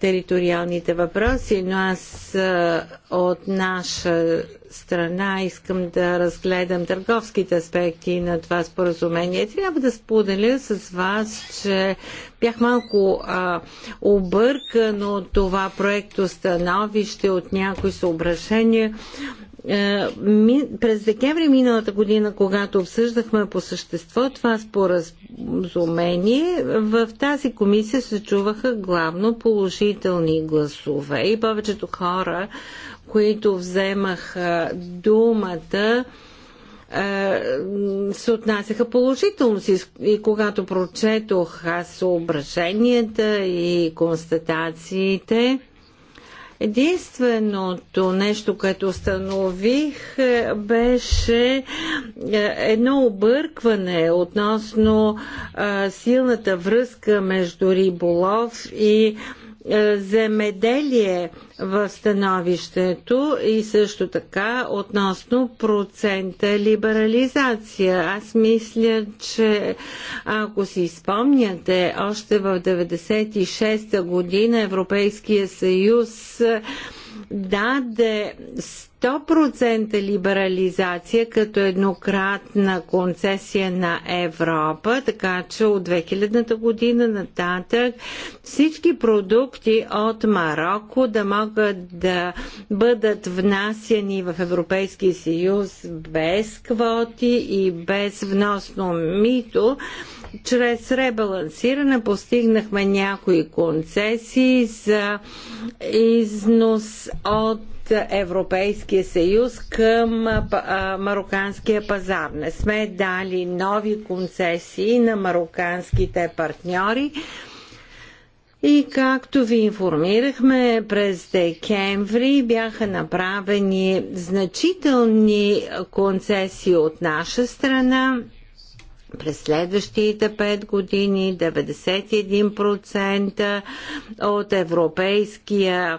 S3: териториалните въпроси, но аз от наша страна искам да разгледам търговските аспекти на това споразумение. Трябва да споделя с вас, че бях малко а, объркан от това проекто становище, от някои съображения. През декември миналата година, когато обсъждахме по същество това споразумение, в тази комисия се чуваха главно положителни гласове и повечето хора които вземаха думата, се отнасяха положително си. И когато прочетох аз съображенията и констатациите, единственото нещо, което установих, беше едно объркване относно силната връзка между риболов и е, земеделие в становището и също така относно процента либерализация. Аз мисля, че ако си спомняте, още в 96-та година Европейския съюз даде 100% либерализация като еднократна концесия на Европа, така че от 2000-та година нататък всички продукти от Марокко да могат да бъдат внасяни в Европейския съюз без квоти и без вносно мито чрез ребалансиране постигнахме някои концесии за износ от Европейския съюз към мароканския пазар. Не сме дали нови концесии на мароканските партньори. И както ви информирахме, през декември бяха направени значителни концесии от наша страна през следващите 5 години 91% от европейския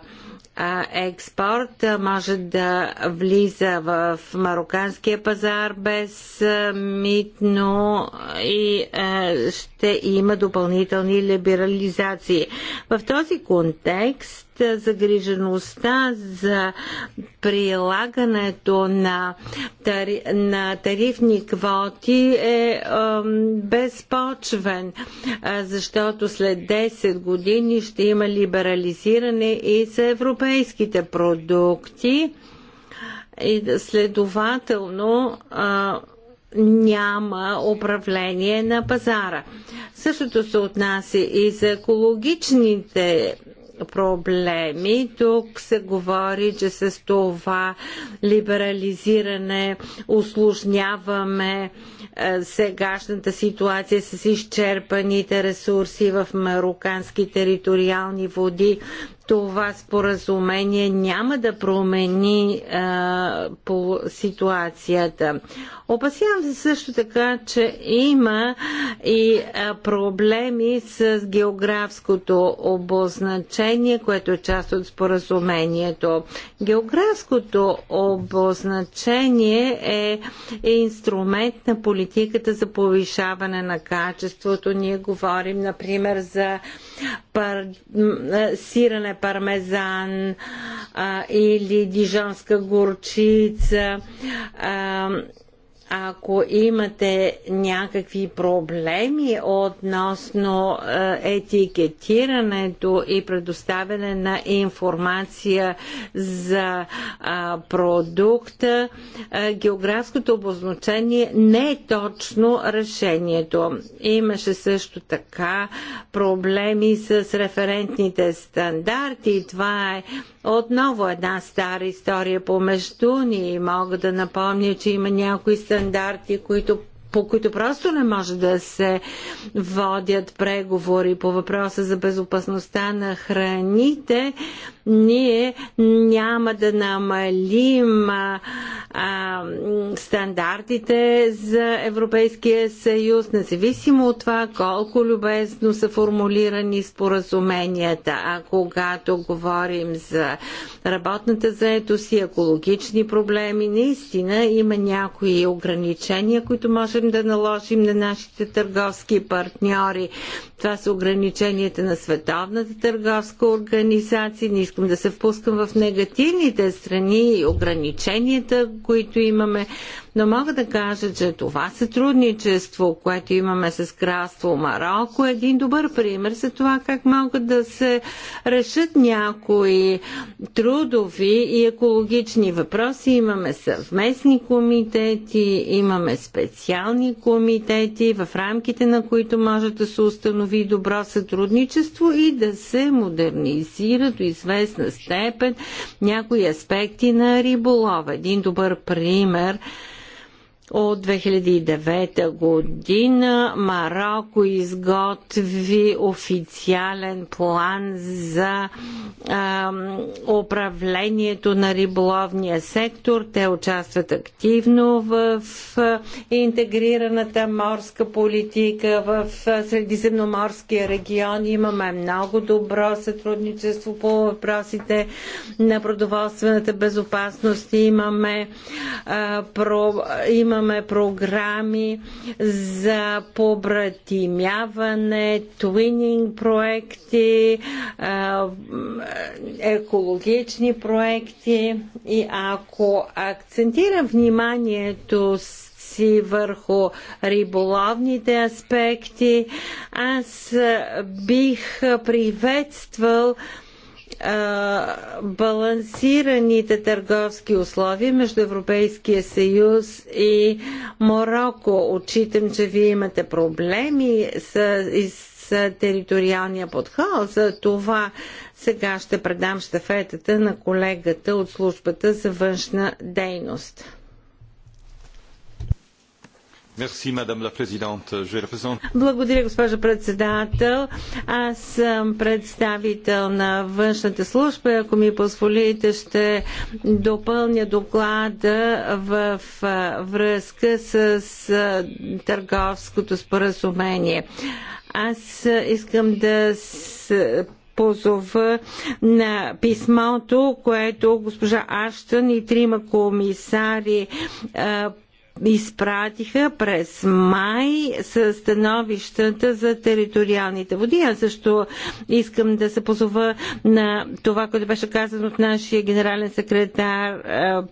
S3: експорт може да влиза в мароканския пазар без митно и ще има допълнителни либерализации. В този контекст загрижеността за прилагането на, тари, на тарифни квоти е безпочвен, защото след 10 години ще има либерализиране и за европейските продукти. И следователно а, няма управление на пазара. Същото се отнася и за екологичните проблеми. Тук се говори, че с това либерализиране усложняваме е, сегашната ситуация с изчерпаните ресурси в марокански териториални води това споразумение няма да промени а, по ситуацията. Опасявам се също така, че има и а, проблеми с географското обозначение, което е част от споразумението. Географското обозначение е, е инструмент на политиката за повишаване на качеството. Ние говорим, например, за пар, сирене пармезан а, или дижонска горчица. А, ако имате някакви проблеми относно е, етикетирането и предоставяне на информация за продукта, е, географското обозначение не е точно решението. Имаше също така проблеми с референтните стандарти. Това е отново една стара история помежду ни. Мога да напомня, че има някои стандарти, които по които просто не може да се водят преговори по въпроса за безопасността на храните, ние няма да намалим а, а, стандартите за Европейския съюз, независимо от това колко любезно са формулирани споразуменията. А когато говорим за работната заетост и екологични проблеми, наистина има някои ограничения, които можем можем да наложим на нашите търговски партньори. Това са ограниченията на Световната търговска организация. Не искам да се впускам в негативните страни и ограниченията, които имаме но мога да кажа, че това сътрудничество, което имаме с кралство Марокко, е един добър пример за това как могат да се решат някои трудови и екологични въпроси. Имаме съвместни комитети, имаме специални комитети, в рамките на които може да се установи добро сътрудничество и да се модернизира до известна степен някои аспекти на риболова. Един добър пример от 2009 година Марокко изготви официален план за а, управлението на риболовния сектор. Те участват активно в а, интегрираната морска политика в Средиземноморския регион. Имаме много добро сътрудничество по въпросите на продоволствената безопасност. Имаме, а, про, имаме имаме програми за побратимяване, твининг проекти, екологични проекти и ако акцентирам вниманието си върху риболовните аспекти, аз бих приветствал балансираните търговски условия между Европейския съюз и Мороко. Отчитам, че вие имате проблеми с, с териториалния подход. За това сега ще предам щафетата на колегата от службата за външна дейност. Благодаря, госпожо председател. Аз съм представител на външната служба. Ако ми позволите, ще допълня доклада в връзка с търговското споразумение. Аз искам да се позова на писмото, което госпожа Аштън и трима комисари изпратиха през май с становищата за териториалните води. Аз също искам да се позова на това, което беше казано от нашия генерален секретар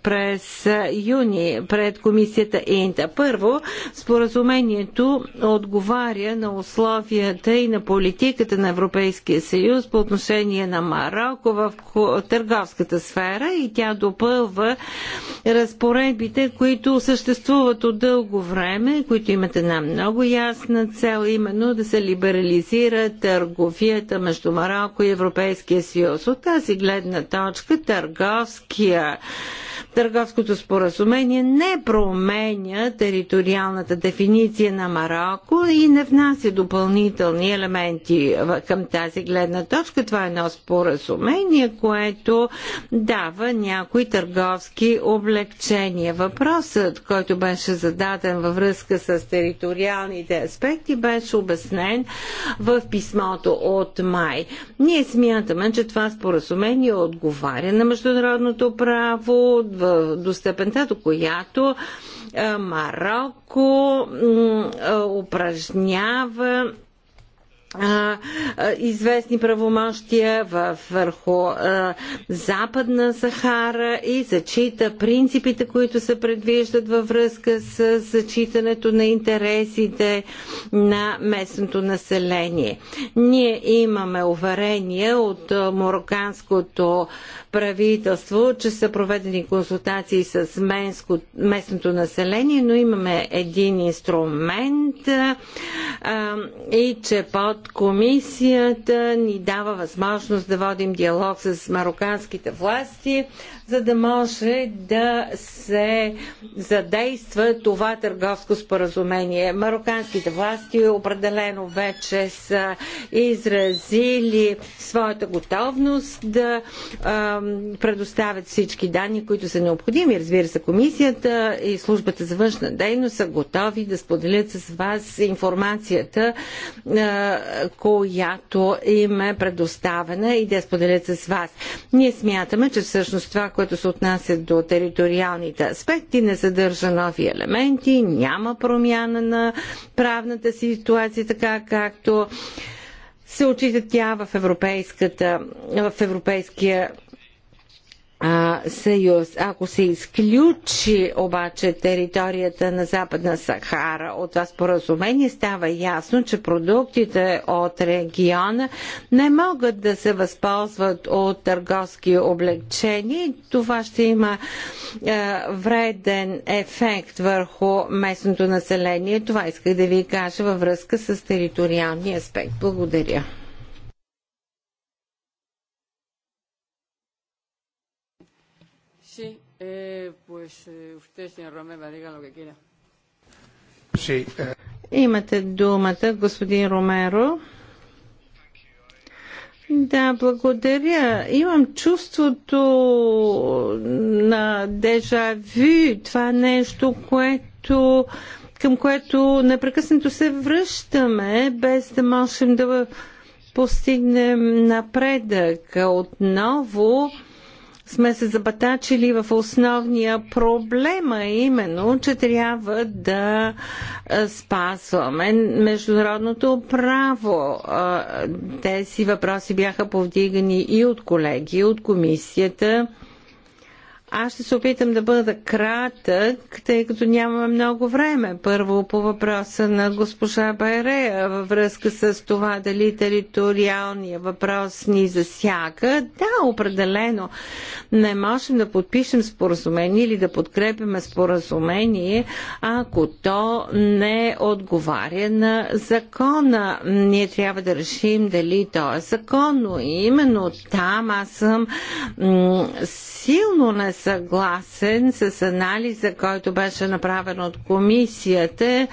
S3: през юни пред комисията Инта. Първо, споразумението отговаря на условията и на политиката на Европейския съюз по отношение на Марокко в търговската сфера и тя допълва разпоредбите, които съществуват съществуват от дълго време, които имат една много ясна цел, именно да се либерализира търговията между Марокко и Европейския съюз. От тази гледна точка търговския Търговското споразумение не променя териториалната дефиниция на Марокко и не внася допълнителни елементи към тази гледна точка. Това е едно споразумение, което дава някои търговски облегчения. Въпросът, който беше зададен във връзка с териториалните аспекти, беше обяснен в писмото от май. Ние смятаме, че това споразумение отговаря на международното право в до степента, до която Марокко упражнява известни правомощия върху Западна Сахара и зачита принципите, които се предвиждат във връзка с зачитането на интересите на местното население. Ние имаме уверение от марокканското правителство, че са проведени консултации с менско, местното население, но имаме един инструмент а, и че под комисията ни дава възможност да водим диалог с мароканските власти за да може да се задейства това търговско споразумение. Мароканските власти определено вече са изразили своята готовност да а, предоставят всички данни, които са необходими. Разбира се, комисията и службата за външна дейност са готови да споделят с вас информацията, а, която им е предоставена и да я споделят с вас. Ние смятаме, че всъщност това, което се отнася до териториалните аспекти, не съдържа нови елементи, няма промяна на правната ситуация, така както се отчита тя в, в Европейския съюз. Ако се изключи обаче територията на Западна Сахара от това споразумение, става ясно, че продуктите от региона не могат да се възползват от търговски облегчения. Това ще има е, вреден ефект върху местното население. Това исках да ви кажа във връзка с териториалния аспект. Благодаря. Имате думата, господин Ромеро. Да, благодаря. Имам чувството на дежавю. Това е нещо, което, към което непрекъснато се връщаме, без да можем да постигнем напредък. Отново сме се забатачили в основния проблема, именно, че трябва да спазваме международното право. Тези въпроси бяха повдигани и от колеги, и от комисията. Аз ще се опитам да бъда кратък, тъй като нямаме много време. Първо по въпроса на госпожа Байрея във връзка с това дали териториалния въпрос ни засяга. Да, определено. Не можем да подпишем споразумение или да подкрепяме споразумение, ако то не отговаря на закона. Ние трябва да решим дали то е законно. И именно там аз съм силно не съгласен с анализа, който беше направен от комисията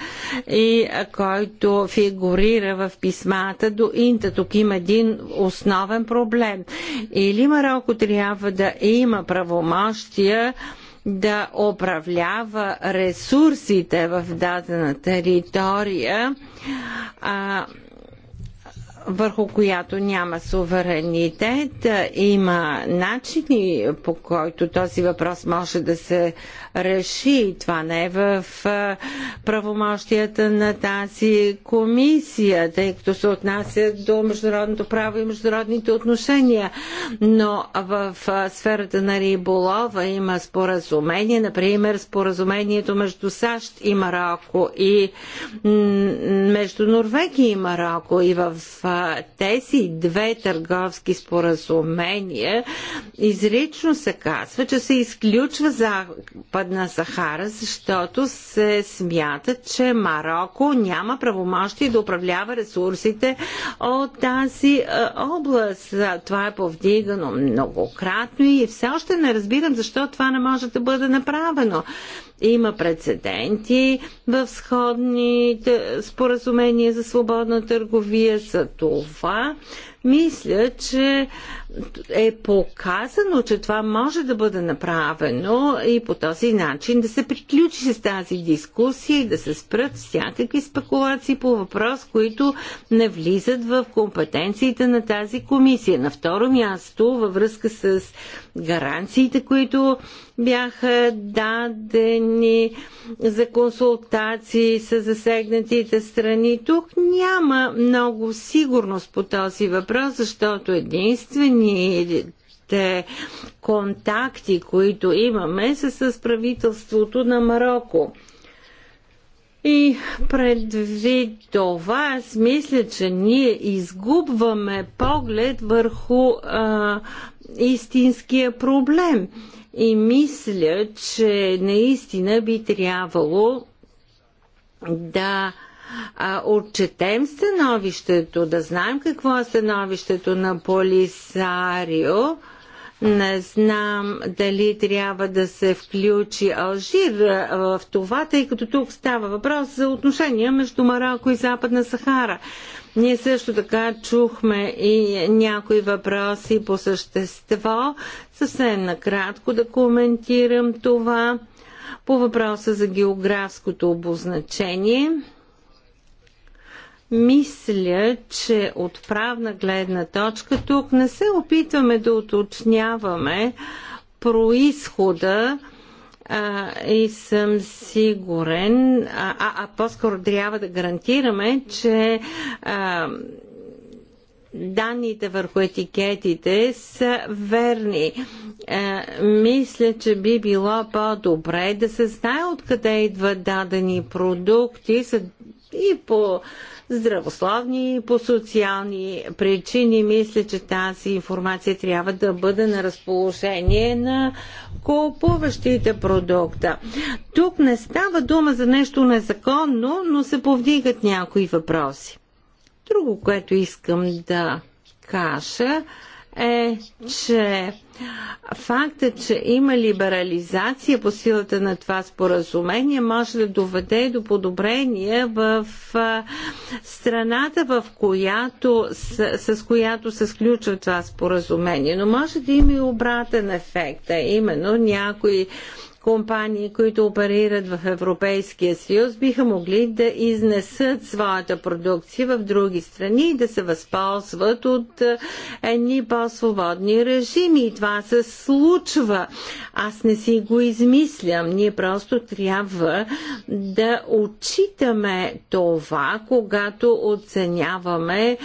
S3: и който фигурира в писмата до Инта. Тук има един основен проблем. Или Марокко трябва да има правомощия да управлява ресурсите в дадена територия, а, върху която няма суверенитет. Има начини по който този въпрос може да се реши. Това не е в правомощията на тази комисия, тъй като се отнася до международното право и международните отношения. Но в сферата на риболова има споразумение, например споразумението между САЩ и Марокко и между Норвегия и Марокко и в тези две търговски споразумения изрично се казва, че се изключва за Западна Сахара, защото се смята, че Марокко няма правомощи да управлява ресурсите от тази е, област. Това е повдигано многократно и все още не разбирам защо това не може да бъде направено. Има прецеденти в сходни е, споразумения за свободна търговия. За това мисля, че е показано, че това може да бъде направено и по този начин да се приключи с тази дискусия и да се спрат всякакви спекулации по въпрос, които не влизат в компетенциите на тази комисия. На второ място, във връзка с гаранциите, които бяха дадени за консултации с засегнатите страни, тук няма много сигурност по този въпрос, защото единствени последните контакти, които имаме, са с правителството на Марокко. И предвид това, аз мисля, че ние изгубваме поглед върху а, истинския проблем. И мисля, че наистина би трябвало да а, а, отчетем становището, да знаем какво е становището на Полисарио. Не знам дали трябва да се включи Алжир в това, тъй като тук става въпрос за отношения между Марокко и Западна Сахара. Ние също така чухме и някои въпроси по същество. Съвсем накратко да коментирам това по въпроса за географското обозначение. Мисля, че от правна гледна точка тук не се опитваме да уточняваме происхода а, и съм сигурен, а, а, а по-скоро трябва да гарантираме, че а, данните върху етикетите са верни. А, мисля, че би било по-добре да се знае откъде идват дадени продукти, за и по здравословни, и по социални причини. Мисля, че тази информация трябва да бъде на разположение на купуващите продукта. Тук не става дума за нещо незаконно, но се повдигат някои въпроси. Друго, което искам да кажа е, че Факта, че има либерализация по силата на това споразумение, може да доведе до подобрение в страната, в която, с, с която се сключва това споразумение. Но може да има и обратен ефект, а именно някои компании, които оперират в Европейския съюз, биха могли да изнесат своята продукция в други страни и да се възползват от е, едни по-свободни режими. И това се случва. Аз не си го измислям. Ние просто трябва да отчитаме това, когато оценяваме е,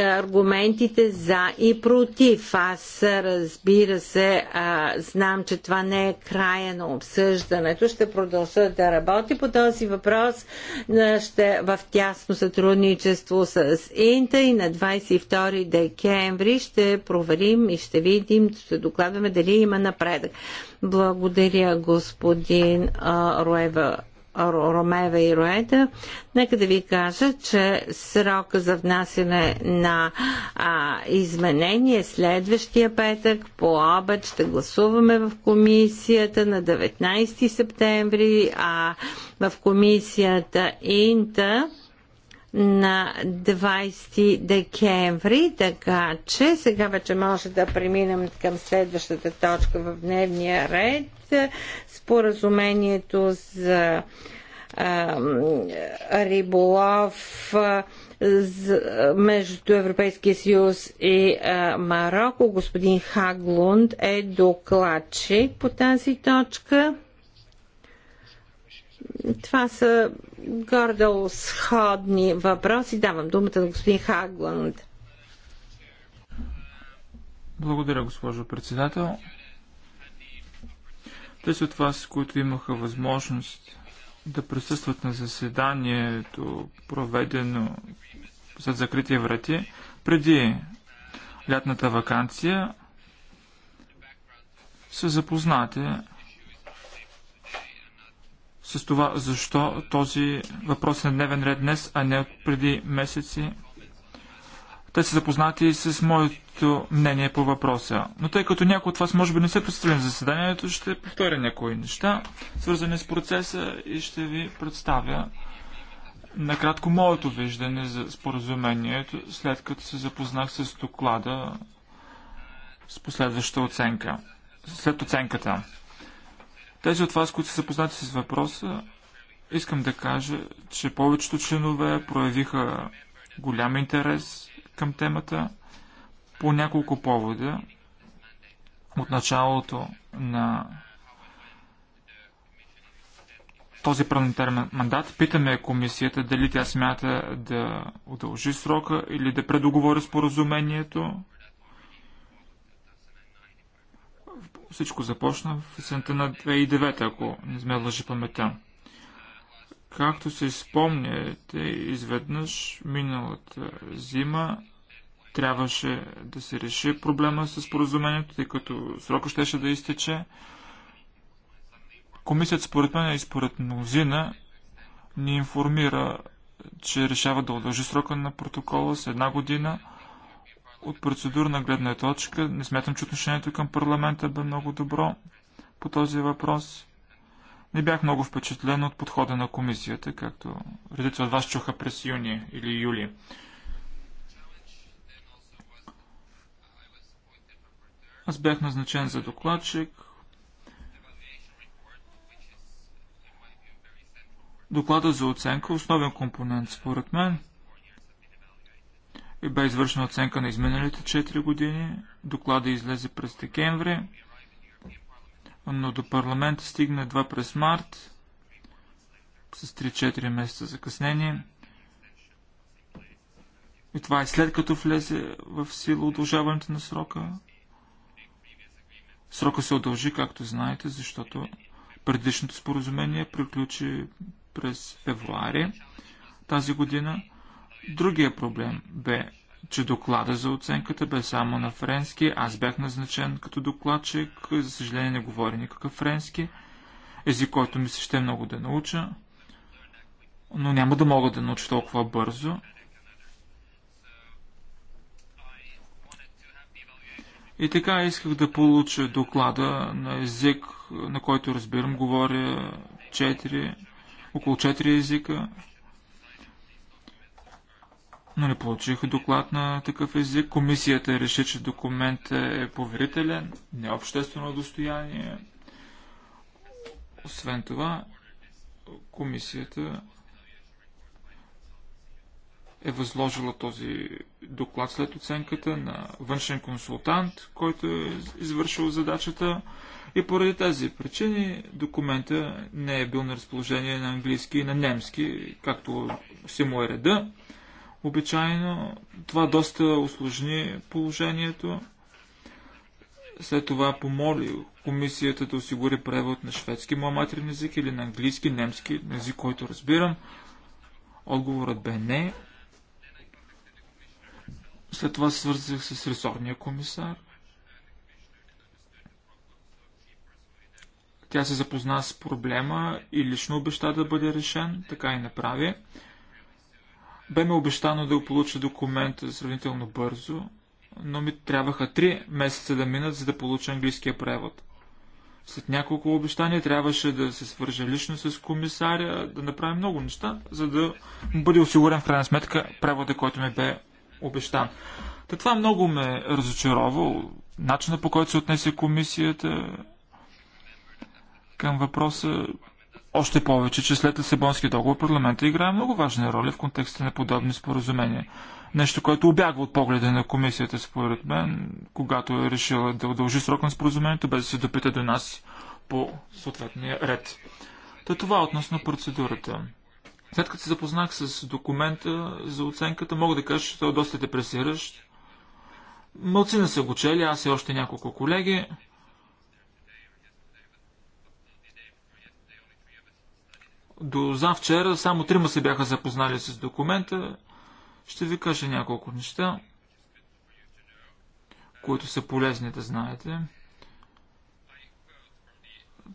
S3: аргументите за и против. Аз, разбира се, знам, че това не е края на обсъждането. Ще продължа да работи по този въпрос. Ще в тясно сътрудничество с Инта и на 22 декември ще проверим и ще видим, ще докладваме дали има напредък. Благодаря господин Роева Ромева и Роеда, нека да ви кажа, че срока за внасяне на а, изменение е следващия петък по обед ще гласуваме в комисията на 19 септември, а в комисията Инта на 20 декември, така че сега вече може да преминем към следващата точка в дневния ред споразумението за риболов между Европейския съюз и Марокко. Господин Хаглунд е докладчик по тази точка. Това са гордо сходни въпроси. Давам думата на господин Хагланд.
S4: Благодаря, госпожо председател. Тези от вас, които имаха възможност да присъстват на заседанието, проведено след закрития врати, преди лятната вакансия, са запознати с това, защо този въпрос е на дневен ред днес, а не преди месеци те са запознати с моето мнение по въпроса. Но тъй като някои от вас може би не са представили на заседанието, ще повторя някои неща, свързани с процеса и ще ви представя накратко моето виждане за споразумението, след като се запознах с доклада с последваща оценка. След оценката. Тези от вас, които са запознати с въпроса, искам да кажа, че повечето членове проявиха голям интерес към темата по няколко повода. От началото на този парламентарен мандат питаме комисията дали тя смята да удължи срока или да предоговори споразумението. Всичко започна в есента на 2009, ако не сме лъжи паметта. Както се спомняте, изведнъж миналата зима трябваше да се реши проблема с поразумението, тъй като срока щеше да изтече. Комисията според мен и според мнозина ни информира, че решава да удължи срока на протокола с една година. От процедурна гледна точка не смятам, че отношението към парламента бе много добро по този въпрос. Не бях много впечатлен от подхода на комисията, както редица от вас чуха през юни или юли. Аз бях назначен за докладчик. Доклада за оценка, основен компонент според мен, и бе извършена оценка на изминалите 4 години. Доклада излезе през декември, но до парламента стигна едва през март, с 3-4 месеца закъснение. И това е след като влезе в сила удължаването на срока. Срока се удължи, както знаете, защото предишното споразумение приключи през февруари тази година. Другия проблем бе, че доклада за оценката бе само на френски. Аз бях назначен като докладчик, за съжаление не говори никакъв френски, език, който ми се ще много да науча, но няма да мога да науча толкова бързо. И така исках да получа доклада на език, на който разбирам, говоря 4, около 4 езика. Но нали, не получих доклад на такъв език. Комисията реши, че документът е поверителен, не е обществено достояние. Освен това, комисията е възложила този доклад след оценката на външен консултант, който е извършил задачата и поради тези причини документа не е бил на разположение на английски и на немски, както си му е реда. Обичайно това доста осложни положението. След това помоли комисията да осигури превод на шведски моя матерен език или на английски, немски, език, който разбирам. Отговорът бе не. След това се свързах с ресорния комисар. Тя се запозна с проблема и лично обеща да бъде решен, така и направи. Бе ми обещано да получа документа сравнително бързо, но ми трябваха три месеца да минат, за да получа английския превод. След няколко обещания трябваше да се свържа лично с комисаря, да направи много неща, за да бъде осигурен в крайна сметка превода, който ми бе обещан. Та това много ме разочарова, начина по който се отнесе комисията към въпроса. Още повече, че след Лисабонски договор парламента играе много важна роля в контекста на подобни споразумения. Нещо, което обягва от погледа на комисията, според мен, когато е решила да удължи срок на споразумението, без да се допита до нас по съответния ред. Та това относно процедурата. След като се запознах с документа за оценката, мога да кажа, че той е доста депресиращ. Мълцина са го чели, аз и още няколко колеги. До завчера само трима се бяха запознали с документа. Ще ви кажа няколко неща, които са полезни да знаете.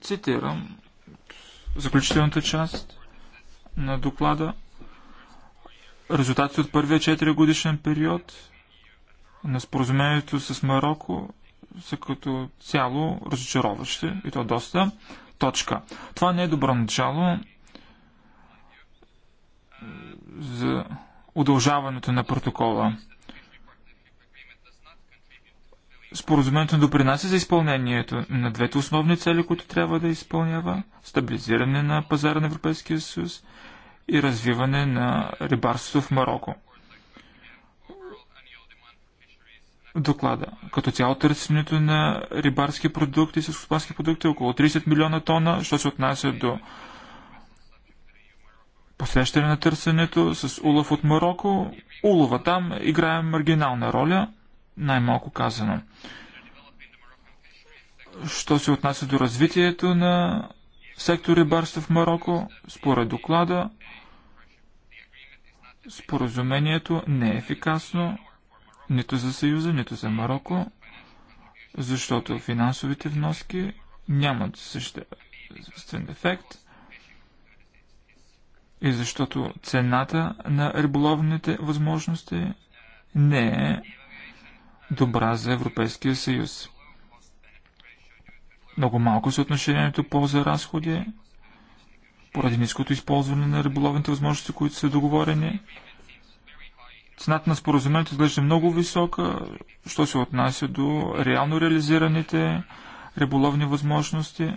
S4: Цитирам заключителната част на доклада. Резултатите от първия 4 годишен период на споразумението с Марокко са като цяло разочароващи и то доста. Точка. Това не е добро начало за удължаването на протокола. Споразумението допринася за изпълнението на двете основни цели, които трябва да изпълнява – стабилизиране на пазара на Европейския съюз и развиване на рибарството в Марокко. Доклада. Като цяло търсенето на рибарски продукти и селскостопански продукти е около 30 милиона тона, що се отнася до посрещане на търсенето с улов от Марокко. Улова там играе маргинална роля – най-малко казано. Що се отнася до развитието на сектор рибарство в Марокко, според доклада, споразумението не е ефикасно нито за Съюза, нито за Марокко, защото финансовите вноски нямат съществен ефект и защото цената на риболовните възможности не е добра за Европейския съюз. Много малко съотношението полза-разходи, поради ниското използване на риболовните възможности, които са договорени. Цената на споразумението изглежда много висока, що се отнася до реално реализираните риболовни възможности.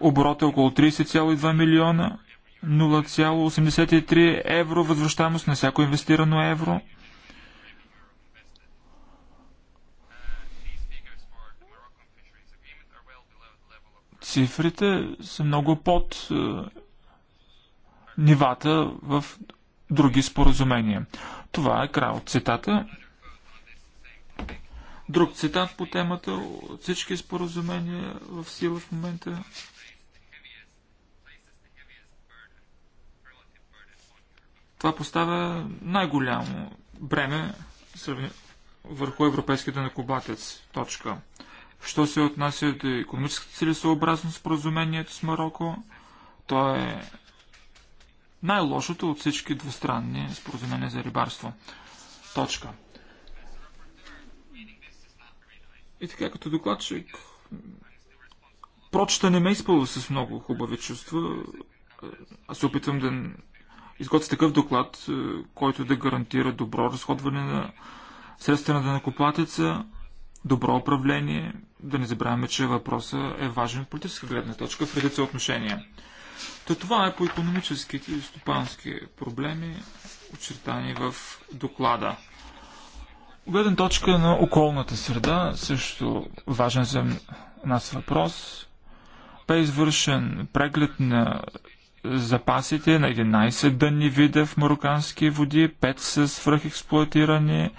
S4: Оборот е около 30,2 милиона. 0,83 евро възвръщаемост на всяко инвестирано евро. Цифрите са много под е, нивата в други споразумения. Това е край от цитата. Друг цитат по темата от всички споразумения в сила в момента Това поставя най-голямо бреме върху европейския накобатец. Точка. Що се отнася до економическата целесообразност споразумението с Марокко, то е най-лошото от всички двустранни споразумения за рибарство. Точка. И така, като докладчик, прочета не ме изпълва с много хубави чувства. Аз се опитвам да изготви такъв доклад, е, който да гарантира добро разходване на средства на данакоплатеца, добро управление. Да не забравяме, че въпросът е важен от политическа гледна точка в редица отношения. То това е по економическите и стопански проблеми, очертани в доклада. Гледна точка на околната среда, също важен за нас въпрос, бе извършен преглед на запасите на 11 дънни вида в марокански води, 5 са свръхексплуатирани,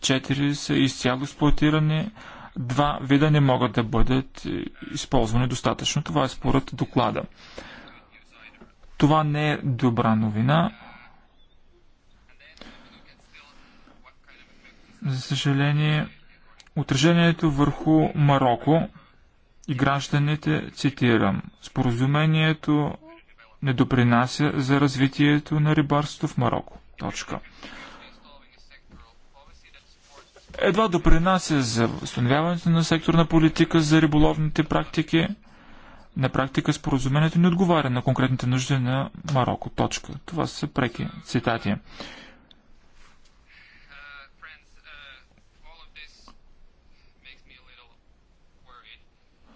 S4: 4 са изцяло експлуатирани, 2 вида не могат да бъдат използвани достатъчно. Това е според доклада. Това не е добра новина. За съжаление, отражението върху Марокко и гражданите, цитирам, споразумението не допринася за развитието на рибарството в Марокко. Точка. Едва допринася за установяването на секторна политика за риболовните практики. На практика споразумението не отговаря на конкретните нужди на Марокко. Точка. Това са преки цитати.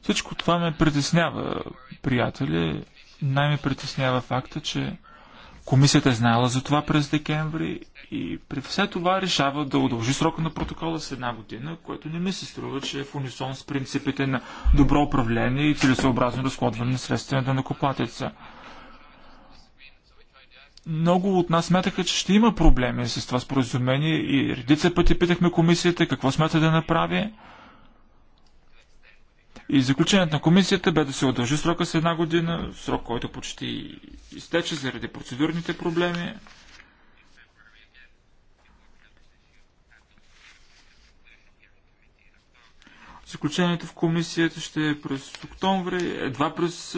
S4: Всичко това ме притеснява, приятели най-ме притеснява факта, че комисията е знаела за това през декември и при все това решава да удължи срока на протокола с една година, което не ми се струва, че е в унисон с принципите на добро управление и целесообразно разходване на средства на накоплатеца. Много от нас смятаха, че ще има проблеми с това споразумение и редица пъти питахме комисията какво смята да направи. И заключението на комисията бе да се удължи срока с една година, срок, който почти изтече заради процедурните проблеми. Заключението в комисията ще е през октомври, едва през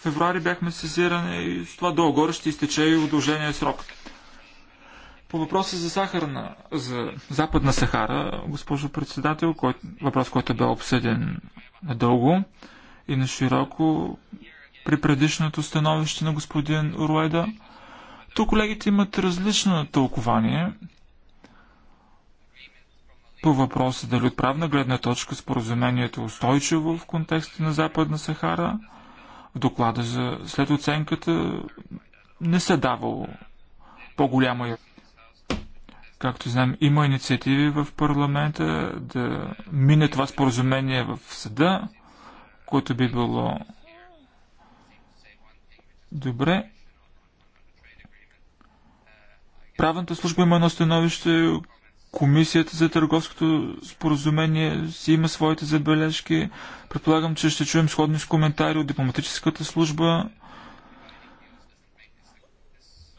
S4: февруари бяхме сезирани и с това долу-горе ще изтече и удължение срок. По въпроса за, сахарна, за Западна Сахара, госпожо председател, кой, въпрос, който бе обсъден надълго и на широко при предишното становище на господин Руеда, тук колегите имат различно тълкование по въпроса дали отправна гледна точка споразумението е устойчиво в контекста на Западна Сахара. В доклада за след оценката не се давало по-голяма Както знаем, има инициативи в парламента да мине това споразумение в съда, което би било добре. Правната служба има едно становище, Комисията за търговското споразумение си има своите забележки. Предполагам, че ще чуем сходни с коментари от дипломатическата служба.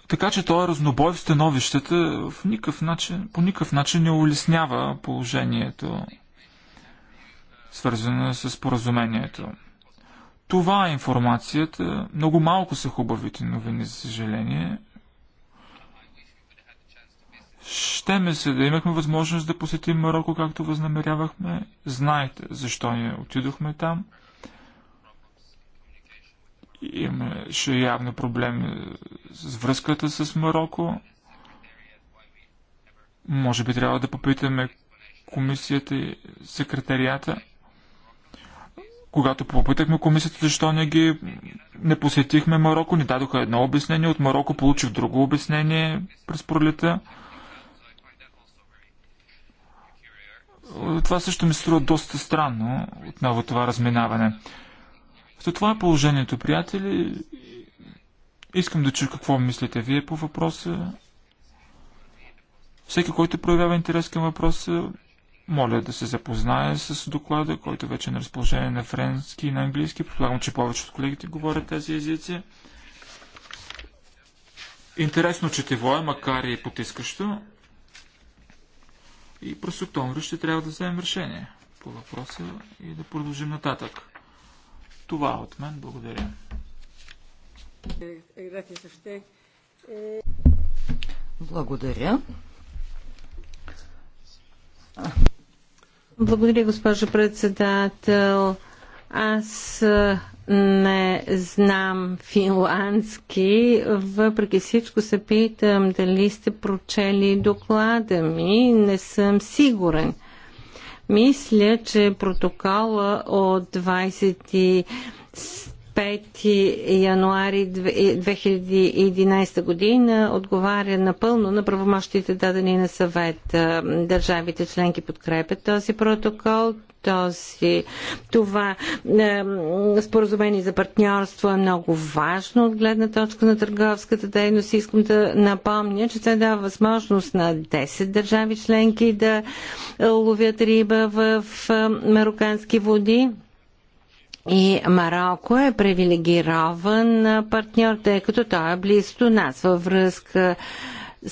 S4: Така че този е разнобой в становищата в никакъв начин, по никакъв начин не улеснява положението, свързано с поразумението. Това е информацията. Много малко са хубавите новини, за съжаление. Ще ме се да имахме възможност да посетим Марокко, както възнамерявахме. Знаете защо ние отидохме там – Имаше явни проблеми с връзката с Марокко. Може би трябва да попитаме комисията и секретарията. Когато попитахме комисията защо не ги не посетихме Марокко, ни дадоха едно обяснение, от Марокко получих друго обяснение през пролета. Това също ми струва доста странно, отново това разминаване. Ето това е положението, приятели. Искам да чуя какво мислите вие по въпроса. Всеки, който проявява интерес към въпроса, моля да се запознае с доклада, който вече е на разположение на френски и на английски. Предполагам, че повече от колегите говорят тези езици. Интересно четиво е, макар и потискащо. И през октомври ще трябва да вземем решение по въпроса и да продължим нататък. Това от мен. Благодаря. Благодаря.
S3: Благодаря, госпожо председател. Аз не знам финландски. Въпреки всичко се питам дали сте прочели доклада ми. Не съм сигурен. Мисля, че протокола от 20 5 януари 2011 година отговаря напълно на правомощите дадени на съвет. Е, държавите членки подкрепят този протокол. Този, това е, споразумение за партньорство е много важно от гледна точка на търговската дейност. Искам да напомня, че това дава възможност на 10 държави членки да ловят риба в е, марокански води и Марокко е привилегирован партньор, тъй като той е близо до нас във връзка с,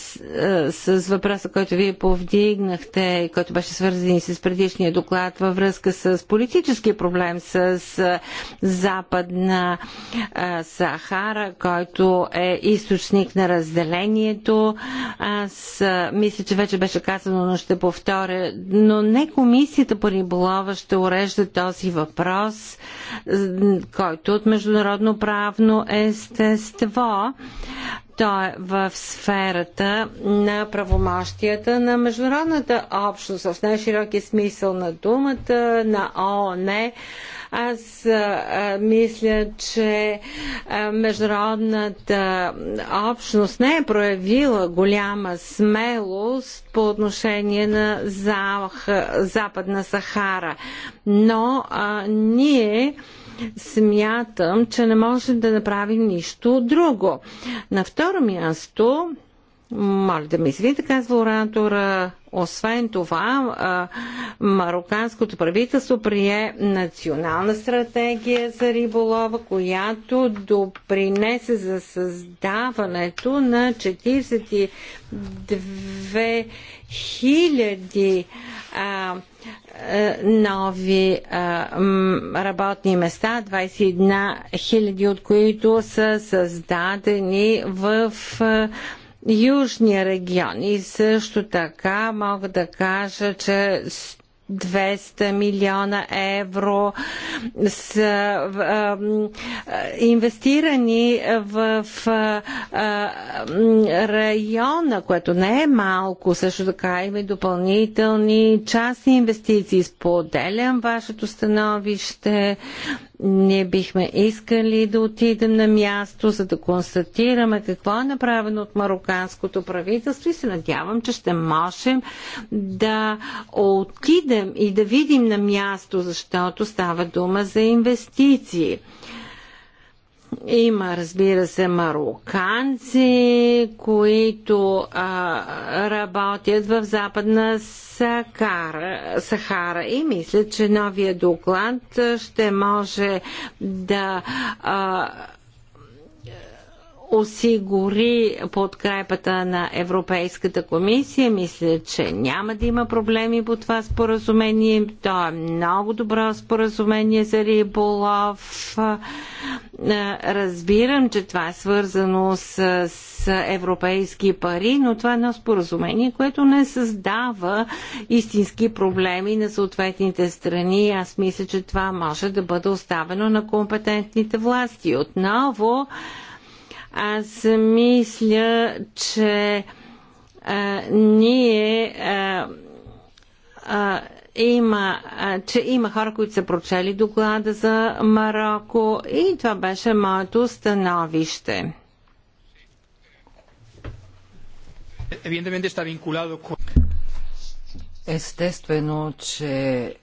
S3: с, е, с въпроса, който вие повдигнахте и който беше свързан и с предишния доклад във връзка с политическия проблем с, с е, Западна а, е, Сахара, който е източник на разделението. Аз а, мисля, че вече беше казано, но ще повторя. Но не комисията по риболова ще урежда този въпрос, който от международно правно естество. Той е в сферата на правомощията на международната общност, в най-широки смисъл на думата, на ООН. Аз а, мисля, че а, международната общност не е проявила голяма смелост по отношение на Западна Сахара. Но а, ние смятам, че не можем да направим нищо друго. На второ място, моля да ме извините, казва оратора, освен това, мароканското правителство прие национална стратегия за риболова, която допринесе за създаването на 42 хиляди 000 нови работни места, 21 000 от които са създадени в Южния регион. И също така мога да кажа, че 200 милиона евро са инвестирани в района, което не е малко. Също така има и допълнителни частни инвестиции. Споделям вашето становище ние бихме искали да отидем на място, за да констатираме какво е направено от мароканското правителство и се надявам, че ще можем да отидем и да видим на място, защото става дума за инвестиции. Има, разбира се, мароканци, които а, работят в Западна Сахара, Сахара и мисля, че новия доклад ще може да а, осигури подкрепата на Европейската комисия. Мисля, че няма да има проблеми по това споразумение. То е много добро споразумение за риболов. Е, разбирам, че това е свързано с, европейски пари, но това е едно споразумение, което не създава истински проблеми на съответните страни. Аз мисля, че това може да бъде оставено на компетентните власти. Отново, аз мисля, че а, ние а, а, има, а, че има хора, които са прочели доклада за Марокко и това беше моето становище.
S1: Естествено, че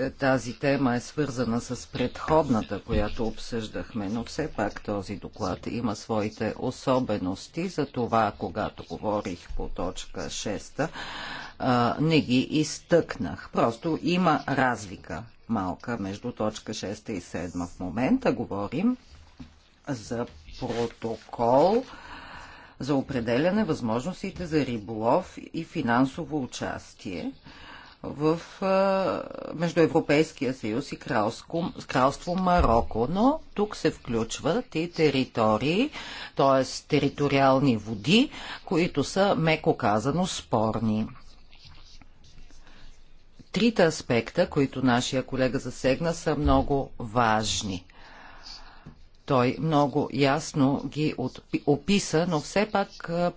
S1: е, тази тема е свързана с предходната, която обсъждахме, но все пак този доклад има своите особености. За това, когато говорих по точка 6, не ги изтъкнах. Просто има разлика малка между точка 6 и 7. В момента говорим за протокол за определяне възможностите за риболов и финансово участие в, между Европейския съюз и кралско, кралство Марокко, но тук се включват и територии, т.е. териториални води, които са, меко казано, спорни. Трите аспекта, които нашия колега засегна, са много важни. Той много ясно ги описа, но все пак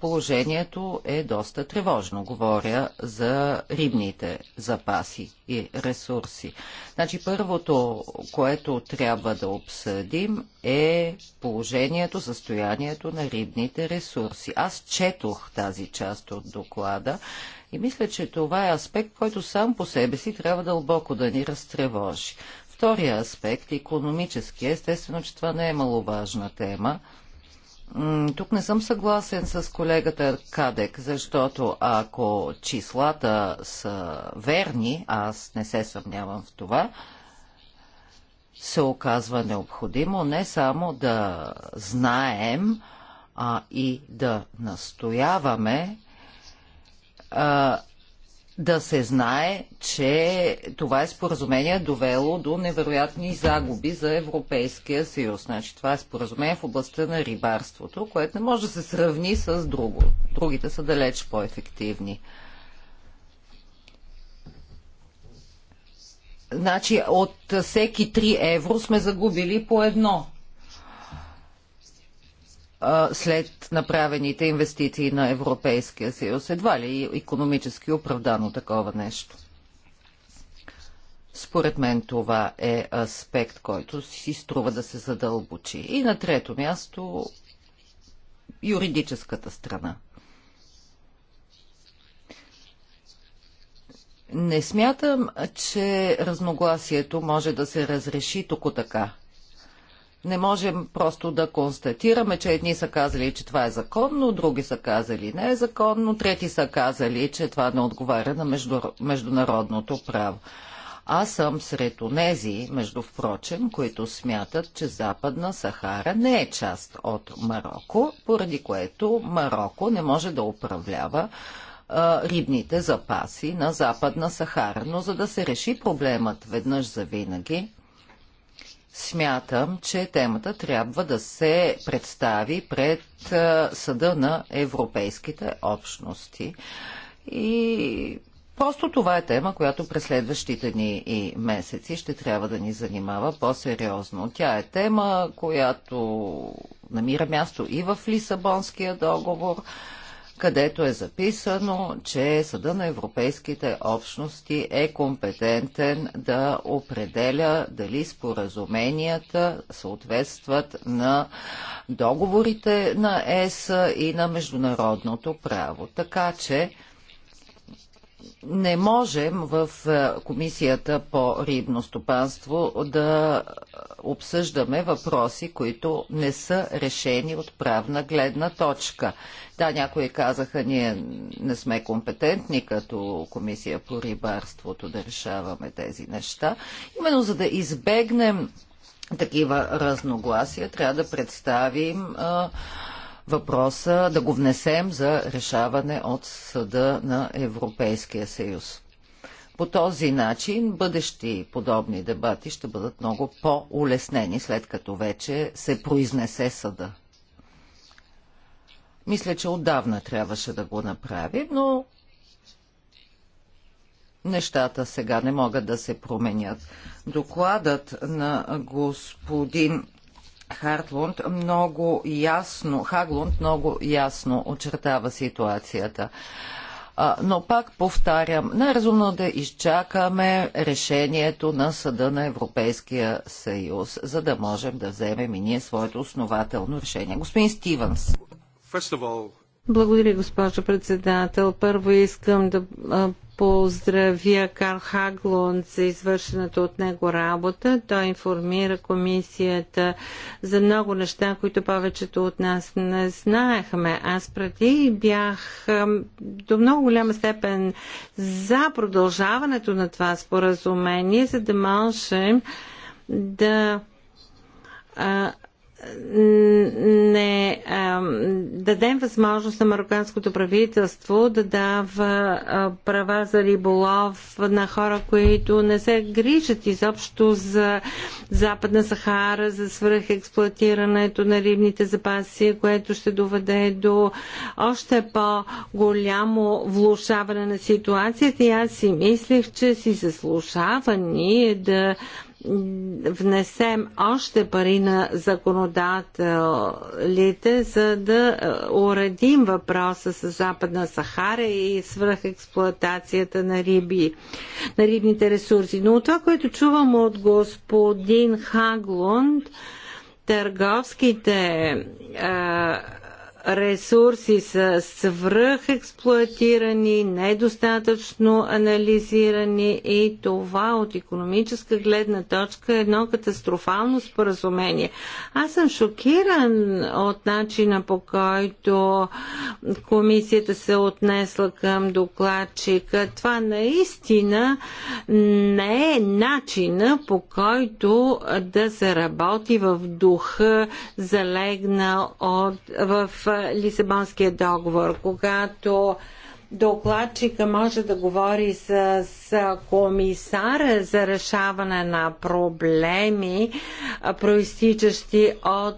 S1: положението е доста тревожно. Говоря за рибните запаси и ресурси. Значи първото, което трябва да обсъдим е положението, състоянието на рибните ресурси. Аз четох тази част от доклада и мисля, че това е аспект, който сам по себе си трябва дълбоко да ни разтревожи. Втория аспект, економически, естествено, че това не е маловажна тема. Тук не съм съгласен с колегата Кадек, защото ако числата са верни, аз не се съмнявам в това, се оказва необходимо не само да знаем, а и да настояваме а, да се знае, че това е споразумение довело до невероятни загуби за Европейския съюз. Значи, това е споразумение в областта на рибарството, което не може да се сравни с друго. Другите са далеч по-ефективни. Значи от всеки 3 евро сме загубили по едно след направените инвестиции на Европейския съюз. Едва ли е економически оправдано такова нещо. Според мен това е аспект, който си струва да се задълбочи. И на трето място юридическата страна. Не смятам, че разногласието може да се разреши току така. Не можем просто да констатираме, че едни са казали, че това е законно, други са казали не е законно, трети са казали, че това не отговаря на между... международното право. Аз съм сред онези, между впрочем, които смятат, че Западна Сахара не е част от Марокко, поради което Марокко не може да управлява а, рибните запаси на Западна Сахара. Но за да се реши проблемът веднъж за винаги, смятам, че темата трябва да се представи пред Съда на Европейските общности. И просто това е тема, която през следващите дни и месеци ще трябва да ни занимава по-сериозно. Тя е тема, която намира място и в Лисабонския договор където е записано, че Съда на Европейските общности е компетентен да определя дали споразуменията съответстват на договорите на ЕС и на международното право. Така че не можем в е, Комисията по рибно стопанство да обсъждаме въпроси, които не са решени от правна гледна точка. Да, някои казаха, ние не сме компетентни като Комисия по рибарството да решаваме тези неща. Именно за да избегнем такива разногласия, трябва да представим а, е, въпроса, да го внесем за решаване от Съда на Европейския съюз. По този начин бъдещи подобни дебати ще бъдат много по-улеснени, след като вече се произнесе съда. Мисля, че отдавна трябваше да го направи, но нещата сега не могат да се променят. Докладът на господин Хартлунд много ясно, Хаглунд много ясно очертава ситуацията. Но пак повтарям, най-разумно да изчакаме решението на Съда на Европейския съюз, за да можем да вземем и ние своето основателно решение. Господин Стивенс. First of all,
S3: благодаря, госпожо председател. Първо искам да поздравя Карл Хаглунд за извършената от него работа. Той информира комисията за много неща, които повечето от нас не знаехме. Аз преди бях до много голяма степен за продължаването на това споразумение, за да можем да не а, дадем възможност на марокканското правителство да дава а, права за риболов на хора, които не се грижат изобщо за Западна Сахара, за свръхексплуатирането на рибните запаси, което ще доведе до още по-голямо влушаване на ситуацията. И аз си мислех, че си заслушава ние да внесем още пари на законодателите, за да е, уредим въпроса с Западна Сахара и експлуатацията на риби, на рибните ресурси. Но това, което чувам от господин Хаглунд, търговските е, ресурси са свръхексплуатирани, недостатъчно анализирани и това от економическа гледна точка е едно катастрофално споразумение. Аз съм шокиран от начина по който комисията се отнесла към докладчика. Това наистина не е начина по който да се работи в духа залегнал от, в Лисабонския договор, когато докладчика може да говори с, с комисара за решаване на проблеми, проистичащи от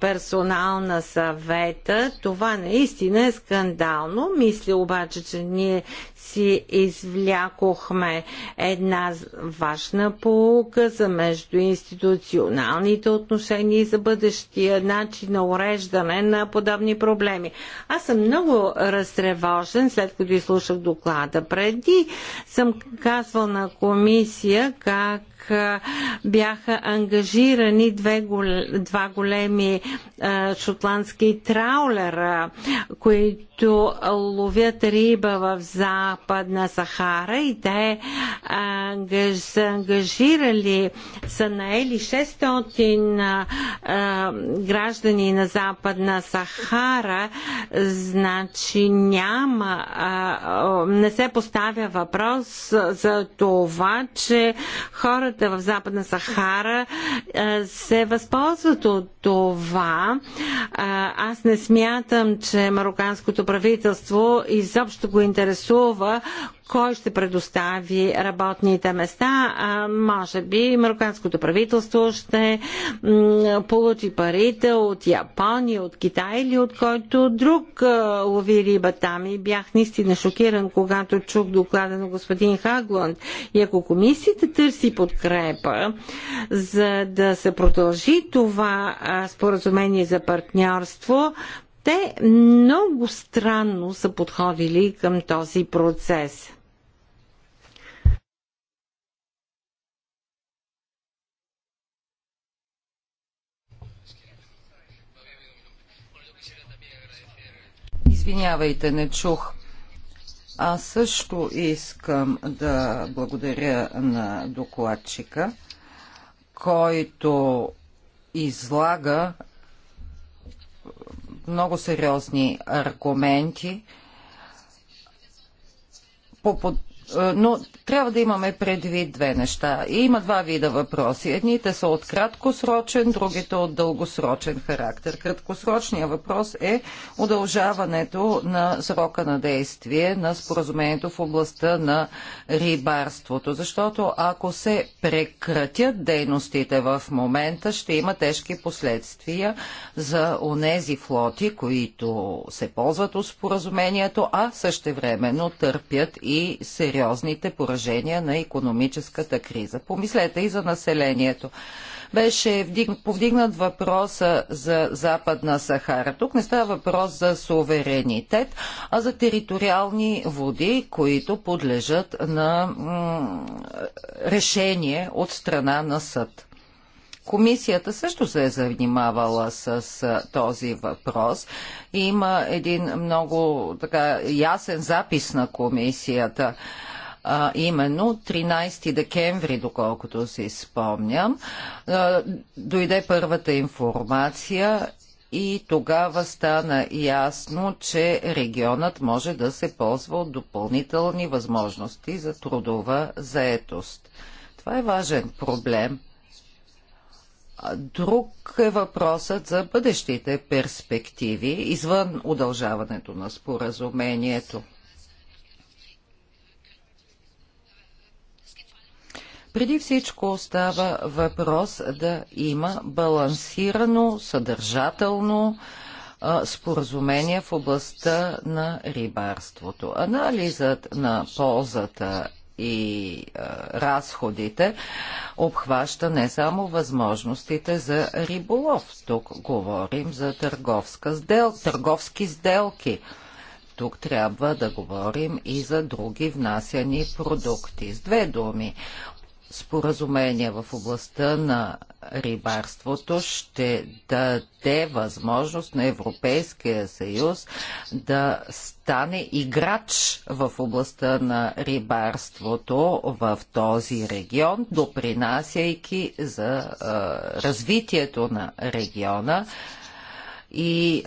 S3: персонал на съвета. Това наистина е скандално. Мисля обаче, че ние си извлякохме една важна полука за междуинституционалните отношения и за бъдещия начин на уреждане на подобни проблеми. Аз съм много разтревожен, след като изслушах доклада. Преди съм казвал на комисия как бяха ангажирани две, два големи фирми, шотландски траулера, които ловят риба в Западна Сахара и те са ангажирали, са наели 600 граждани на Западна Сахара, значи няма, не се поставя въпрос за това, че хората в Западна Сахара се възползват от това, това аз не смятам, че мароканското правителство изобщо го интересува кой ще предостави работните места. А, може би марокканското правителство ще получи парите от Япония, от Китай или от който друг а, лови риба там. И бях наистина шокиран, когато чух доклада на господин Хагланд. И ако комисията търси подкрепа, за да се продължи това а, споразумение за партньорство, те много странно са подходили към този процес.
S1: Извинявайте, не чух. Аз също искам да благодаря на докладчика, който излага много сериозни аргументи по, е, но трябва да имаме предвид две неща. И има два вида въпроси. Едните са от краткосрочен, другите от дългосрочен характер. Краткосрочният въпрос е удължаването на срока на действие на споразумението в областта на рибарството. Защото ако се прекратят дейностите в момента, ще има тежки последствия за онези флоти, които се ползват от споразумението, а също времено търпят и сериозни сериозните поражения на економическата криза. Помислете и за населението. Беше повдигнат въпроса за Западна Сахара. Тук не става въпрос за суверенитет, а за териториални води, които подлежат на решение от страна на съд. Комисията също се е занимавала с този въпрос. Има един много така, ясен запис на комисията а, именно 13 декември, доколкото си спомням, а, дойде първата информация и тогава стана ясно, че регионът може да се ползва от допълнителни възможности за трудова заетост. Това е важен проблем. Друг е въпросът за бъдещите перспективи извън удължаването на споразумението. Преди всичко става въпрос да има балансирано, съдържателно споразумение в областта на рибарството. Анализът на ползата и разходите обхваща не само възможностите за риболов. Тук говорим за търговска сдел, търговски сделки. Тук трябва да говорим и за други внасяни продукти. С две думи, споразумение в областта на рибарството ще даде възможност на Европейския съюз да стане играч в областта на рибарството в този регион, допринасяйки за е, развитието на региона и е,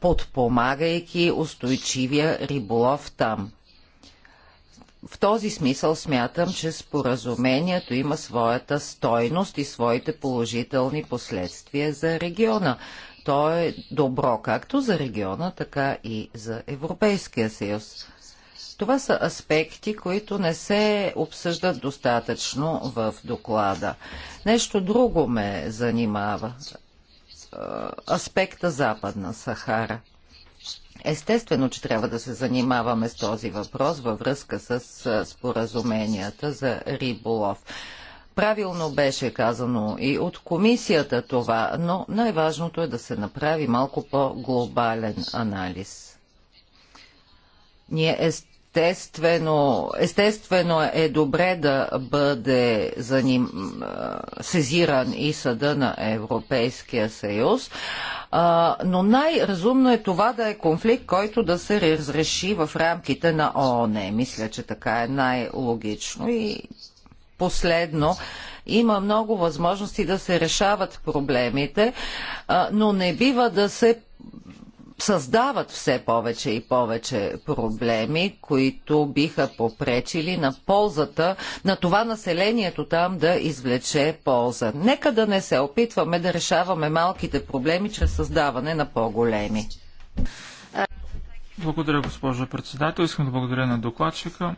S1: подпомагайки устойчивия риболов там. В този смисъл смятам, че споразумението има своята стойност и своите положителни последствия за региона. То е добро както за региона, така и за Европейския съюз. Това са аспекти, които не се обсъждат достатъчно в доклада. Нещо друго ме занимава. Е, аспекта Западна Сахара. Естествено, че трябва да се занимаваме с този въпрос във връзка с споразуменията за риболов. Правилно беше казано и от комисията това, но най-важното е да се направи малко по-глобален анализ. Ние естествено, естествено е добре да бъде заним, сезиран и съда на Европейския съюз, а, но най-разумно е това да е конфликт, който да се разреши в рамките на ООН. Мисля, че така е най-логично и последно. Има много възможности да се решават проблемите, но не бива да се създават все повече и повече проблеми, които биха попречили на ползата на това населението там да извлече полза. Нека да не се опитваме да решаваме малките проблеми чрез създаване на по-големи.
S4: Благодаря, госпожо председател. Искам да благодаря на докладчика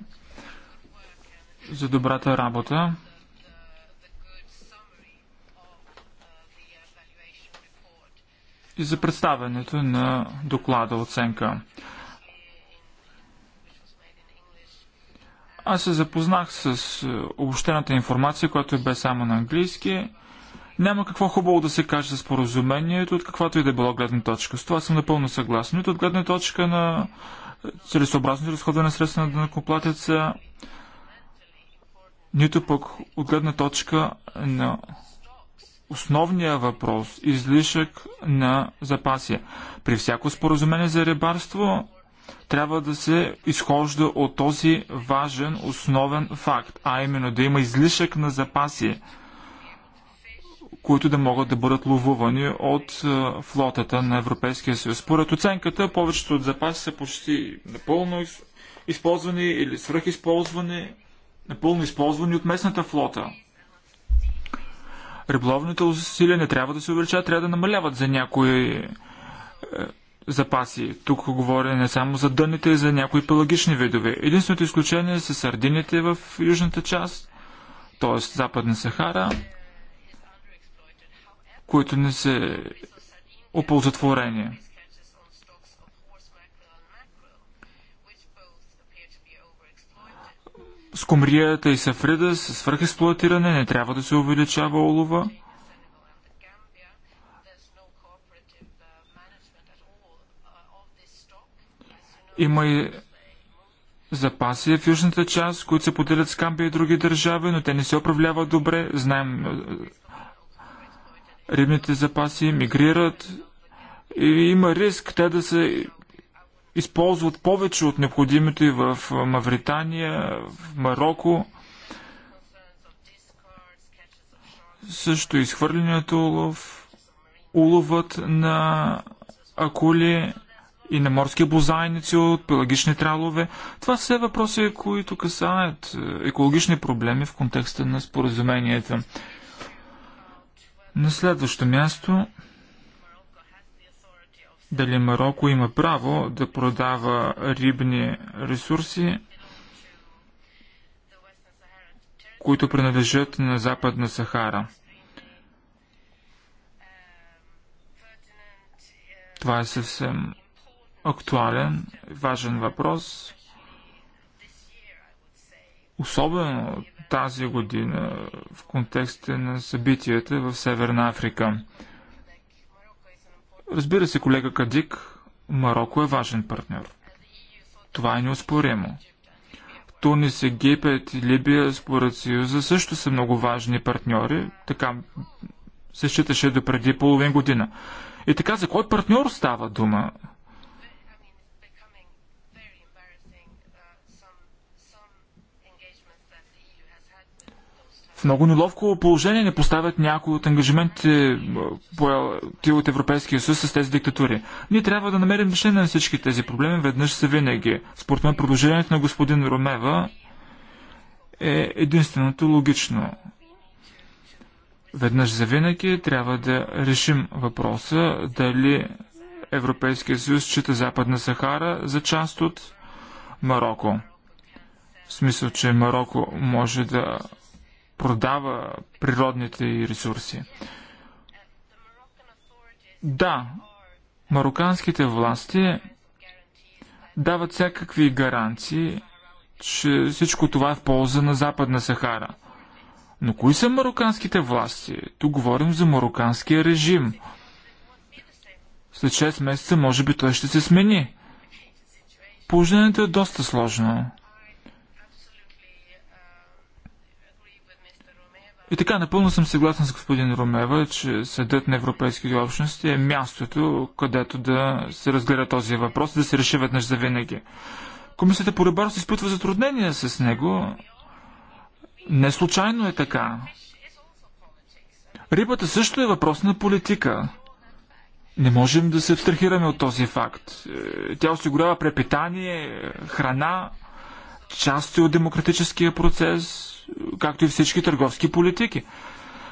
S4: за добрата работа. и за представянето на доклада оценка. Аз се запознах с е, обобщената информация, която е бе само на английски. Няма какво хубаво да се каже за споразумението, от каквато и да е било гледна точка. С това съм напълно съгласен. Нито от гледна точка на е, целесообразно разходване на средства на данъкоплатеца, нито пък от гледна точка на основния въпрос – излишък на запаси. При всяко споразумение за рибарство трябва да се изхожда от този важен основен факт, а именно да има излишък на запаси, които да могат да бъдат ловувани от е, флотата на Европейския съюз. Според оценката, повечето от запаси са почти напълно използвани или свръхизползвани, напълно използвани от местната флота. Риболовните усилия не трябва да се увеличават, трябва да намаляват за някои е, запаси. Тук говоря не само за дъните, за някои пелагични видове. Единственото изключение са сардините в южната част, т.е. Западна Сахара, които не са оползотворени. Скумрията и сафрида с свръхексплуатиране не трябва да се увеличава олова. Има и запаси в южната част, които се поделят с Камбия и други държави, но те не се управляват добре. Знаем, е, е, рибните запаси мигрират и има риск те да се използват повече от необходимото и в Мавритания, в Марокко. Също изхвърлянето улов, уловът на акули и на морски бозайници от пелагични тралове. Това са въпроси, които касаят е, екологични проблеми в контекста на споразуменията. На следващо място дали Марокко има право да продава рибни ресурси, които принадлежат на Западна Сахара. Това е съвсем актуален, важен въпрос. Особено тази година в контекста на събитията в Северна Африка. Разбира се, колега Кадик, Марокко е важен партньор. Това е неоспоримо. Тунис, Египет и Либия, според Съюза, също са много важни партньори. Така се считаше до преди половин година. И така, за кой партньор става дума? в много неловко положение не поставят някои от ангажиментите е, поети от Европейския съюз с тези диктатури. Ние трябва да намерим решение на всички тези проблеми веднъж за винаги. Според мен продължението на господин Ромева е единственото логично. Веднъж за винаги трябва да решим въпроса дали Европейския съюз счита Западна Сахара за част от Марокко. В смисъл, че Марокко може да продава природните и ресурси. Да, мароканските власти дават всякакви гаранции, че всичко това е в полза на Западна Сахара. Но кои са мароканските власти? Тук говорим за мароканския режим. След 6 месеца може би той ще се смени. Положението е доста сложно. И така, напълно съм съгласен с господин Ромева, че Съдът на Европейските общности е мястото, където да се разгледа този въпрос, и да се реши веднъж за винаги. Комисията по рибарство изпитва затруднения с него. Не случайно е така. Рибата също е въпрос на политика. Не можем да се абстрахираме от този факт. Тя осигурява препитание, храна части от демократическия процес, както и всички търговски политики.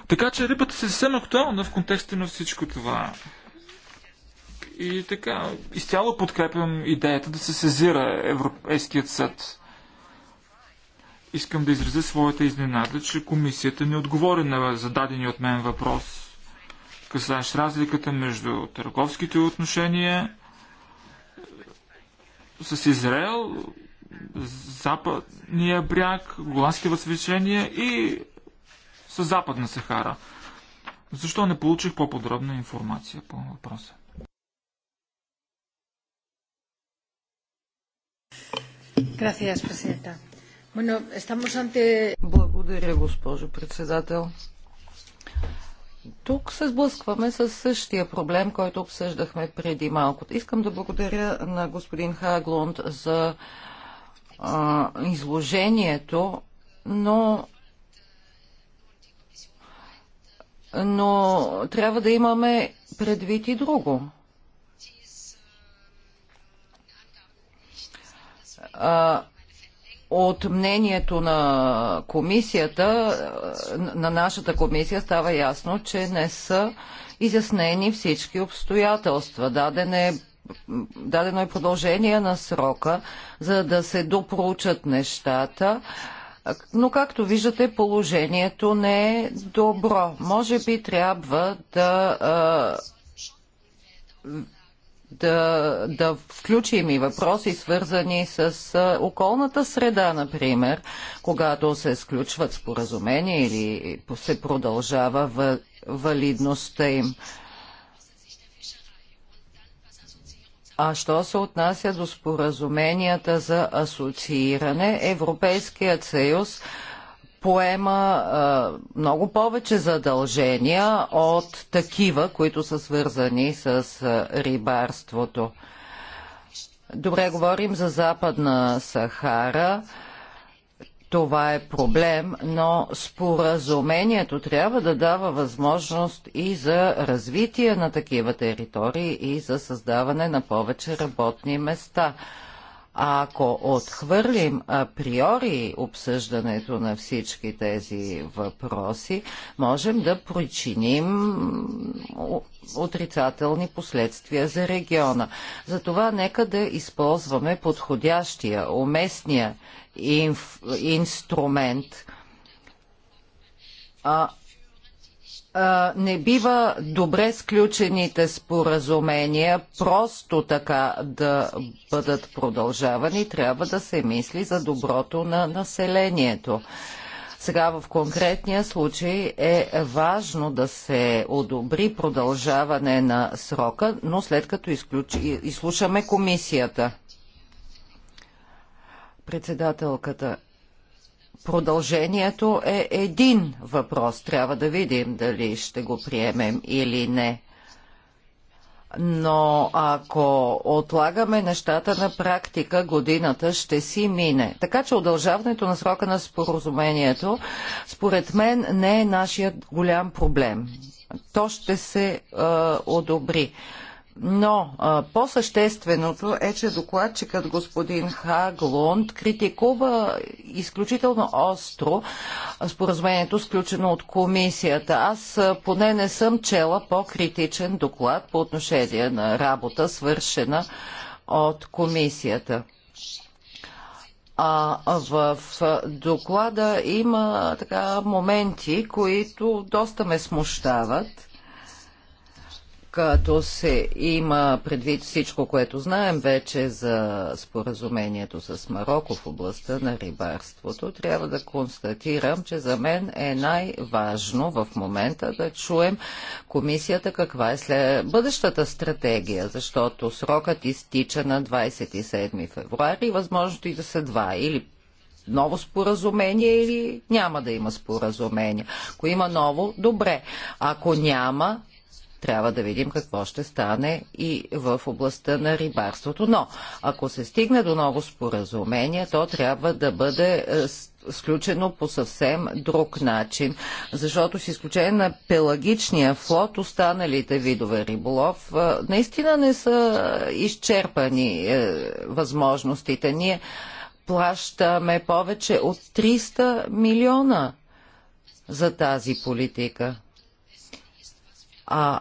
S4: Така че рибата се съвсем актуална в контекста на всичко това. И така, изцяло подкрепям идеята да се сезира Европейският съд. Искам да изразя своята изненада, че комисията не отговори на зададения от мен въпрос, касаещ разликата между търговските отношения с Израел, западния бряг, голандски възвишения и с западна Сахара. Защо не получих по-подробна информация по въпроса?
S1: Благодаря, госпожо председател. Тук се сблъскваме с същия проблем, който обсъждахме преди малко. Искам да благодаря на господин Хаглунд за а, изложението, но но трябва да имаме предвид и друго. А, от мнението на комисията, на нашата комисия става ясно, че не са изяснени всички обстоятелства. Даден е дадено е продължение на срока, за да се допроучат нещата. Но както виждате, положението не е добро. Може би трябва да да, да включим и въпроси, свързани с околната среда, например, когато се сключват споразумения или се продължава валидността им. А що се отнася до споразуменията за асоцииране, Европейският съюз поема а, много повече задължения от такива, които са свързани с а, рибарството. Добре, говорим за Западна Сахара. А, това е проблем, но споразумението трябва да дава възможност и за развитие на такива територии и за създаване на повече работни места. А ако отхвърлим априори обсъждането на всички тези въпроси, можем да причиним отрицателни последствия за региона. Затова нека да използваме подходящия, уместния инф, инструмент. А, а, не бива добре сключените споразумения просто така да бъдат продължавани. Трябва да се мисли за доброто на населението. Сега в конкретния случай е важно да се одобри продължаване на срока, но след като изключ... изслушаме комисията. Председателката, продължението е един въпрос. Трябва да видим дали ще го приемем или не. Но ако отлагаме нещата на практика, годината ще си мине. Така че удължаването на срока на споразумението, според мен, не е нашият голям проблем. То ще се е, одобри. Но по-същественото е, че докладчикът господин Хаглонд критикува изключително остро споразумението, сключено от комисията. Аз поне не съм чела по-критичен доклад по отношение на работа, свършена от комисията. А в доклада има така моменти, които доста ме смущават като се има предвид всичко, което знаем вече за споразумението с Марокко в областта на рибарството, трябва да констатирам, че за мен е най-важно в момента да чуем комисията каква е след бъдещата стратегия, защото срокът изтича на 27 февруари и възможно и да са два или ново споразумение или няма да има споразумение. Ако има ново, добре. Ако няма, трябва да видим какво ще стане и в областта на рибарството. Но ако се стигне до ново споразумение, то трябва да бъде е, сключено по съвсем друг начин, защото с изключение на пелагичния флот, останалите видове риболов е, наистина не са изчерпани е, възможностите. Ние плащаме повече от 300 милиона за тази политика. А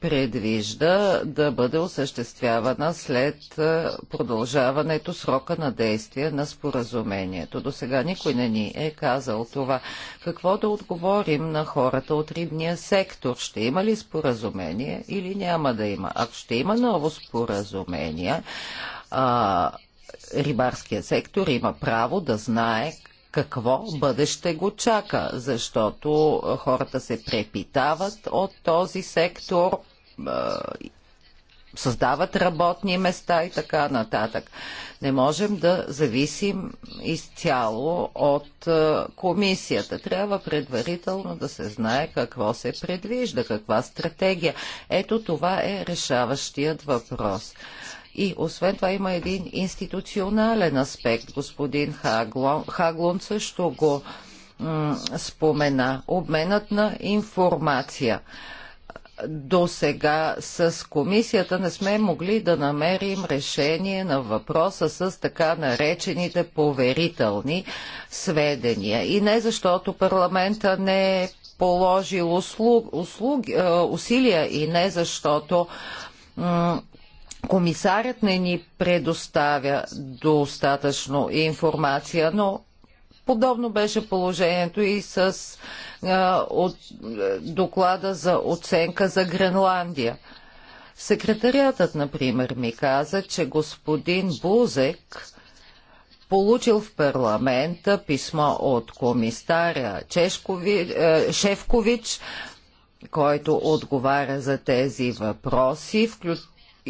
S1: предвижда да бъде осъществявана след е, продължаването срока на действие на споразумението. До сега никой не ни е казал това. Какво да отговорим на хората от рибния сектор? Ще има ли споразумение или няма да има? Ако ще има ново споразумение, а, рибарския сектор има право да знае какво бъдеще го чака, защото хората се препитават от този сектор създават работни места и така нататък. Не можем да зависим изцяло от комисията. Трябва предварително да се знае какво се предвижда, каква стратегия. Ето това е решаващият въпрос. И освен това има един институционален аспект. Господин Хаглон, Хаглон също го спомена. Обменът на информация до сега с комисията не сме могли да намерим решение на въпроса с така наречените поверителни сведения. И не защото парламента не е положил услуг, услуг, е, усилия и не защото комисарят не ни предоставя достатъчно информация, но подобно беше положението и с от е, доклада за оценка за Гренландия. Секретариатът, например, ми каза, че господин Бузек получил в парламента писмо от комисаря Чешкови, е, Шевкович, който отговаря за тези въпроси,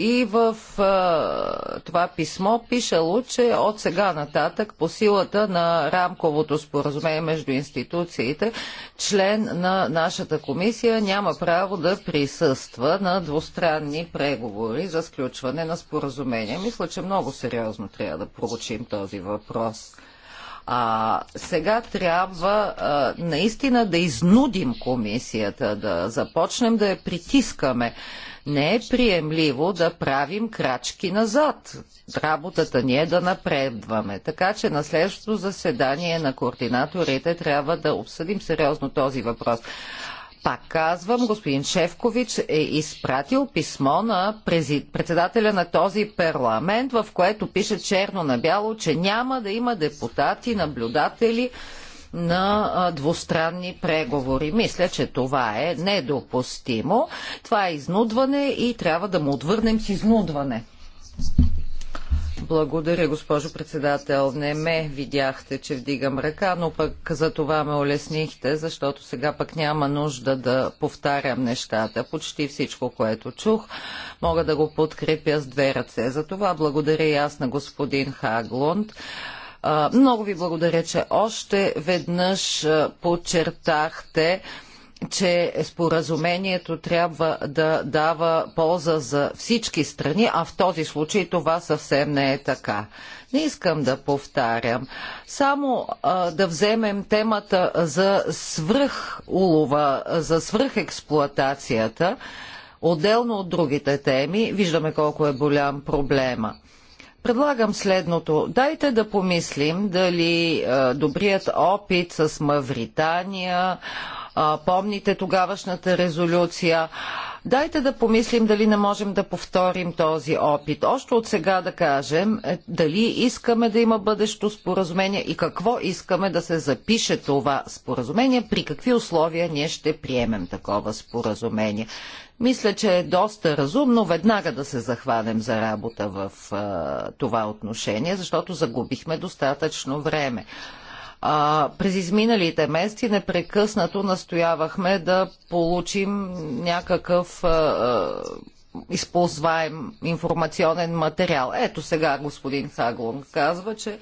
S1: и в а, това писмо пишало, че от сега нататък по силата на рамковото споразумение между институциите, член на нашата комисия няма право да присъства на двустранни преговори за сключване на споразумение. Мисля, че много сериозно трябва да проучим този въпрос. А, сега трябва а, наистина да изнудим комисията, да започнем да я притискаме. Не е приемливо да правим крачки назад. Работата ни е да напредваме. Така че на следващото заседание на координаторите трябва да обсъдим сериозно този въпрос. Пак казвам, господин Шефкович е изпратил писмо на председателя на този парламент, в което пише черно на бяло, че няма да има депутати, наблюдатели на двустранни преговори. Мисля, че това е недопустимо. Това е изнудване и трябва да му отвърнем с изнудване. Благодаря, госпожо председател. Не ме видяхте, че вдигам ръка, но пък за това ме улеснихте, защото сега пък няма нужда да повтарям нещата. Почти всичко, което чух, мога да го подкрепя с две ръце. За това благодаря и аз на господин Хаглунд. Много ви благодаря, че още веднъж подчертахте, че споразумението трябва да дава полза за всички страни, а в този случай това съвсем не е така. Не искам да повтарям. Само а, да вземем темата за свръхулова, за свръхексплуатацията, отделно от другите теми, виждаме колко е голям проблема. Предлагам следното. Дайте да помислим дали добрият опит с Мавритания, помните тогавашната резолюция, дайте да помислим дали не можем да повторим този опит. Още от сега да кажем е, дали искаме да има бъдещо споразумение и какво искаме да се запише това споразумение, при какви условия ние ще приемем такова споразумение. Мисля, че е доста разумно веднага да се захванем за работа в а, това отношение, защото загубихме достатъчно време. А, през изминалите месеци непрекъснато настоявахме да получим някакъв а, използваем информационен материал. Ето сега господин Хаглон казва, че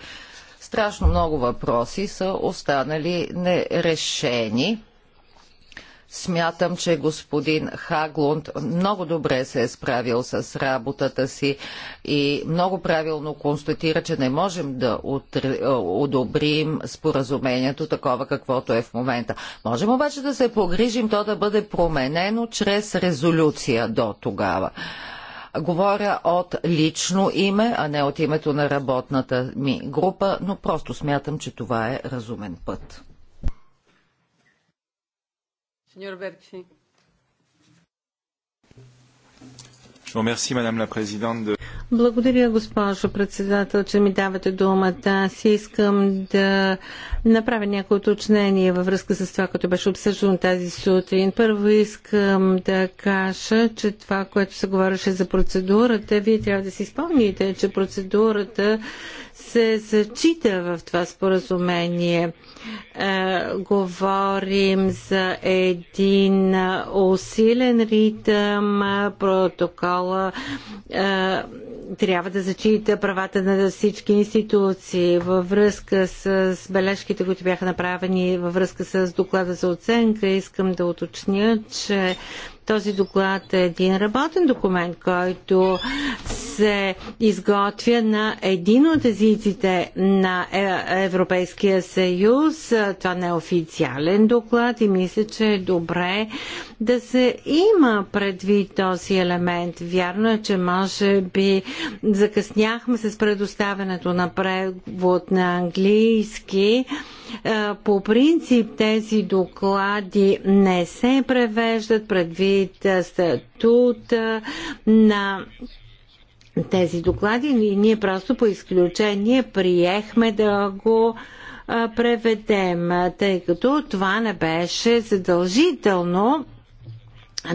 S1: страшно много въпроси са останали нерешени Смятам, че господин Хаглунд много добре се е справил с работата си и много правилно констатира, че не можем да одобрим споразумението такова каквото е в момента. Можем обаче да се погрижим то да бъде променено чрез резолюция до тогава. Говоря от лично име, а не от името на работната ми група, но просто смятам, че това е разумен път.
S3: Благодаря, госпожо председател, че ми давате думата. Аз искам да направя някои уточнения във връзка с това, което беше обсъждано тази сутрин. Първо искам да кажа, че това, което се говореше за процедурата, вие трябва да си спомните, че процедурата се зачита в това споразумение. Е, говорим за един усилен ритъм, протокола е, трябва да зачита правата на всички институции във връзка с бележките, които бяха направени във връзка с доклада за оценка. Искам да уточня, че този доклад е един работен документ, който се изготвя на един от езиците на е, Европейския съюз. Това не е официален доклад и мисля, че е добре да се има предвид този елемент. Вярно е, че може би закъсняхме с предоставянето на превод на английски. Е, по принцип тези доклади не се превеждат предвид предвид статута на тези доклади и ние просто по изключение приехме да го преведем, тъй като това не беше задължително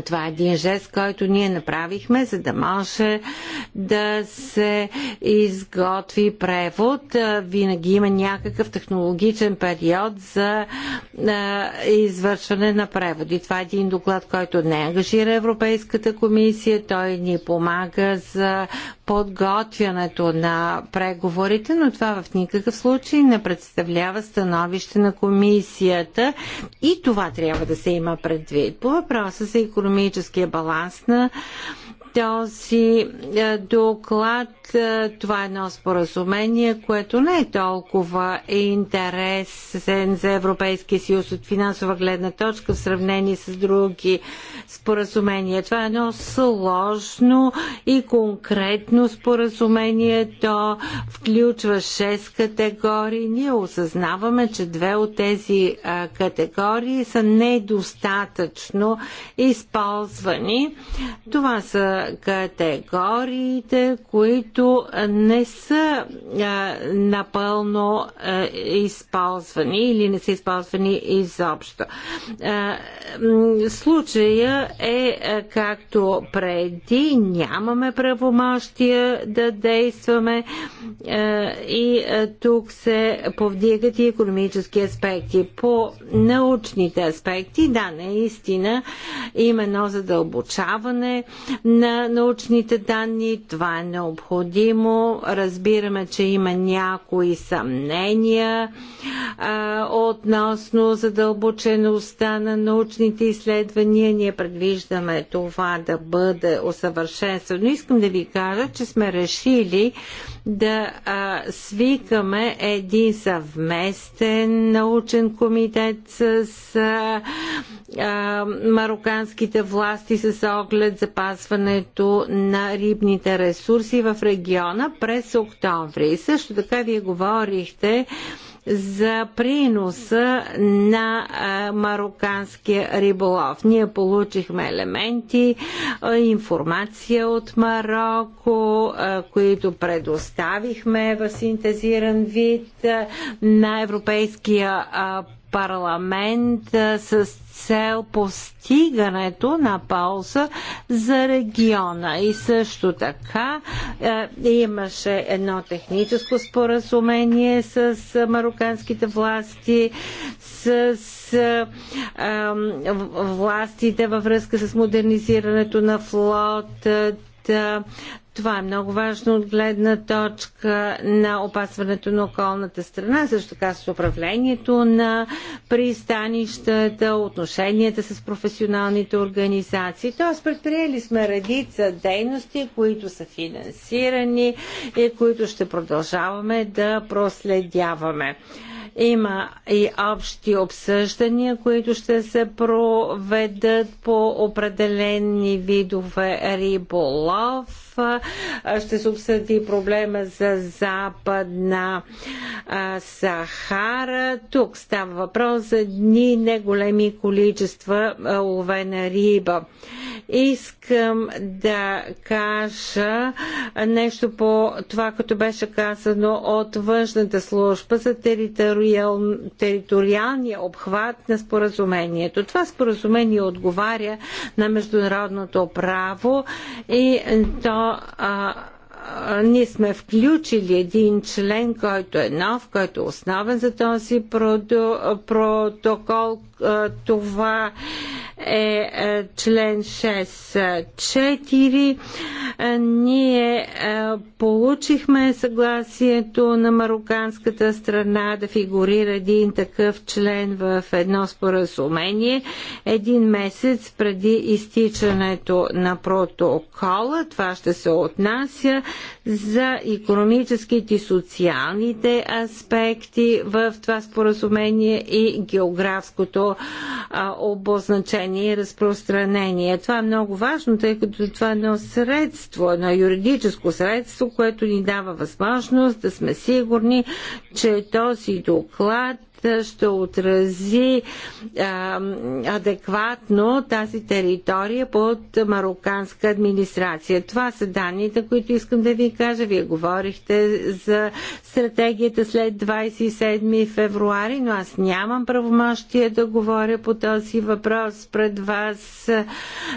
S3: това е един жест, който ние направихме, за да може да се изготви превод. Винаги има някакъв технологичен период за извършване на преводи. Това е един доклад, който не ангажира Европейската комисия. Той ни помага за подготвянето на преговорите, но това в никакъв случай не представлява становище на комисията и това трябва да се има предвид. По въпроса за економическата економическия баланс на този е, доклад. Е, това е едно споразумение, което не е толкова интересен за Европейския съюз от финансова гледна точка в сравнение с други споразумения. Това е едно сложно и конкретно споразумение. То включва 6 категории. Ние осъзнаваме, че две от тези е, категории са недостатъчно използвани. Това са категориите, които не са напълно използвани или не са използвани изобщо. Случая е както преди, нямаме правомощия да действаме и тук се повдигат и економически аспекти. По научните аспекти, да, наистина има едно задълбочаване на на научните данни. Това е необходимо. Разбираме, че има някои съмнения а, относно задълбочеността на научните изследвания. Ние предвиждаме това да бъде усъвършенствано. Искам да ви кажа, че сме решили да а, свикаме един съвместен научен комитет с а, а, мароканските власти с оглед запазването на рибните ресурси в региона през октомври. И също така вие говорихте за приноса на мароканския риболов. Ние получихме елементи, информация от Марокко, които предоставихме в синтезиран вид на Европейския парламент с цел постигането на полза за региона. И също така е, имаше едно техническо споразумение с е, марокканските власти, с е, властите във връзка с модернизирането на флот, това е много важно от гледна точка на опасването на околната страна, също така с управлението на пристанищата, отношенията с професионалните организации. Тоест, предприели сме редица дейности, които са финансирани и които ще продължаваме да проследяваме. Има и общи обсъждания, които ще се проведат по определени видове риболов ще се обсъди проблема за западна Сахара. Тук става въпрос за дни неголеми количества ловена риба. Искам да кажа нещо по това, като беше казано от външната служба за териториал... териториалния обхват на споразумението. Това споразумение отговаря на международното право и то а, а, ние сме включили един член, който е нов, който е основен за този протокол, е, това е, е член 6.4. Е, ние получихме съгласието на мароканската страна да фигурира един такъв член в едно споразумение един месец преди изтичането на протокола. Това ще се отнася за економическите и социалните аспекти в това споразумение и географското а, обозначение и разпространение. Това е много важно, тъй като това е едно средство, едно юридическо средство, което ни дава възможност да сме сигурни, че този доклад ще отрази а, адекватно тази територия под марокканска администрация. Това са данните, които искам да ви кажа. Вие говорихте за стратегията след 27 февруари, но аз нямам правомощие да говоря по този въпрос пред вас.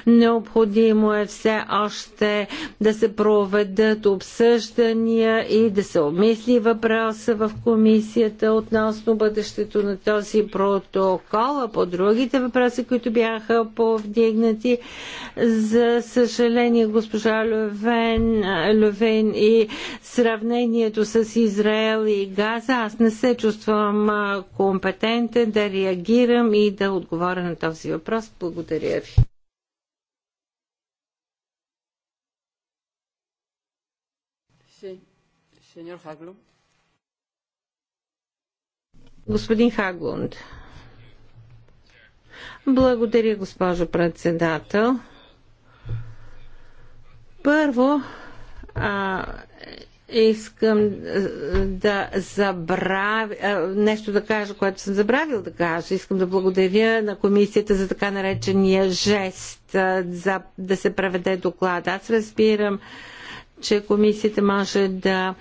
S3: Необходимо е все още да се проведат обсъждания и да се обмисли въпроса в комисията относно бъдещето действието на този протокол, а по другите въпроси, които бяха повдигнати. За съжаление, госпожа Лювен, Лювен и сравнението с Израел и Газа, аз не се чувствам компетентен да реагирам и да отговоря на този въпрос. Благодаря ви.
S2: Señor Haglund.
S3: Господин Хаглунд. Благодаря, госпожо председател. Първо, а, искам да забравя, нещо да кажа, което съм забравил да кажа. Искам да благодаря на комисията за така наречения жест, за да се преведе доклада. Аз разбирам, че комисията може да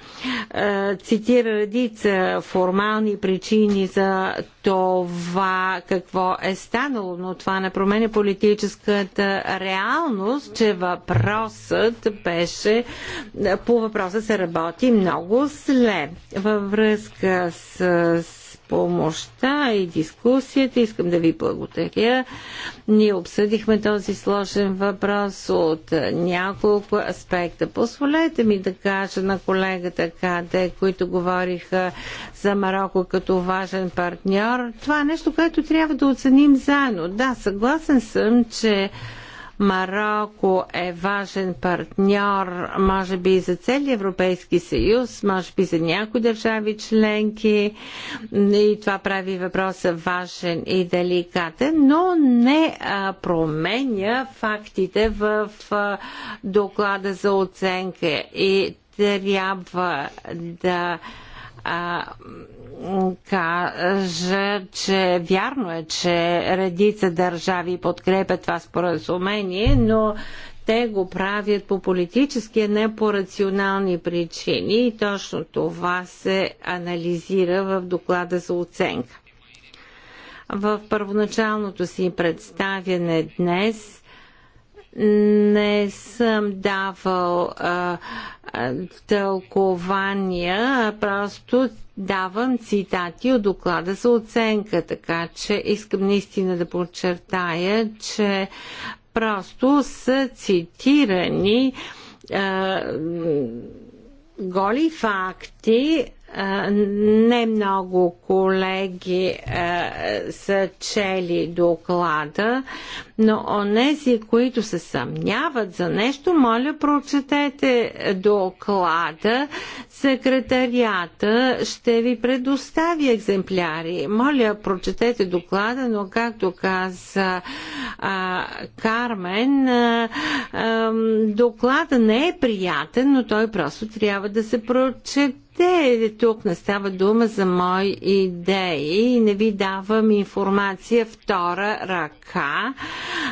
S3: е, цитира редица формални причини за това какво е станало, но това не променя политическата реалност, че въпросът беше, по въпроса се работи много зле Във връзка с, с помощта и дискусията. Искам да ви благодаря. Ние обсъдихме този сложен въпрос от няколко аспекта. Позволете ми да кажа на колегата Каде, които говориха за Марокко като важен партньор. Това е нещо, което трябва да оценим заедно. Да, съгласен съм, че Марокко е важен партньор, може би и за цели Европейски съюз, може би за някои държави членки. И това прави въпроса важен и деликатен, но не променя фактите в доклада за оценка. И трябва да а, кажа, че вярно е, че редица държави подкрепят това споразумение, но те го правят по политически, а не по рационални причини и точно това се анализира в доклада за оценка. В първоначалното си представяне днес не съм давал а, а, тълкования, а просто давам цитати от доклада за оценка, така че искам наистина да подчертая, че просто са цитирани а, голи факти, не много колеги а, са чели доклада, но онези, които се съмняват за нещо, моля прочетете доклада. Секретарията ще ви предостави екземпляри. Моля прочетете доклада, но както каза а, Кармен, а, а, доклада не е приятен, но той просто трябва да се прочете те, тук не става дума за мои идеи и не ви давам информация втора ръка.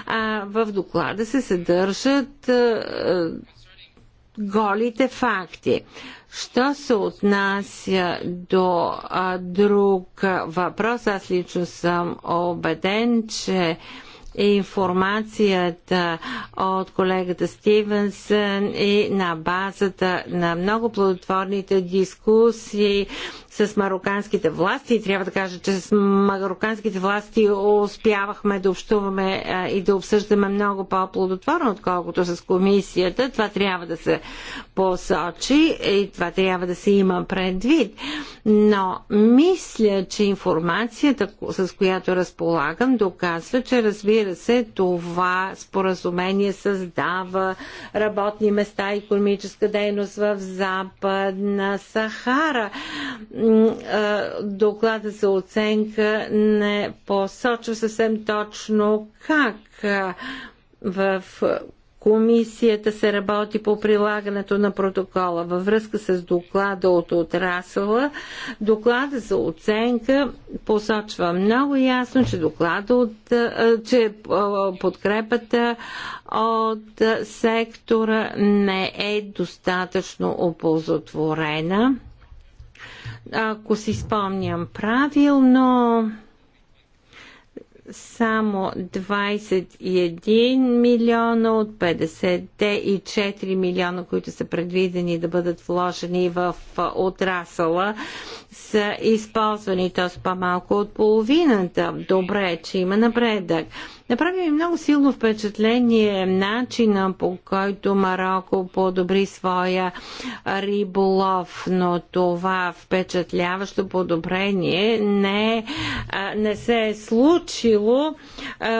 S3: А в доклада се съдържат голите факти. Що се отнася до а, друг въпрос, аз лично съм убеден, че информацията от колегата Стивенсън е, и на базата на много плодотворните дискусии с мароканските власти. Трябва да кажа, че с мароканските власти успявахме да общуваме е, и да обсъждаме много по-плодотворно, отколкото с комисията. Това трябва да се посочи и това трябва да се има предвид. Но мисля, че информацията, с която разполагам, доказва, че разбира Разбира се, това споразумение създава работни места и економическа дейност в Западна Сахара. Доклада за оценка не посочва съвсем точно как в Комисията се работи по прилагането на протокола във връзка с доклада от отрасъла. Доклада за оценка посочва много ясно, че доклада от, че подкрепата от сектора не е достатъчно оползотворена. Ако си спомням правилно, само 21 милиона от 54 милиона, които са предвидени да бъдат вложени в отрасъла са използвани, т.е. по-малко от половината. Добре, че има напредък. Направи ми много силно впечатление начина по който Марокко подобри своя риболов, но това впечатляващо подобрение не, не се е случило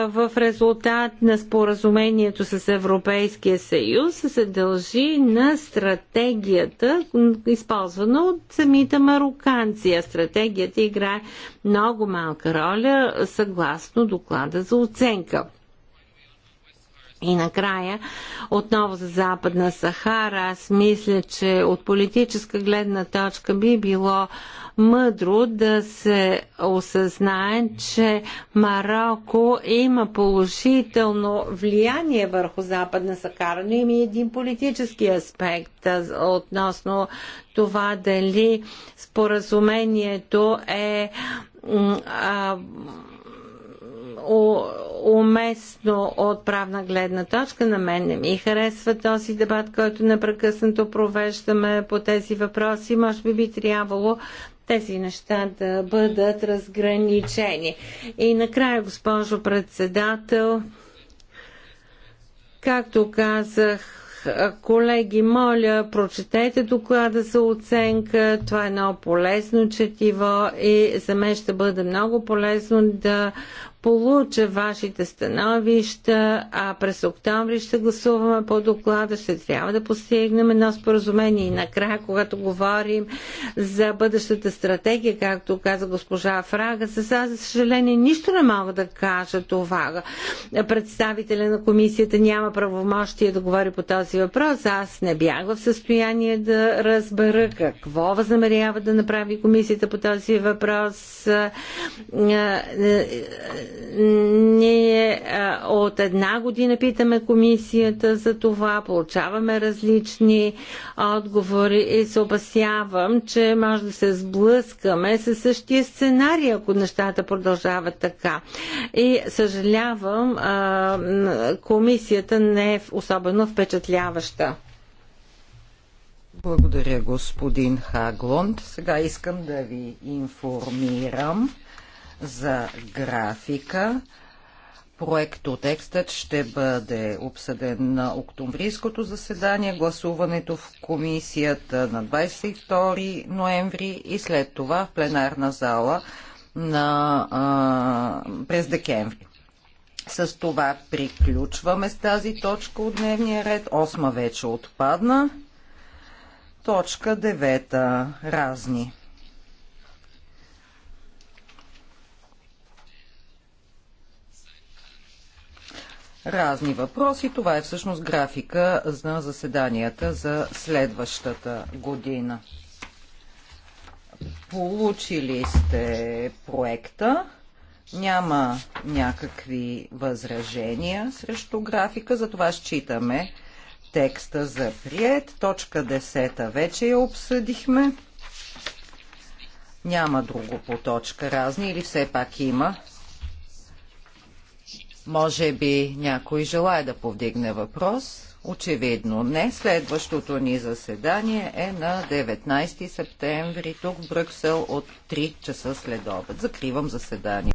S3: в резултат на споразумението с Европейския съюз, се дължи на стратегията, използвана от самите марокани гаранция. Стратегията играе много малка роля съгласно доклада за оценка. И накрая, отново за Западна Сахара, аз мисля, че от политическа гледна точка би било мъдро да се осъзнае, че Марокко има положително влияние върху Западна Сахара, но има и един политически аспект относно това дали споразумението е а, уместно от правна гледна точка. На мен не ми харесва този дебат, който непрекъснато провеждаме по тези въпроси. Може би би трябвало тези неща да бъдат разграничени. И накрая, госпожо председател, както казах, колеги, моля, прочетете доклада за оценка. Това е едно полезно четиво и за мен ще бъде много полезно да получа вашите становища, а през октомври ще гласуваме по доклада, ще трябва да постигнем едно споразумение. И накрая, когато говорим за бъдещата стратегия, както каза госпожа Фрага, за сега, за съжаление, нищо не мога да кажа това. Представителя на комисията няма правомощие да говори по този въпрос. Аз не бях в състояние да разбера какво възнамерява да направи комисията по този въпрос е, е, ние от една година питаме комисията за това, получаваме различни отговори и се опасявам, че може да се сблъскаме със същия сценарий, ако нещата продължават така. И съжалявам, комисията не е особено впечатляваща.
S1: Благодаря, господин Хаглонд. Сега искам да ви информирам за графика. Проектотекстът ще бъде обсъден на октомврийското заседание, гласуването в комисията на 22 ноември и след това в пленарна зала на, а, през декември. С това приключваме с тази точка от дневния ред. Осма вече отпадна. Точка 9. Разни. разни въпроси. Това е всъщност графика на заседанията за следващата година. Получили сте проекта. Няма някакви възражения срещу графика, затова считаме текста за прият. Точка 10 вече я обсъдихме. Няма друго по точка разни или все пак има? Може би някой желая да повдигне въпрос. Очевидно не. Следващото ни заседание е на 19 септември тук в Брюксел от 3 часа след обед. Закривам заседание.